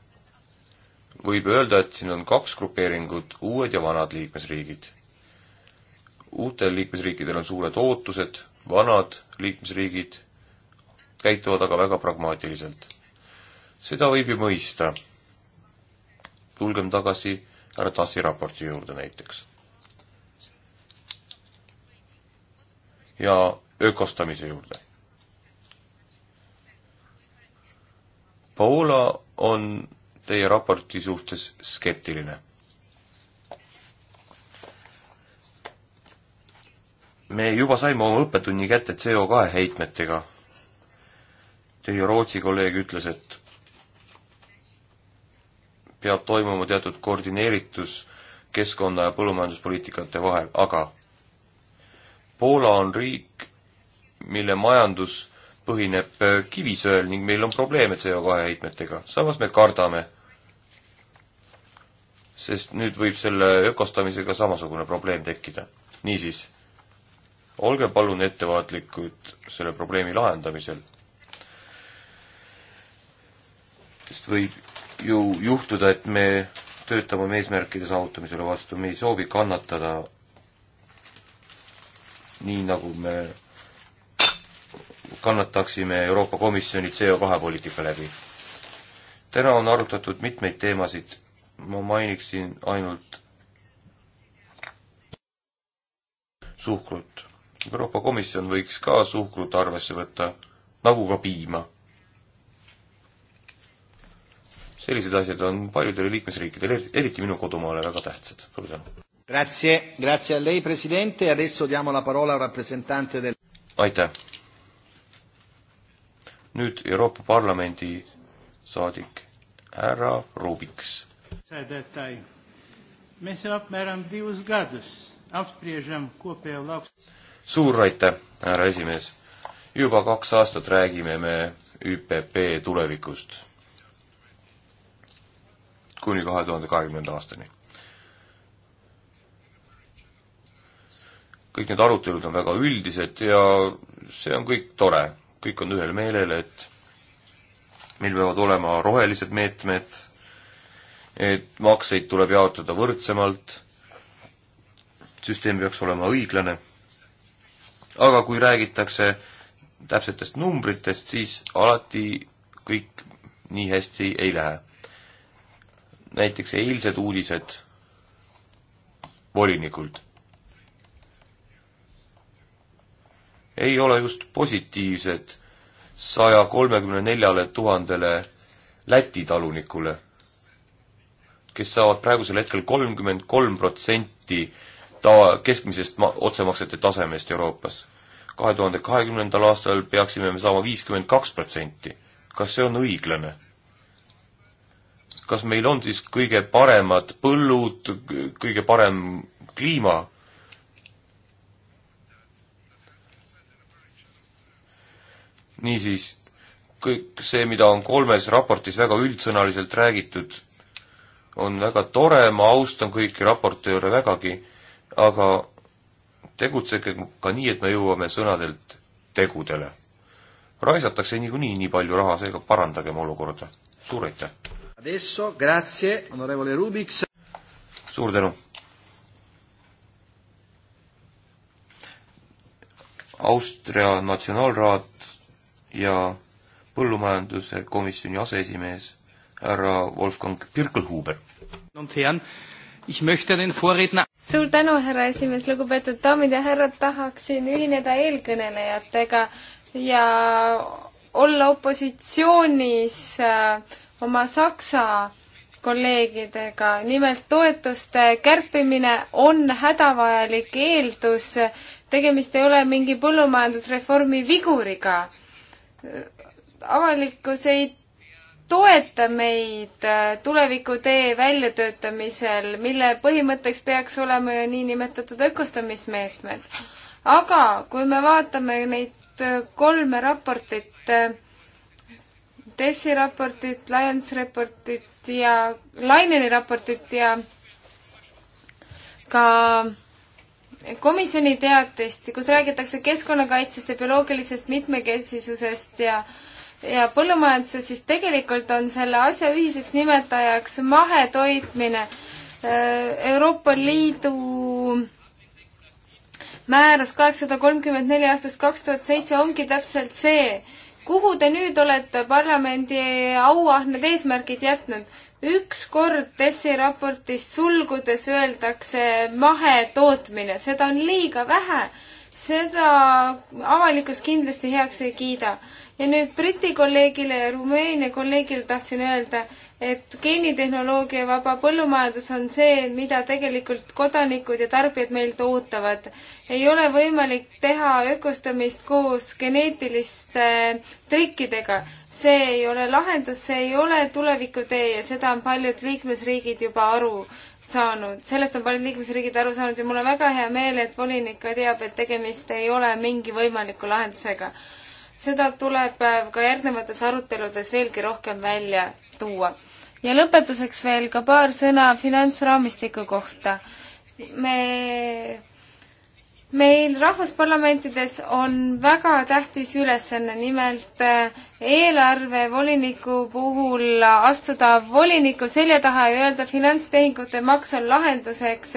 võib öelda, et siin on kaks grupeeringut, uued ja vanad liikmesriigid. uutel liikmesriikidel on suured ootused, vanad liikmesriigid käituvad aga väga pragmaatiliselt. seda võib ju mõista. tulgem tagasi härra Tassi raporti juurde näiteks. ja ökostamise juurde. Paola on teie raporti suhtes skeptiline. me juba saime oma õppetunni kätte CO2 heitmetega Teie Rootsi kolleeg ütles, et peab toimuma teatud koordineeritus keskkonna- ja põllumajanduspoliitikate vahel, aga Poola on riik, mille majandus põhineb kivisöel ning meil on probleeme CO2 heitmetega, samas me kardame. sest nüüd võib selle ökostamisega samasugune probleem tekkida. niisiis, olge palun ettevaatlikud selle probleemi lahendamisel sest võib ju juhtuda, et me töötame oma eesmärkide saavutamisele vastu, me ei soovi kannatada nii, nagu me kannataksime Euroopa Komisjoni CO2 poliitika läbi. täna on arutatud mitmeid teemasid, ma mainiksin ainult suhkrut. Euroopa Komisjon võiks ka suhkrut arvesse võtta, nagu ka piima sellised asjad on paljudele liikmesriikidele, eriti minu kodumaale, väga tähtsad. suur tänu! Grazie, grazie a lei Presidente e adesso diamo la parola al rappresentante del... aitäh! nüüd Euroopa Parlamendi saadik härra Rubiks. suur aitäh, härra esimees! juba kaks aastat räägime me ÜPP tulevikust kuni kahe tuhande kahekümnenda aastani. kõik need arutelud on väga üldised ja see on kõik tore, kõik on ühel meelel, et meil peavad olema rohelised meetmed, et makseid tuleb jaotada võrdsemalt, süsteem peaks olema õiglane, aga kui räägitakse täpsetest numbritest, siis alati kõik nii hästi ei lähe näiteks eilsed uudised volinikult ei ole just positiivsed saja kolmekümne neljale tuhandele Läti talunikule, kes saavad praegusel hetkel kolmkümmend kolm protsenti tava, keskmisest ma-, otsemaksete tasemest Euroopas. kahe tuhande kahekümnendal aastal peaksime me saama viiskümmend kaks protsenti. kas see on õiglane? kas meil on siis kõige paremad põllud, kõige parem kliima? niisiis, kõik see, mida on kolmes raportis väga üldsõnaliselt räägitud, on väga tore, ma austan kõiki raportööre vägagi, aga tegutsege ka nii, et me jõuame sõnadelt tegudele. raisatakse niikuinii nii palju raha, seega parandagem olukorda. suur aitäh! Adesso, grazie, onorevole Rubiks. suur tänu. Austria Natsionaalraad ja põllumajanduse komisjoni aseesimees härra Wolfgang Pirkelhuber. suur tänu, härra esimees, lugupeetud daamid ja härrad, tahaksin ühineda eelkõnelejatega ja olla opositsioonis äh, oma Saksa kolleegidega. nimelt toetuste kärpimine on hädavajalik eeldus, tegemist ei ole mingi põllumajandusreformi viguriga. avalikkus ei toeta meid tulevikutee väljatöötamisel, mille põhimõtteks peaks olema ju niinimetatud ökostamismeetmed. aga kui me vaatame neid kolme raportit, Dessi raportit, Lions raportit ja Laineni raportit ja ka komisjoni teatist, kus räägitakse keskkonnakaitsest ja bioloogilisest mitmekesisusest ja ja põllumajandusest, siis tegelikult on selle asja ühiseks nimetajaks mahetoitmine. Äh, Euroopa Liidu määrus kaheksasada kolmkümmend neli aastast kaks tuhat seitse ongi täpselt see, kuhu te nüüd olete parlamendi auahned eesmärgid jätnud? üks kord DESi raportis sulgudes öeldakse mahetootmine, seda on liiga vähe. seda avalikkus kindlasti heaks ei kiida. ja nüüd Briti kolleegile ja Rumeenia kolleegile tahtsin öelda, et geenitehnoloogia vaba põllumajandus on see, mida tegelikult kodanikud ja tarbijad meilt ootavad. ei ole võimalik teha ökostamist koos geneetiliste eh, trikkidega. see ei ole lahendus, see ei ole tulevikutee ja seda on paljud liikmesriigid juba aru saanud, sellest on paljud liikmesriigid aru saanud ja mul on väga hea meel, et volinik ka teab, et tegemist ei ole mingi võimaliku lahendusega. seda tuleb eh, ka järgnevates aruteludes veelgi rohkem välja tuua ja lõpetuseks veel ka paar sõna finantsraamistiku kohta. me, meil rahvusparlamentides on väga tähtis ülesanne, nimelt äh, eelarvevoliniku puhul astuda voliniku selja taha ja öelda finantstehingute maks on lahenduseks.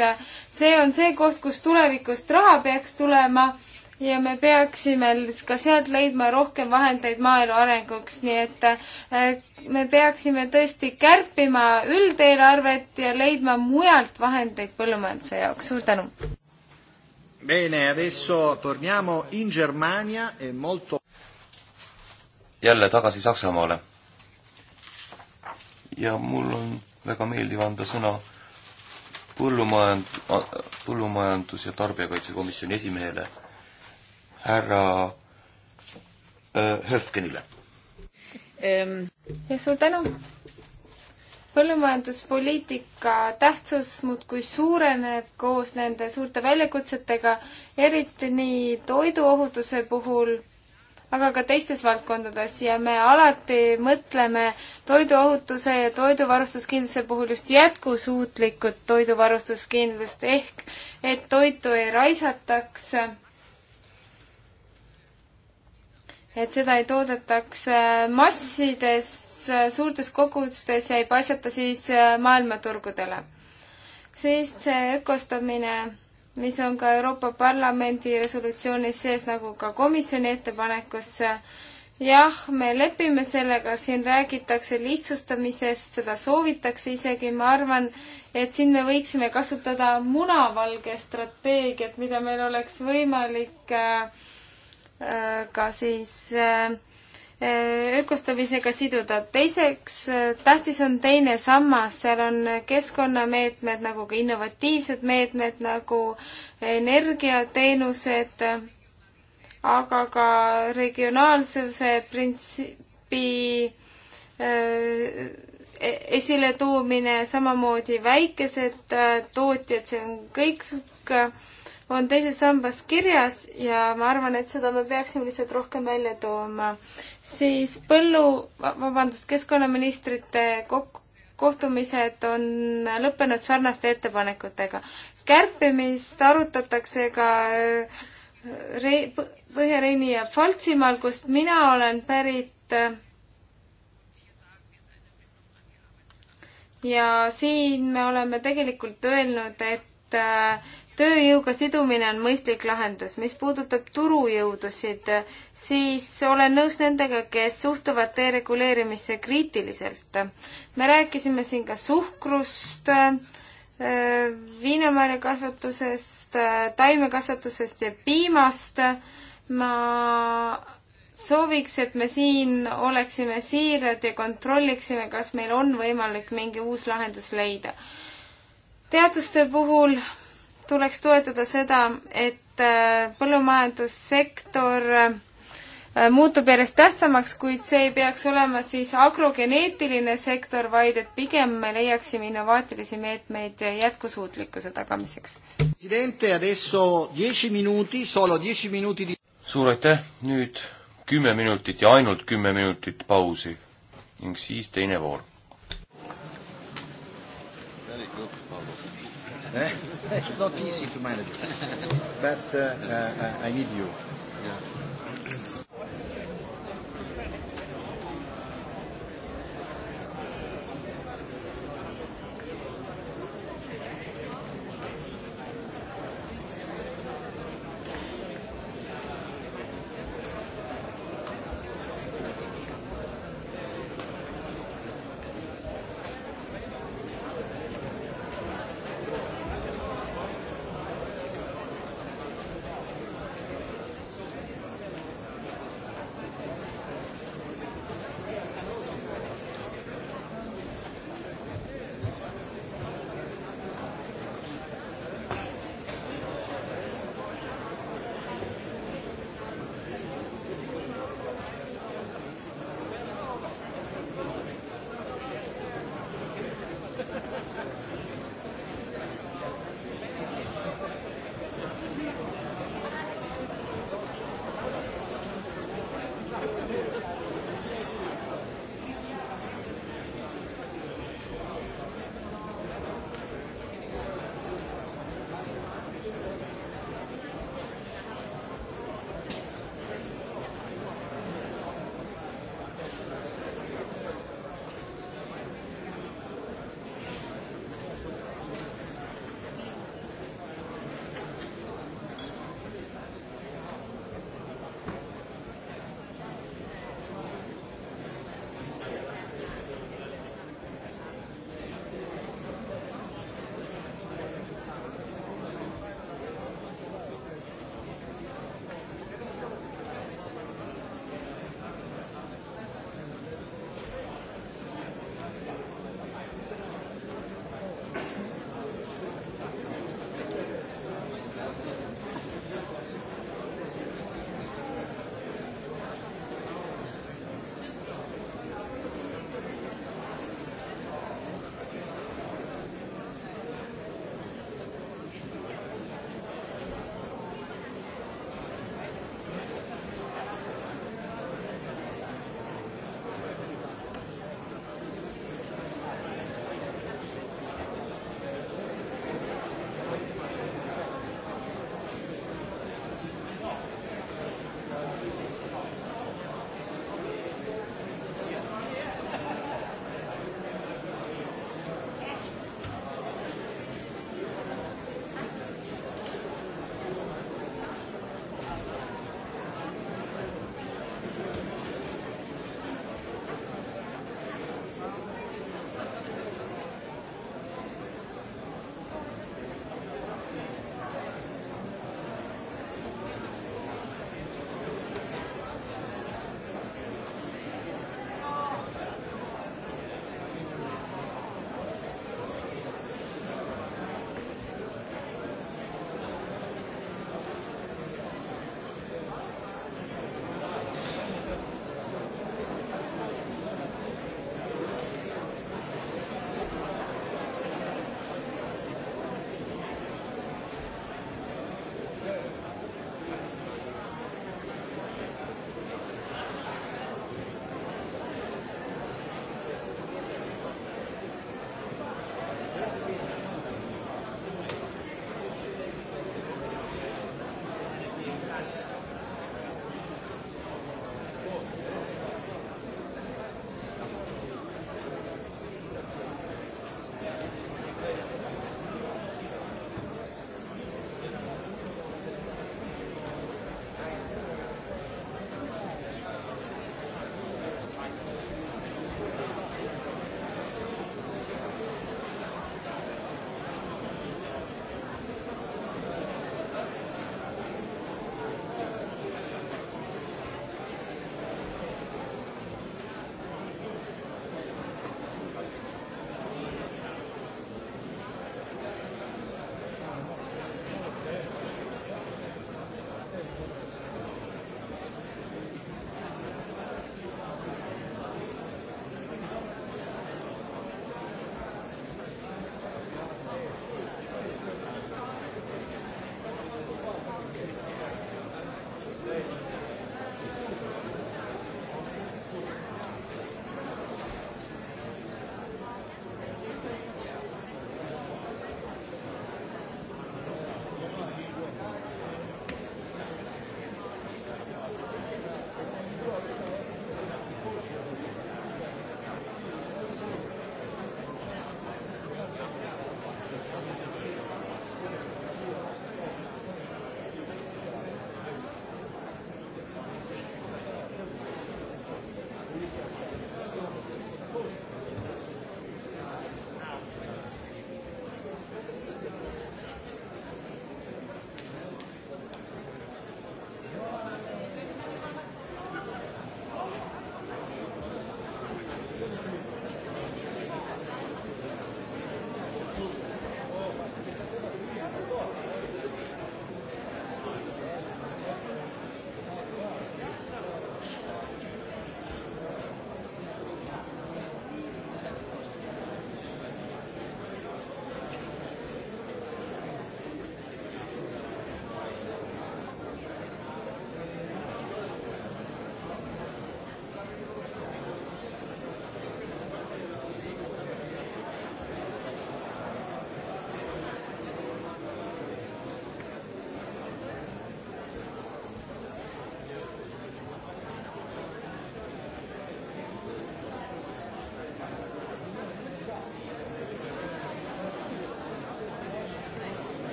see on see koht, kus tulevikust raha peaks tulema ja me peaksime ka sealt leidma rohkem vahendeid maaelu arenguks, nii et äh, me peaksime tõesti kärpima üldeelarvet ja leidma mujalt vahendeid põllumajanduse jaoks, suur tänu! Bene, adesso torniamo in Germania e molto jälle tagasi Saksamaale. ja mul on väga meeldiv anda sõna põllumajand-, põllumajandus- ja tarbijakaitsekomisjoni esimehele härra äh, Höfkenile. Ähm. jah, suur tänu. põllumajanduspoliitika tähtsus muudkui suureneb koos nende suurte väljakutsetega, eriti nii toiduohutuse puhul, aga ka teistes valdkondades ja me alati mõtleme toiduohutuse ja toiduvarustuskindluse puhul just jätkusuutlikud toiduvarustuskindlust ehk et toitu ei raisataks et seda ei toodetaks massides, suurtes kogustes ja ei paisata siis äh, maailmaturgudele. siis see ökostamine, mis on ka Euroopa Parlamendi resolutsioonis sees, nagu ka komisjoni ettepanekus, jah, me lepime sellega, siin räägitakse lihtsustamisest, seda soovitakse isegi, ma arvan, et siin me võiksime kasutada munavalge strateegiat, mida meil oleks võimalik äh, ka siis äh, äh, ökostamisega siduda. teiseks, äh, tähtis on teine sammas, seal on keskkonnameetmed nagu ka innovatiivsed meetmed nagu energiateenused, aga ka regionaalsuse printsiibi e-, esiletoomine, samamoodi väikesed tootjad, see on kõik on teises sambas kirjas ja ma arvan, et seda me peaksime lihtsalt rohkem välja tooma. siis põllu, vabandust, keskkonnaministrite kokku kohtumised on lõppenud sarnaste ettepanekutega. kärpimist arutatakse ka äh, Re-, Põhja-Reini ja Faltsimaal, kust mina olen pärit. ja siin me oleme tegelikult öelnud, et äh, tööjõuga sidumine on mõistlik lahendus. mis puudutab turujõudusid, siis olen nõus nendega, kes suhtuvad dereguleerimisse kriitiliselt. me rääkisime siin ka suhkrust, äh, viinamarjakasvatusest, äh, taimekasvatusest ja piimast. ma sooviks, et me siin oleksime siirad ja kontrolliksime, kas meil on võimalik mingi uus lahendus leida. teadustöö puhul tuleks toetada seda, et äh, põllumajandussektor äh, muutub järjest tähtsamaks, kuid see ei peaks olema siis agrogeneetiline sektor, vaid et pigem me leiaksime innovaatilisi meetmeid jätkusuutlikkuse tagamiseks. suur aitäh, nüüd kümme minutit ja ainult kümme minutit pausi ning siis teine voor. Eh? It's not easy to manage, but uh, uh, uh, I need you. Yeah.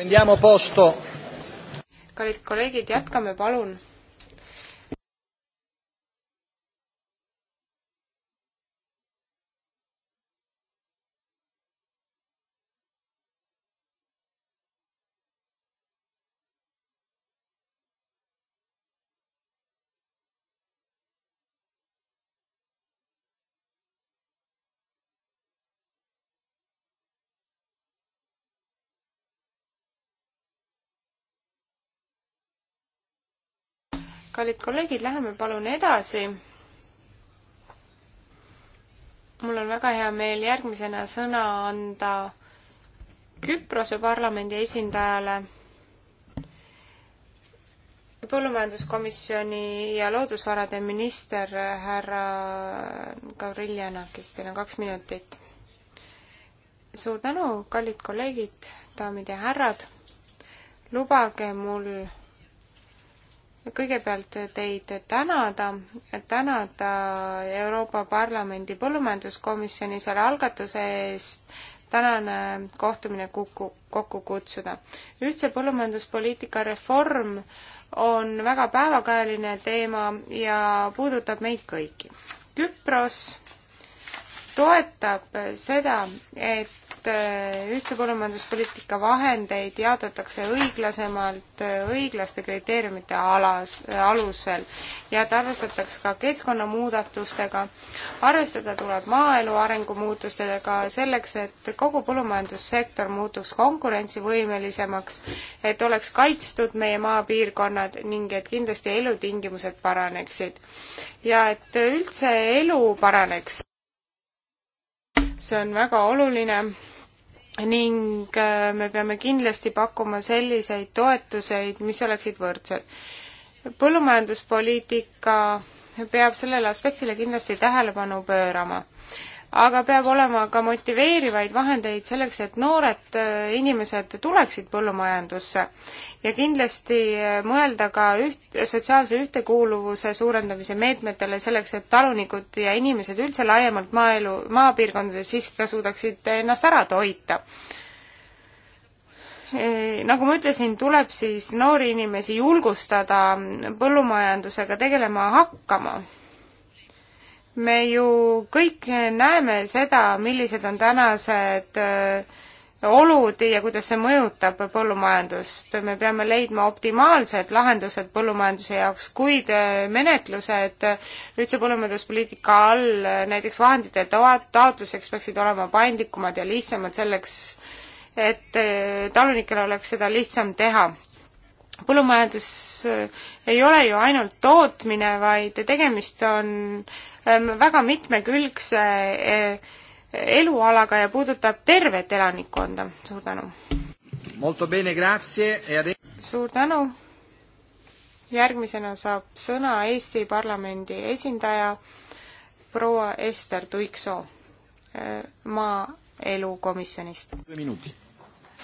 Prendiamo posto. kallid kolleegid, jätkame palun kallid kolleegid, läheme palun edasi. mul on väga hea meel järgmisena sõna anda Küprose parlamendi esindajale, põllumajanduskomisjoni ja loodusvarade minister härra Gavriljanakis, teil on kaks minutit. suur tänu, kallid kolleegid, daamid ja härrad, lubage mul kõigepealt teid tänada, tänada Euroopa Parlamendi põllumajanduskomisjoni selle algatuse eest tänane kohtumine kokku, kokku kutsuda. ühtse põllumajanduspoliitika reform on väga päevakajaline teema ja puudutab meid kõiki. Küpros toetab seda, et et äh, ühtse põllumajanduspoliitika vahendeid jaotatakse õiglasemalt äh, õiglaste kriteeriumite alas, äh, alusel ja et arvestatakse ka keskkonnamuudatustega. arvestada tuleb maaelu arengumuutustega selleks, et kogu põllumajandussektor muutuks konkurentsivõimelisemaks, et oleks kaitstud meie maapiirkonnad ning et kindlasti elutingimused paraneksid ja et üldse elu paraneks see on väga oluline ning äh, me peame kindlasti pakkuma selliseid toetuseid, mis oleksid võrdsed. põllumajanduspoliitika peab sellele aspektile kindlasti tähelepanu pöörama aga peab olema ka motiveerivaid vahendeid selleks, et noored äh, inimesed tuleksid põllumajandusse ja kindlasti äh, mõelda ka üht, sotsiaalse ühtekuuluvuse suurendamise meetmetele selleks, et talunikud ja inimesed üldse laiemalt maaelu, maapiirkondades siiski ka suudaksid ennast ära toita äh, nagu ma ütlesin, tuleb siis noori inimesi julgustada põllumajandusega tegelema hakkama me ju kõik näeme seda, millised on tänased äh, olud ja kuidas see mõjutab põllumajandust. me peame leidma optimaalsed lahendused põllumajanduse jaoks, kuid äh, menetlused üldse põllumajanduspoliitika all, äh, näiteks vahendite taotluseks peaksid olema paindlikumad ja lihtsamad selleks, et talunikel oleks seda lihtsam teha põllumajandus äh, ei ole ju ainult tootmine, vaid tegemist on ähm, väga mitmekülgse äh, elualaga ja puudutab tervet elanikkonda. suur tänu! E suur tänu! järgmisena saab sõna Eesti Parlamendi esindaja proua Ester Tuiksoo äh, maaelukomisjonist. minutit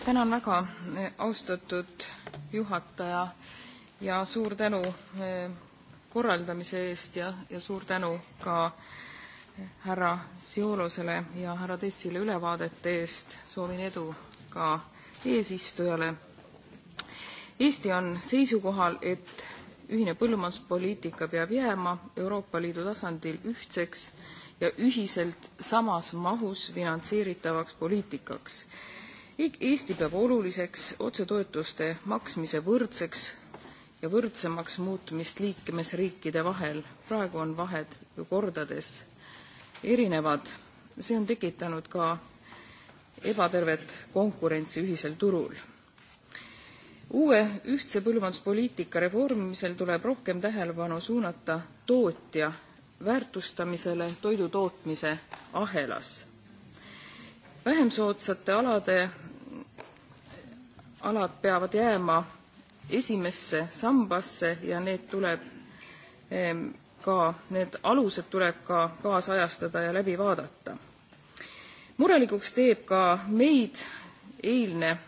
tänan väga, e, austatud juhataja ja suur tänu e, korraldamise eest ja, ja suur tänu ka e, härra Siolosele ja härra Tessile ülevaadete eest. soovin edu ka eesistujale. Eesti on seisukohal, et ühine põllumajanduspoliitika peab jääma Euroopa Liidu tasandil ühtseks ja ühiselt samas mahus finantseeritavaks poliitikaks Eesti peab oluliseks otsetoetuste maksmise võrdseks ja võrdsemaks muutmist liikmesriikide vahel. praegu on vahed ju kordades erinevad. see on tekitanud ka ebatervet konkurentsi ühisel turul. uue ühtse põllumajanduspoliitika reformimisel tuleb rohkem tähelepanu suunata tootja väärtustamisele toidu tootmise ahelas. vähem soodsate alade alad peavad jääma esimesse sambasse ja need tuleb ehm, ka, need alused tuleb ka kaasajastada ja läbi vaadata. murelikuks teeb ka meid eilne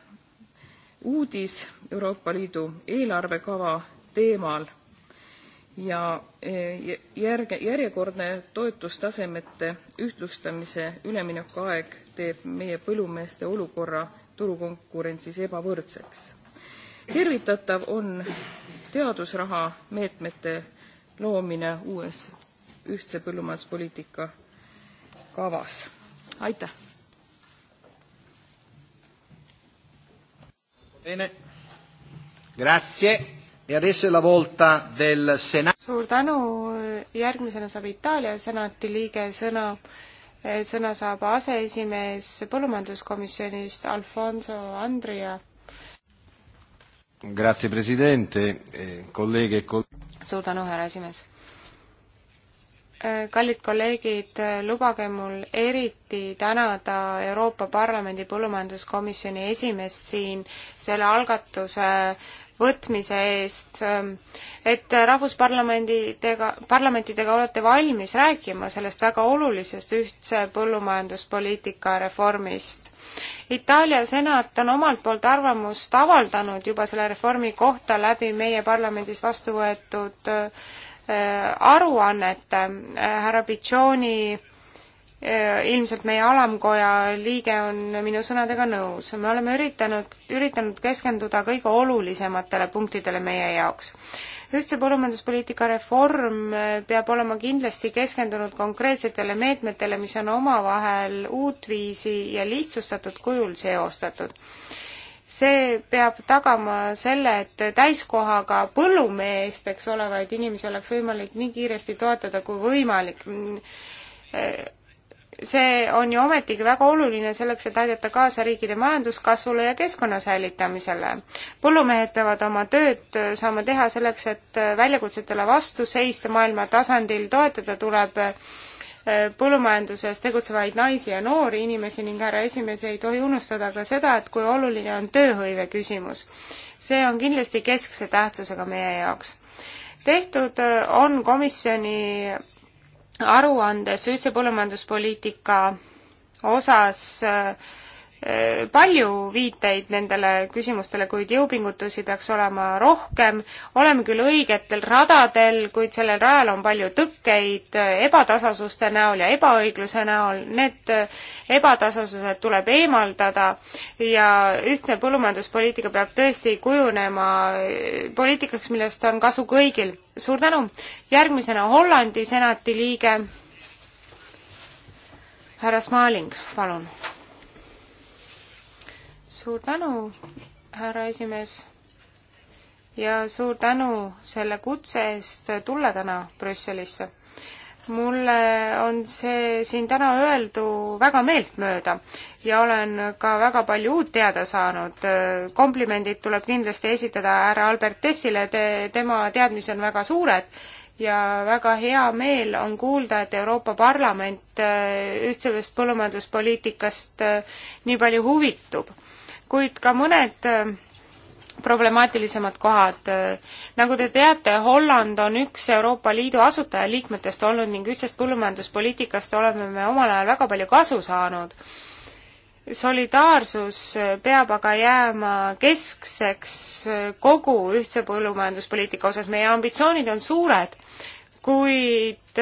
uudis Euroopa Liidu eelarvekava teemal ja eh, järge, järjekordne toetustasemete ühtlustamise üleminekuaeg teeb meie põllumeeste olukorra turukonkurentsis ebavõrdseks. tervitatav on teadusraha meetmete loomine uues ühtse põllumajanduspoliitika kavas. aitäh! Bene. Grazie. E adesso è la volta del Senato. Suur tänu. Järgmisena saab Itaalia senati liige sõna Eh, sõna saab aseesimees põllumajanduskomisjonist Alfonso Andria. Grazie presidente, kolleege eh, kol-. E suur tänu, härra esimees. Eh, kallid kolleegid, lubage mul eriti tänada Euroopa Parlamendi põllumajanduskomisjoni esimeest siin selle algatuse võtmise eest, ähm, et rahvusparlamendidega, parlamentidega olete valmis rääkima sellest väga olulisest ühtse põllumajanduspoliitika reformist. Itaalia senat on omalt poolt arvamust avaldanud juba selle reformi kohta läbi meie parlamendis vastu võetud äh, aruannete äh, härra Piccioni Äh, ilmselt meie alamkoja liige on minu sõnadega nõus. me oleme üritanud, üritanud keskenduda kõige olulisematele punktidele meie jaoks. ühtse põllumajanduspoliitika reform äh, peab olema kindlasti keskendunud konkreetsetele meetmetele, mis on omavahel uutviisi ja lihtsustatud kujul seostatud. see peab tagama selle, et täiskohaga põllumeesteks olevaid inimesi oleks võimalik nii kiiresti toetada kui võimalik äh, see on ju ometigi väga oluline selleks, et aidata kaasa riikide majanduskasvule ja keskkonna säilitamisele. põllumehed peavad oma tööd saama teha selleks, et väljakutsetele vastu seista maailma tasandil, toetada tuleb eh, põllumajanduses tegutsevaid naisi ja noori inimesi ning härra esimees ei tohi unustada ka seda, et kui oluline on tööhõive küsimus. see on kindlasti keskse tähtsusega meie jaoks. tehtud eh, on komisjoni aruandes üldse põllumajanduspoliitika osas äh, Äh, palju viiteid nendele küsimustele, kuid jõupingutusi peaks olema rohkem. oleme küll õigetel radadel, kuid sellel rajal on palju tõkkeid äh, ebatasasuste näol ja ebaõigluse näol. Need äh, ebatasasused tuleb eemaldada ja ühtne põllumajanduspoliitika peab tõesti kujunema poliitikaks, millest on kasu kõigil. suur tänu! järgmisena Hollandi senati liige härra Smaling, palun suur tänu, härra esimees. ja suur tänu selle kutse eest tulla täna Brüsselisse. mulle on see siin täna öeldu väga meeltmööda ja olen ka väga palju uut teada saanud. komplimendid tuleb kindlasti esitada härra Albert Tessile Te,, tema teadmised on väga suured ja väga hea meel on kuulda, et Euroopa Parlament ühtsevest põllumajanduspoliitikast nii palju huvitub kuid ka mõned äh, problemaatilisemad kohad. Äh, nagu te teate, Holland on üks Euroopa Liidu asutajaliikmetest olnud ning ühtsest põllumajanduspoliitikast oleme me omal ajal väga palju kasu saanud. solidaarsus äh, peab aga jääma keskseks kogu ühtse põllumajanduspoliitika osas, meie ambitsioonid on suured, kuid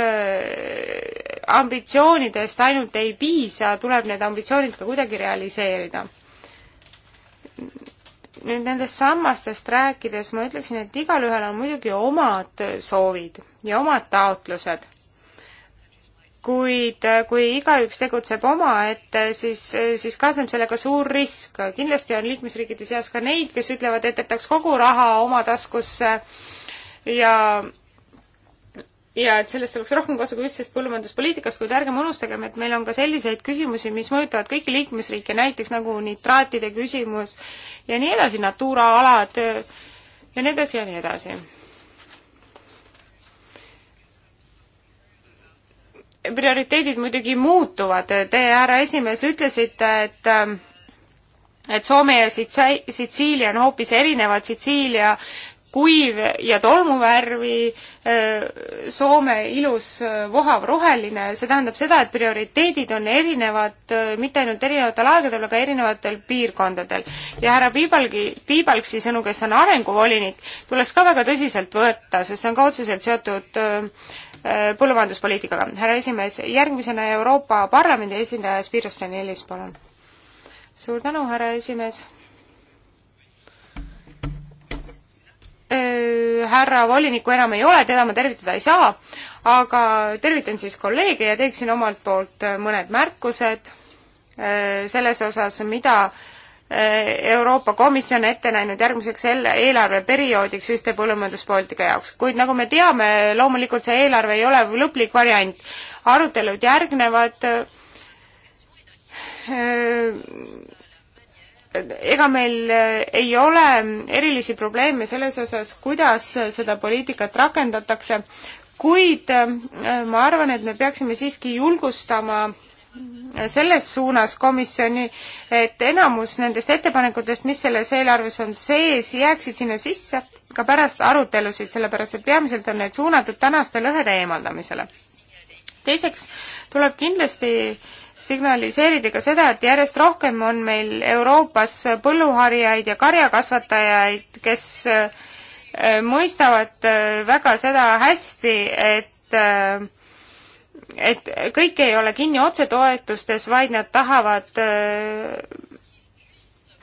ambitsioonidest ainult ei piisa, tuleb need ambitsioonid ka kuidagi realiseerida nüüd nendest sammastest rääkides ma ütleksin, et igalühel on muidugi omad soovid ja omad taotlused. kuid äh, kui igaüks tegutseb omaette, siis, äh, siis kaasneb sellega suur risk. kindlasti on liikmesriikide seas ka neid, kes ütlevad, et jätaks kogu raha oma taskusse ja ja et sellest oleks rohkem kasu kui ühtsest põllumajanduspoliitikast, kuid ärgem unustagem, et meil on ka selliseid küsimusi, mis mõjutavad kõiki liikmesriike, näiteks nagu nitraatide küsimus ja nii edasi, Natura alad ja nii edasi ja nii edasi. prioriteedid muidugi muutuvad, te, härra esimees, ütlesite, et et Soome ja Sitsiilia on hoopis erinevad, Sitsiilia kuiv ja tolmuvärvi, äh, Soome ilus äh, vohav roheline, see tähendab seda, et prioriteedid on erinevad äh, mitte ainult erinevatel aegadel, aga erinevatel piirkondadel. ja härra Piibalgi, Piibalgsi sõnu, kes on arenguvolinik, tuleks ka väga tõsiselt võtta, sest see on ka otseselt seotud põllumajanduspoliitikaga. härra esimees, järgmisena Euroopa Parlamendi esindaja Spiros Danielis, palun. suur tänu, härra esimees härra volinikku enam ei ole, teda ma tervitada ei saa, aga tervitan siis kolleege ja teeksin omalt poolt mõned märkused selles osas, mida Euroopa Komisjon ette näinud järgmiseks eelarveperioodiks ühte põllumajanduspoliitika jaoks, kuid nagu me teame, loomulikult see eelarve ei ole lõplik variant. arutelud järgnevad ega meil äh, ei ole erilisi probleeme selles osas, kuidas seda poliitikat rakendatakse, kuid äh, ma arvan, et me peaksime siiski julgustama äh, selles suunas komisjoni, et enamus nendest ettepanekutest, mis selles eelarves on sees, jääksid sinna sisse ka pärast arutelusid, sellepärast et peamiselt on need suunatud tänaste lõhede eemaldamisele. teiseks tuleb kindlasti äh, signaliseerida ka seda, et järjest rohkem on meil Euroopas põlluharjaid ja karjakasvatajaid, kes äh, mõistavad äh, väga seda hästi, et äh, et kõik ei ole kinni otsetoetustes, vaid nad tahavad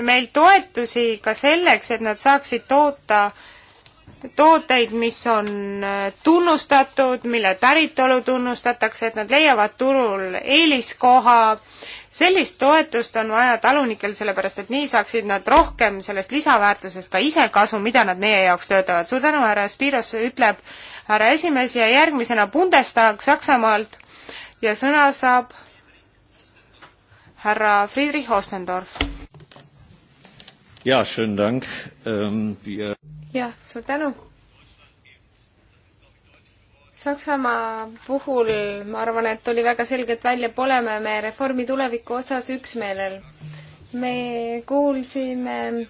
meilt toetusi ka selleks, et nad saaksid toota äh, tooteid, mis on äh, tunnustatud, mille päritolu tunnustatakse, et nad leiavad turul eeliskoha. sellist toetust on vaja talunikel, sellepärast et nii saaksid nad rohkem sellest lisaväärtusest ka ise kasu, mida nad meie jaoks töötavad. suur tänu, härra Spiros, ütleb härra esimees ja järgmisena Bundestag Saksamaalt ja sõna saab härra Friedrich Ostendorf. ja, schönen Dank ähm,. Wir jah, suur tänu. Saksamaa puhul ma arvan, et oli väga selgelt välja, pole me reformi tuleviku osas üksmeelel. me kuulsime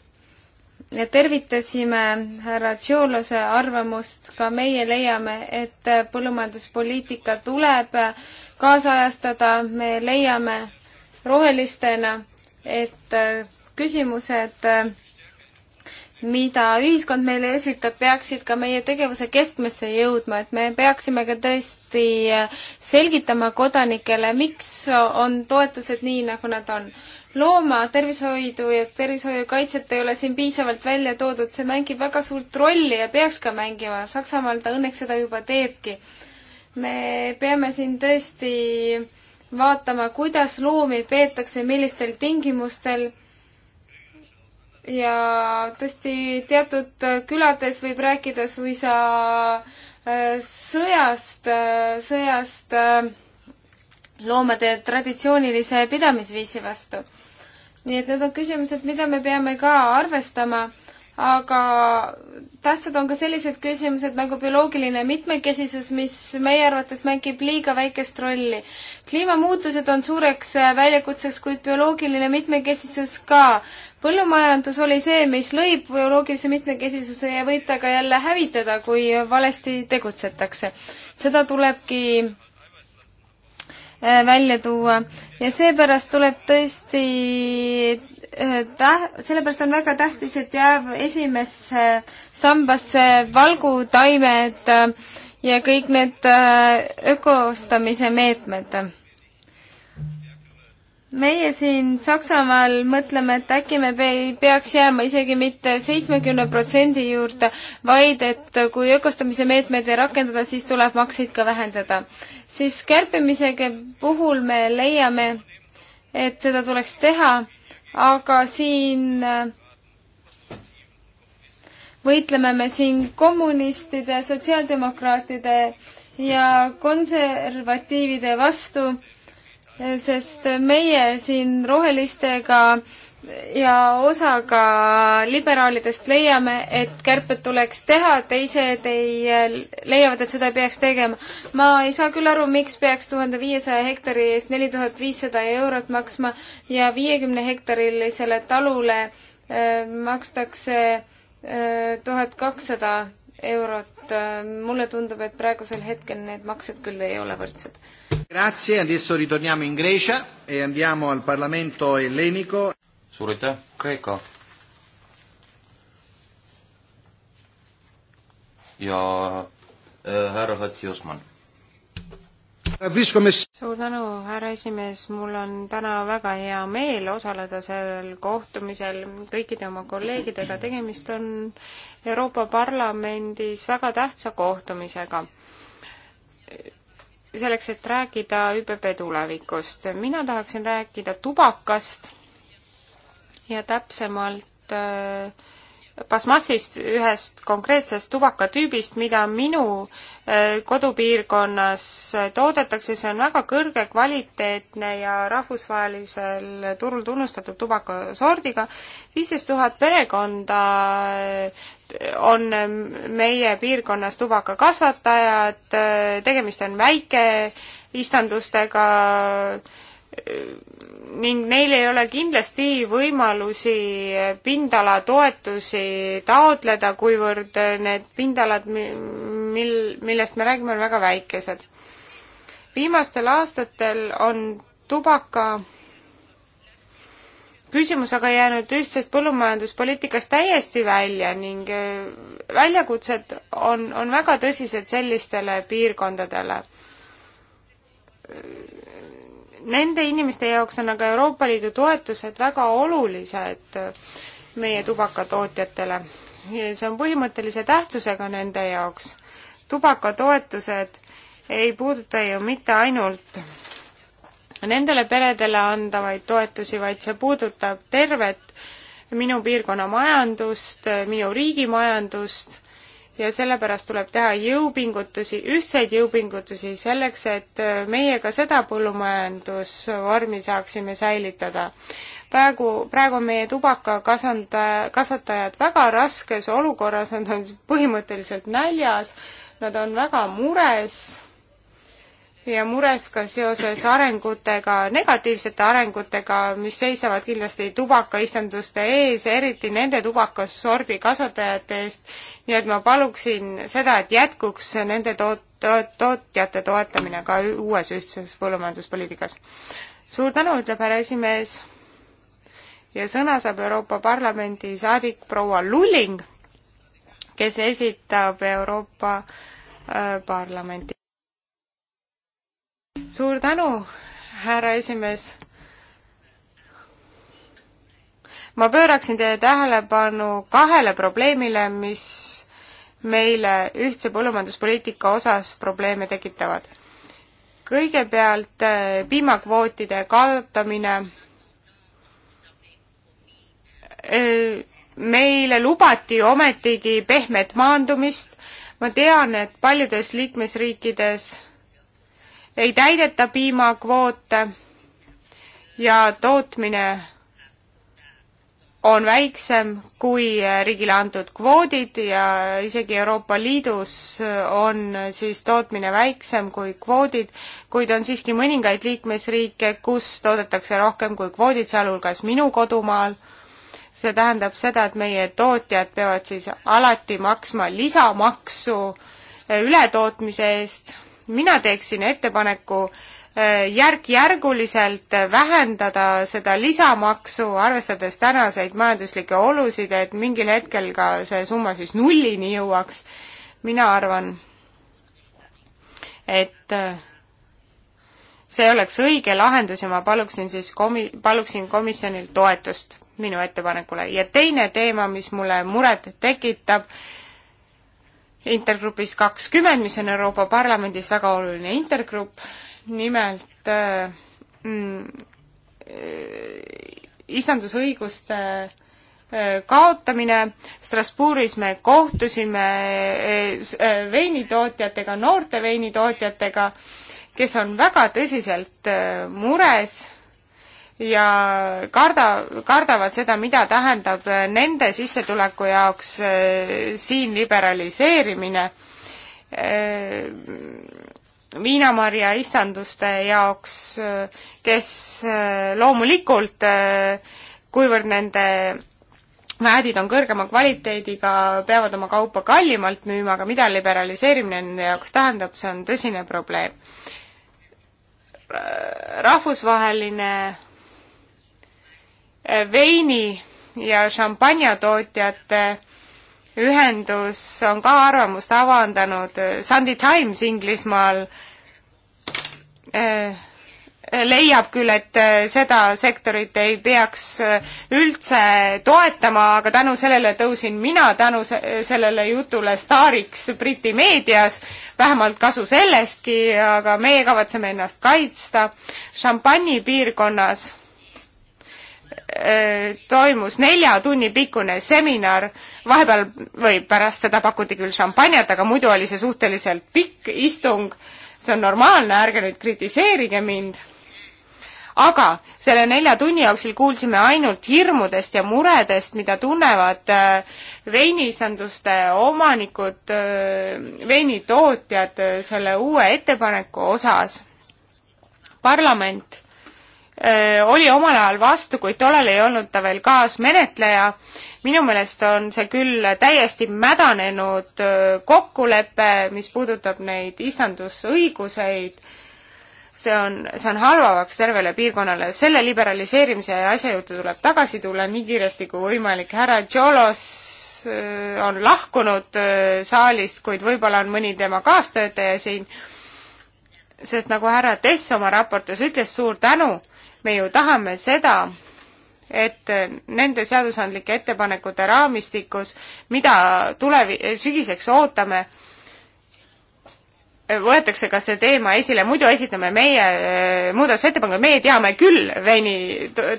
ja tervitasime härra Tšiolose arvamust, ka meie leiame, et põllumajanduspoliitika tuleb kaasajastada, me leiame rohelistena, et küsimused mida ühiskond meile esitab, peaksid ka meie tegevuse keskmesse jõudma, et me peaksime ka tõesti äh, selgitama kodanikele, miks on toetused nii, nagu nad on. looma tervishoidu ja tervishoiukaitset ei ole siin piisavalt välja toodud, see mängib väga suurt rolli ja peaks ka mängima, Saksamaal ta õnneks seda juba teebki. me peame siin tõesti vaatama, kuidas loomi peetakse, millistel tingimustel ja tõesti teatud äh, külades võib rääkida suisa äh, sõjast, äh, sõjast loomade traditsioonilise pidamisviisi vastu. nii et need on küsimused, mida me peame ka arvestama aga tähtsad on ka sellised küsimused nagu bioloogiline mitmekesisus, mis meie arvates mängib liiga väikest rolli. kliimamuutused on suureks äh, väljakutseks, kuid bioloogiline mitmekesisus ka. põllumajandus oli see, mis lõi bioloogilise mitmekesisuse ja võib ta ka jälle hävitada, kui valesti tegutsetakse. seda tulebki äh, välja tuua ja seepärast tuleb tõesti Äh, täh-, sellepärast on väga tähtis, et jääb esimesse sambasse valgutaimed äh, ja kõik need äh, ökostamise meetmed. meie siin Saksamaal mõtleme, et äkki me ei peaks jääma isegi mitte seitsmekümne protsendi juurde, vaid et kui ökostamise meetmeid ei rakendada, siis tuleb makseid ka vähendada. siis kärpimisega puhul me leiame, et seda tuleks teha aga siin äh, võitleme me siin kommunistide, sotsiaaldemokraatide ja konservatiivide vastu, sest meie siin rohelistega ja osaga liberaalidest leiame, et kärped tuleks teha, teised ei, leiavad, et seda ei peaks tegema. ma ei saa küll aru, miks peaks tuhande viiesaja hektari eest neli tuhat viissada eurot maksma ja viiekümne hektarilisele talule äh, makstakse äh, tuhat äh, kakssada eurot äh,. mulle tundub, et praegusel hetkel need maksed küll ei ole võrdsed. Grazie, adesso ritorniamo in Grecia e andiamo al Parlamento ellenico suur aitäh, Kreeka. ja äh, härra Hatsi Osman suur tänu, härra esimees, mul on täna väga hea meel osaleda sellel kohtumisel kõikide oma kolleegidega, tegemist on Euroopa Parlamendis väga tähtsa kohtumisega. selleks, et rääkida ÜPP tulevikust, mina tahaksin rääkida tubakast ja täpsemalt äh, basmassist, ühest konkreetsest tubakatüübist, mida minu äh, kodupiirkonnas toodetakse, see on väga kõrge kvaliteetne ja rahvusvahelisel turul tunnustatud tubakasordiga. viisteist tuhat perekonda äh, on meie piirkonnas tubakakasvatajad, tegemist on väikeistandustega, ning neil ei ole kindlasti võimalusi pindalatoetusi taotleda, kuivõrd need pindalad, mil, millest me räägime, on väga väikesed. viimastel aastatel on tubaka küsimus aga jäänud ühtsest põllumajanduspoliitikast täiesti välja ning äh, väljakutsed on, on väga tõsised sellistele piirkondadele nende inimeste jaoks on aga Euroopa Liidu toetused väga olulised äh, meie tubakatootjatele. see on põhimõttelise tähtsusega nende jaoks. tubakatoetused ei puuduta ju mitte ainult nendele peredele andavaid toetusi, vaid see puudutab tervet minu piirkonna majandust, minu riigi majandust ja sellepärast tuleb teha jõupingutusi, ühtseid jõupingutusi selleks, et meie ka seda põllumajandusvormi saaksime säilitada. praegu, praegu on meie tubakakasvanda-, kasvatajad väga raskes olukorras, nad on põhimõtteliselt näljas, nad on väga mures ja mures ka seoses arengutega, negatiivsete arengutega, mis seisavad kindlasti tubakaistanduste ees, eriti nende tubakassordi kasvatajate eest. nii et ma paluksin seda, et jätkuks nende toot-, toot-, tootjate toetamine ka uues ühtses põllumajanduspoliitikas. suur tänu, ütleb härra esimees. ja sõna saab Euroopa Parlamendi saadik proua Lulling, kes esitab Euroopa äh, Parlamenti suur tänu, härra esimees. ma pööraksin teie tähelepanu kahele probleemile, mis meile ühtse põllumajanduspoliitika osas probleeme tekitavad. kõigepealt eh, piimakvootide kaotamine. Eh, meile lubati ometigi pehmet maandumist. ma tean, et paljudes liikmesriikides ei täideta piimakvoote ja tootmine on väiksem kui riigile antud kvoodid ja isegi Euroopa Liidus on siis tootmine väiksem kui kvoodid, kuid on siiski mõningaid liikmesriike, kus toodetakse rohkem kui kvoodid, sealhulgas minu kodumaal. see tähendab seda, et meie tootjad peavad siis alati maksma lisamaksu ületootmise eest mina teeksin ettepaneku äh, järk-järguliselt vähendada seda lisamaksu, arvestades tänaseid majanduslikke olusid, et mingil hetkel ka see summa siis nullini jõuaks. mina arvan, et äh, see oleks õige lahendus ja ma paluksin siis komi-, paluksin komisjonil toetust minu ettepanekule ja teine teema, mis mulle muret tekitab, intergrupis kakskümmend, mis on Euroopa Parlamendis väga oluline intergrupp, nimelt äh, mm, äh istandusõiguste äh, kaotamine, Strasbourgis me kohtusime äh, äh, veinitootjatega, noorte veinitootjatega, kes on väga tõsiselt äh, mures ja karda, kardavad seda, mida tähendab nende sissetuleku jaoks eh, siin liberaliseerimine viinamarja eh, istanduste jaoks, eh, kes loomulikult, kuivõrd nende väedid on kõrgema kvaliteediga, peavad oma kaupa kallimalt müüma, aga mida liberaliseerimine nende jaoks tähendab, see on tõsine probleem. rahvusvaheline veini ja šampanjatootjate ühendus on ka arvamust avaldanud, Sunday Times Inglismaal eh, leiab küll, et eh, seda sektorit ei peaks eh, üldse toetama, aga tänu sellele tõusin mina tänu sellele jutule staariks Briti meedias, vähemalt kasu sellestki, aga meie kavatseme ennast kaitsta. šampanji piirkonnas Äh, toimus nelja tunni pikkune seminar, vahepeal või pärast seda pakuti küll šampanjat, aga muidu oli see suhteliselt pikk istung. see on normaalne, ärge nüüd kritiseerige mind. aga selle nelja tunni jooksul kuulsime ainult hirmudest ja muredest, mida tunnevad äh, veinisanduste omanikud, äh, veinitootjad selle uue ettepaneku osas. parlament oli omal ajal vastu, kuid tollal ei olnud ta veel kaasmenetleja. minu meelest on see küll täiesti mädanenud kokkulepe, mis puudutab neid istandusõiguseid. see on, see on halvavaks tervele piirkonnale. selle liberaliseerimise asja juurde tuleb tagasi tulla nii kiiresti kui võimalik. härra Tšolos on lahkunud saalist, kuid võib-olla on mõni tema kaastöötaja siin, sest nagu härra Tess oma raportis ütles, suur tänu me ju tahame seda, et nende seadusandlike ettepanekute raamistikus, mida tulevi-, sügiseks ootame, võetakse ka see teema esile, muidu esitame meie äh, muudatusettepanekud, meie teame küll, veini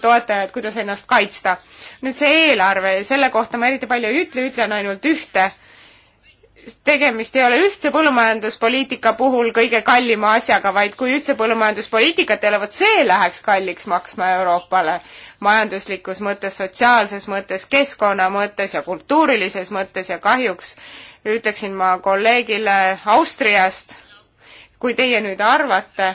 toetajad, kuidas ennast kaitsta. nüüd see eelarve, selle kohta ma eriti palju ei ütle, ütlen ainult ühte tegemist ei ole ühtse põllumajanduspoliitika puhul kõige kallima asjaga, vaid kui ühtse põllumajanduspoliitikat ei ole, vot see läheks kalliks maksma Euroopale majanduslikus mõttes, sotsiaalses mõttes, keskkonna mõttes ja kultuurilises mõttes ja kahjuks ütleksin ma kolleegile Austriast, kui teie nüüd arvate,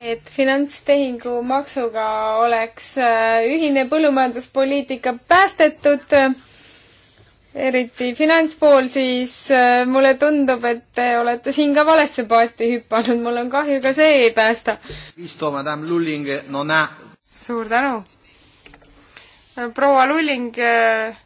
et finantstehingu maksuga oleks äh, ühine põllumajanduspoliitika päästetud eriti finantspool, siis äh, mulle tundub, et te olete siin ka valesse paati hüpanud, mul on kahju, ka see ei päästa. suur tänu. proua Lulling, äh,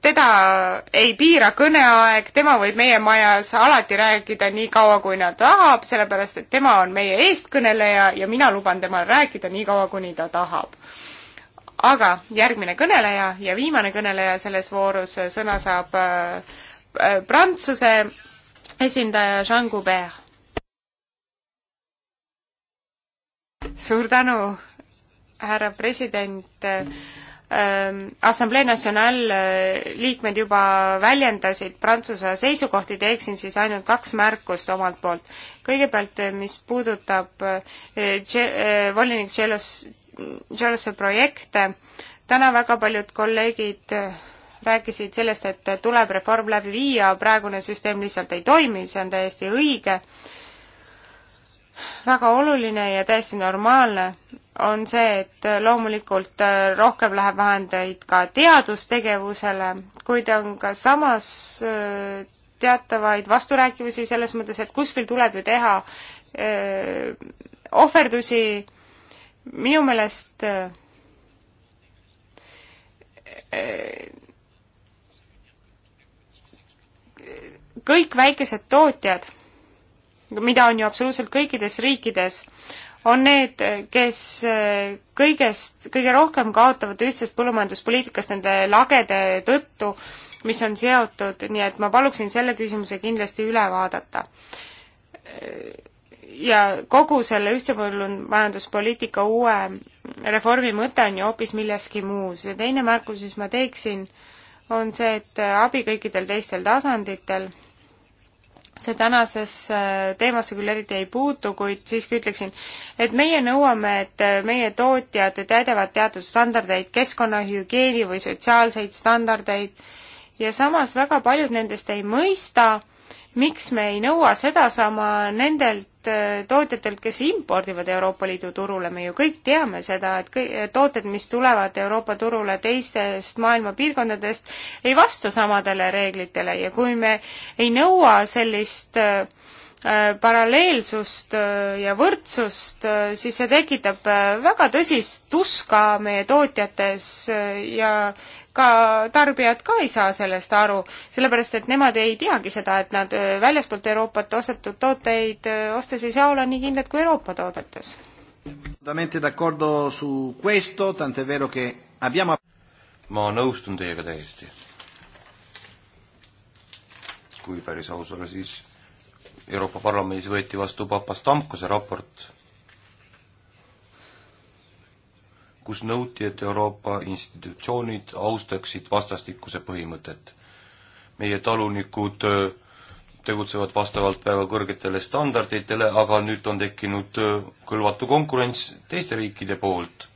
teda ei piira kõneaeg, tema võib meie majas alati rääkida nii kaua, kui ta tahab, sellepärast et tema on meie eestkõneleja ja mina luban temal rääkida nii kaua, kuni ta tahab aga järgmine kõneleja ja viimane kõneleja selles voorus, äh, sõna saab äh, äh, Prantsuse esindaja Jean Goubert. suur tänu, härra president ähm, Assamblee National liikmed juba väljendasid Prantsuse seisukohti, teeksin siis ainult kaks märkust omalt poolt. kõigepealt, mis puudutab volinik Tšelos Jersey projekte. täna väga paljud kolleegid äh, rääkisid sellest, et äh, tuleb reform läbi viia, praegune süsteem lihtsalt ei toimi, see on täiesti õige, väga oluline ja täiesti normaalne on see, et äh, loomulikult rohkem läheb vahendeid ka teadustegevusele, kuid on ka samas teatavaid vasturääkivusi selles mõttes, et kuskil tuleb ju teha öö, ohverdusi minu meelest äh, kõik väikesed tootjad, mida on ju absoluutselt kõikides riikides, on need, kes äh, kõigest, kõige rohkem kaotavad ühtsest põllumajanduspoliitikast nende lagede tõttu, mis on seotud, nii et ma paluksin selle küsimuse kindlasti üle vaadata. Äh, ja kogu selle ühtsepõllumajanduspoliitika uue reformi mõte on ju hoopis milleski muus ja teine märkus, mis ma teeksin, on see, et abi kõikidel teistel tasanditel, see tänasesse äh, teemasse küll eriti ei puutu, kuid siiski ütleksin, et meie nõuame, et meie tootjad täidavad teatud standardeid, keskkonnahügieeni või sotsiaalseid standardeid ja samas väga paljud nendest ei mõista, miks me ei nõua sedasama nendelt äh, tootjatelt, kes impordivad Euroopa Liidu turule, me ju kõik teame seda, et kõik äh, tooted, mis tulevad Euroopa turule teistest maailma piirkondadest, ei vasta samadele reeglitele ja kui me ei nõua sellist äh, Äh, paralleelsust äh, ja võrdsust, äh, siis see tekitab väga tõsist tuska meie tootjates ja ka tarbijad ka ei saa sellest aru, sellepärast et nemad ei teagi seda, et nad väljaspoolt Euroopat ostetud tooteid ostes ei saa olla nii kindlad kui Euroopa toodetes. ma nõustun teiega täiesti. kui päris aus olla, siis Euroopa Parlamendis võeti vastu Papastamkose raport, kus nõuti, et Euroopa institutsioonid austaksid vastastikuse põhimõtet. meie talunikud äh, tegutsevad vastavalt väga kõrgetele standarditele, aga nüüd on tekkinud äh, kõlvatu konkurents teiste riikide poolt,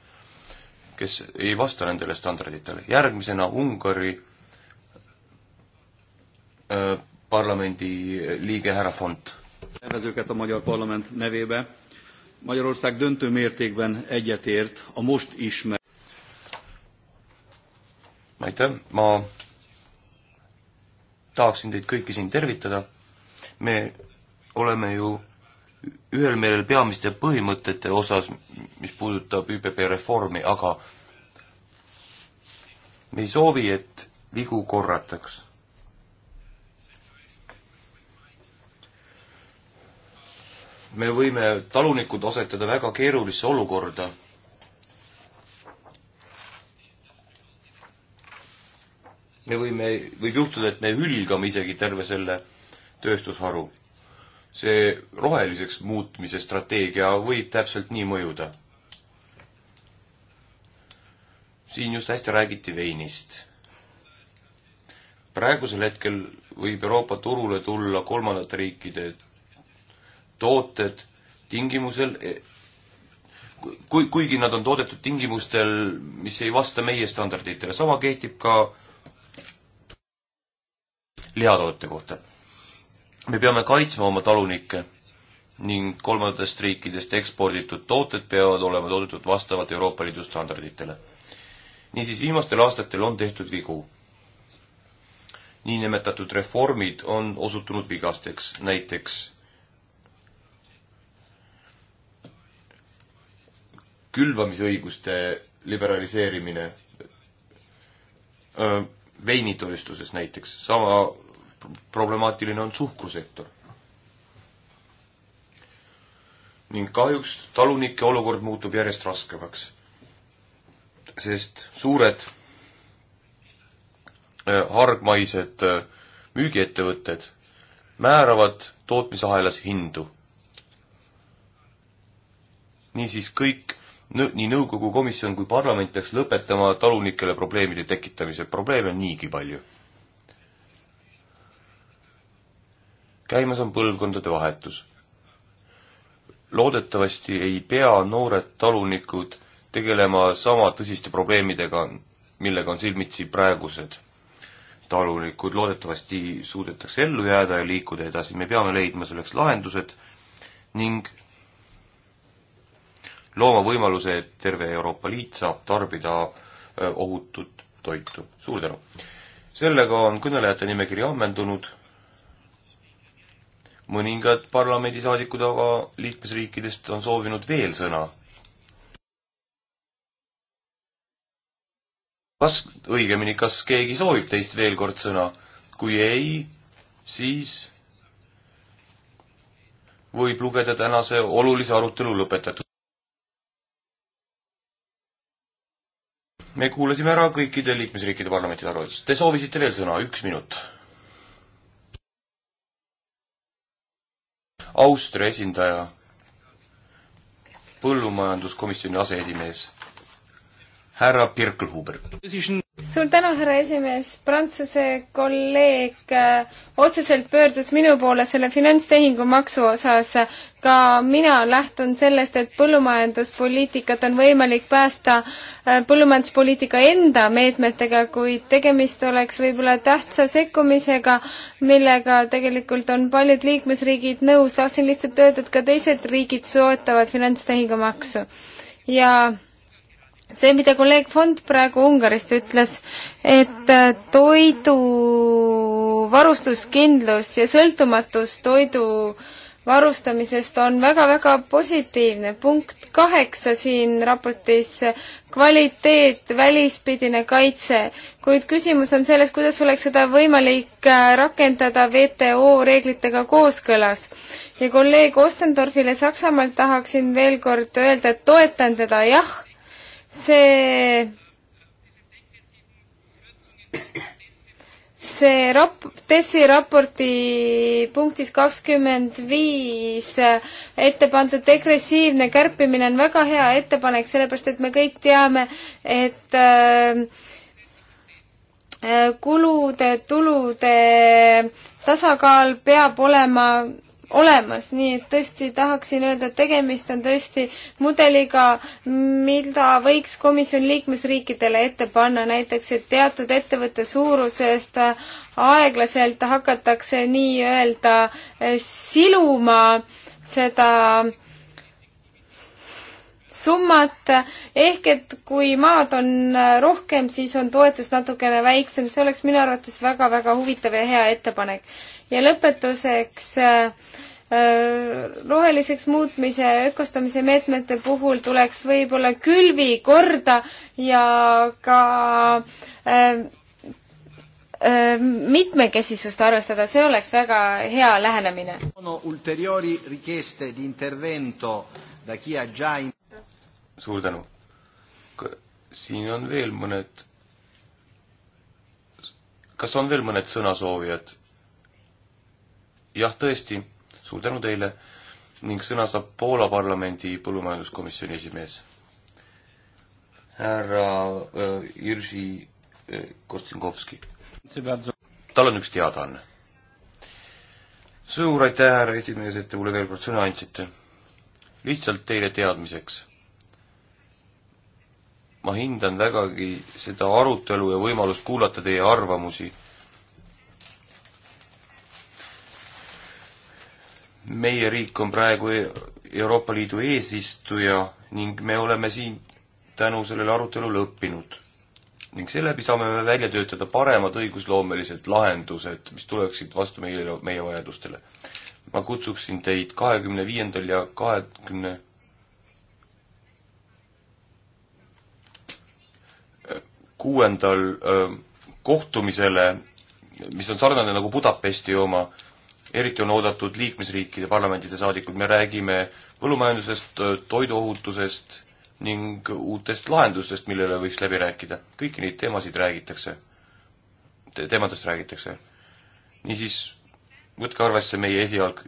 kes ei vasta nendele standarditele. järgmisena Ungari äh, parlamendi liige härra Font. Nevezőket a Magyar Parlament nevébe. Magyarország döntő mértékben egyetért a most ismer... Aitäh, ma tahaksin teid kõiki siin tervitada. me oleme ju ühel meelel peamiste põhimõtete osas, mis puudutab ÜPP reformi, aga me ei soovi, et vigu korrataks me võime talunikud asetada väga keerulisse olukorda. me võime, võib juhtuda, et me hülgame isegi terve selle tööstusharu. see roheliseks muutmise strateegia võib täpselt nii mõjuda. siin just hästi räägiti veinist praegusel hetkel võib Euroopa turule tulla kolmandate riikide tooted tingimusel, e, kui, kuigi nad on toodetud tingimustel, mis ei vasta meie standarditele, sama kehtib ka lihatoodete kohta. me peame kaitsma oma talunikke ning kolmandatest riikidest eksporditud tooted peavad olema toodetud vastavalt Euroopa Liidu standarditele. niisiis, viimastel aastatel on tehtud vigu. niinimetatud reformid on osutunud vigasteks, näiteks külvamisõiguste liberaliseerimine veinitööstuses näiteks, sama problemaatiline on suhkrusektor. ning kahjuks talunike olukord muutub järjest raskemaks, sest suured hargmaised müügiettevõtted määravad tootmisahelas hindu. niisiis kõik nii nõukogu komisjon kui parlament peaks lõpetama talunikele probleemide tekitamise, probleeme on niigi palju. käimas on põlvkondade vahetus. loodetavasti ei pea noored talunikud tegelema sama tõsiste probleemidega, millega on silmitsi praegused talunikud, loodetavasti suudetakse ellu jääda ja liikuda edasi, me peame leidma selleks lahendused ning looma võimaluse, et terve Euroopa Liit saab tarbida ohutut toitu. suur tänu! sellega on kõnelejate nimekiri ammendunud, mõningad parlamendisaadikud aga liikmesriikidest on soovinud veel sõna. kas, õigemini, kas keegi soovib teist veel kord sõna? kui ei, siis võib lugeda tänase olulise arutelu lõpetatud. me kuulasime ära kõikide liikmesriikide parlamentide arvamused. Te soovisite veel sõna, üks minut. Austria esindaja, põllumajanduskomisjoni aseesimees, härra Birkelhuber suur tänu, härra esimees. Prantsuse kolleeg äh, otseselt pöördus minu poole selle finantstehingu maksu osas. ka mina lähtun sellest, et põllumajanduspoliitikat on võimalik päästa äh, põllumajanduspoliitika enda meetmetega, kuid tegemist oleks võib-olla tähtsa sekkumisega, millega tegelikult on paljud liikmesriigid nõus. tahtsin lihtsalt öelda, et ka teised riigid soetavad finantstehingu maksu ja see, mida kolleeg Fond praegu Ungarist ütles, et äh, toidu varustuskindlus ja sõltumatus toidu varustamisest on väga-väga positiivne. punkt kaheksa siin raportis, kvaliteet, välispidine kaitse, kuid küsimus on selles, kuidas oleks seda võimalik äh, rakendada WTO reeglitega kooskõlas. ja kolleeg Ostendorfile Saksamaalt tahaksin veel kord öelda, et toetan teda, jah see see rap-, TESi raporti punktis kakskümmend viis ette pandud degressiivne kärpimine on väga hea ettepanek, sellepärast et me kõik teame, et äh, kulude-tulude tasakaal peab olema olemas, nii et tõesti tahaksin öelda, et tegemist on tõesti mudeliga, mida võiks komisjoni liikmesriikidele ette panna, näiteks et teatud ettevõtte suurusest aeglaselt hakatakse nii-öelda siluma seda äh, summat, ehk et kui maad on rohkem, siis on toetus natukene väiksem, see oleks minu arvates väga-väga huvitav ja hea ettepanek. ja lõpetuseks äh, äh, roheliseks muutmise ja ökostamise meetmete puhul tuleks võib-olla külvi korda ja ka äh, äh, mitmekesisust arvestada, see oleks väga hea lähenemine. ulteriori richieste di intervento da chi ha già in suur tänu. siin on veel mõned, kas on veel mõned sõnasoovijad? jah, tõesti, suur tänu teile ning sõna saab Poola parlamendi põllumajanduskomisjoni esimees härra äh, Jüri äh, Kostinkovski. tal on üks teadaanne. suur aitäh, härra esimees, et te mulle veel kord sõna andsite. lihtsalt teile teadmiseks ma hindan vägagi seda arutelu ja võimalust kuulata teie arvamusi. meie riik on praegu e-, Euroopa Liidu eesistuja ning me oleme siin tänu sellele arutelule õppinud. ning seeläbi saame me välja töötada paremad õigusloomelised lahendused, mis tuleksid vastu meile, meie vajadustele. ma kutsuksin teid kahekümne viiendal ja kahekümne 20 kuuendal kohtumisele, mis on sarnane nagu Budapesti oma, eriti on oodatud liikmesriikide parlamentide saadikud, me räägime põllumajandusest, toiduohutusest ning uutest lahendustest, millele võiks läbi rääkida. kõiki neid teemasid räägitakse te, teemadest räägitakse. niisiis, võtke arvesse meie esialg-,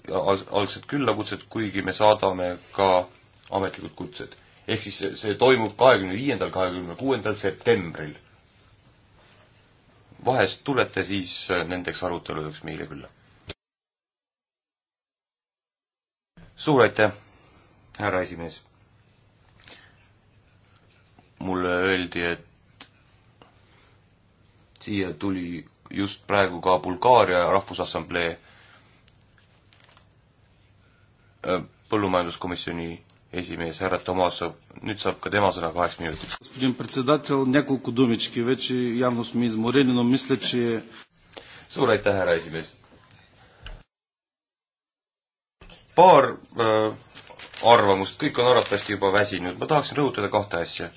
algsed küllakutset, kuigi me saadame ka ametlikud kutsed. ehk siis see, see toimub kahekümne viiendal, kahekümne kuuendal septembril vahest tulete siis äh, nendeks aruteludeks meile külla. suur aitäh, härra esimees. mulle öeldi, et siia tuli just praegu ka Bulgaaria Rahvusassamblee äh, põllumajanduskomisjoni esimees härra Tomasov, nüüd saab ka tema sõna kaheks minutiks. suur aitäh, härra esimees! paar äh, arvamust, kõik on arvatavasti juba väsinud, ma tahaksin rõhutada kahte asja.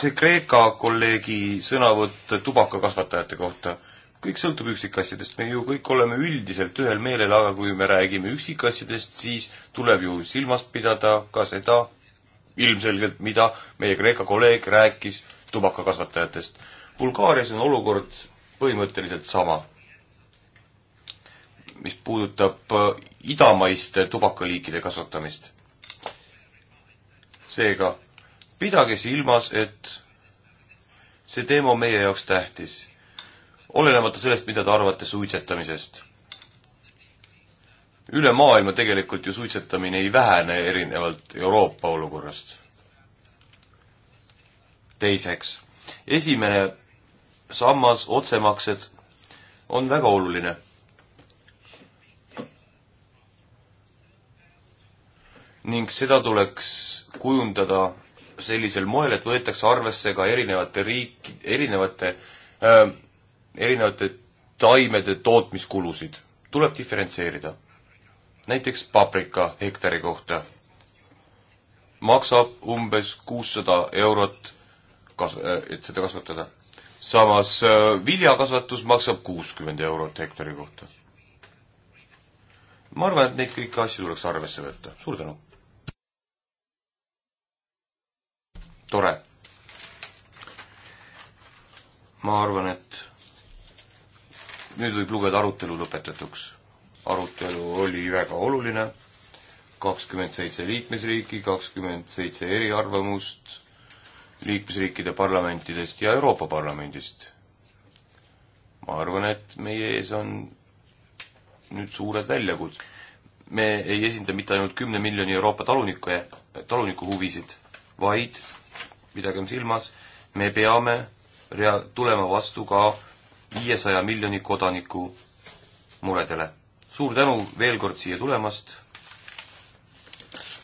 see Kreeka kolleegi sõnavõtt tubakakasvatajate kohta kõik sõltub üksikasjadest, me ju kõik oleme üldiselt ühel meelel, aga kui me räägime üksikasjadest, siis tuleb ju silmas pidada ka seda ilmselgelt, mida meie Kreeka kolleeg rääkis tubakakasvatajatest. Bulgaarias on olukord põhimõtteliselt sama. mis puudutab äh, idamaiste tubakaliikide kasvatamist. seega pidage silmas, et see teema on meie jaoks tähtis olenemata sellest, mida te arvate suitsetamisest. üle maailma tegelikult ju suitsetamine ei vähene erinevalt Euroopa olukorrast. teiseks, esimene sammas, otsemaksed on väga oluline. ning seda tuleks kujundada sellisel moel, et võetakse arvesse ka erinevate riik, erinevate öö, äh, erinevate taimede tootmiskulusid. tuleb diferentseerida. näiteks paprika hektari kohta maksab umbes kuussada eurot kas-, äh, et seda kasvatada. samas äh, viljakasvatus maksab kuuskümmend eurot hektari kohta. ma arvan, et neid kõiki asju tuleks arvesse võtta. suur tänu! tore. ma arvan, et nüüd võib lugeda arutelu lõpetatuks. arutelu oli väga oluline, kakskümmend seitse liikmesriiki, kakskümmend seitse eriarvamust liikmesriikide parlamentidest ja Euroopa Parlamendist. ma arvan, et meie ees on nüüd suured väljakutsed. me ei esinda mitte ainult kümne miljoni Euroopa talunike, taluniku huvisid, vaid pidagem silmas, me peame rea-, tulema vastu ka viiesaja miljoni kodaniku muredele. suur tänu veel kord siia tulemast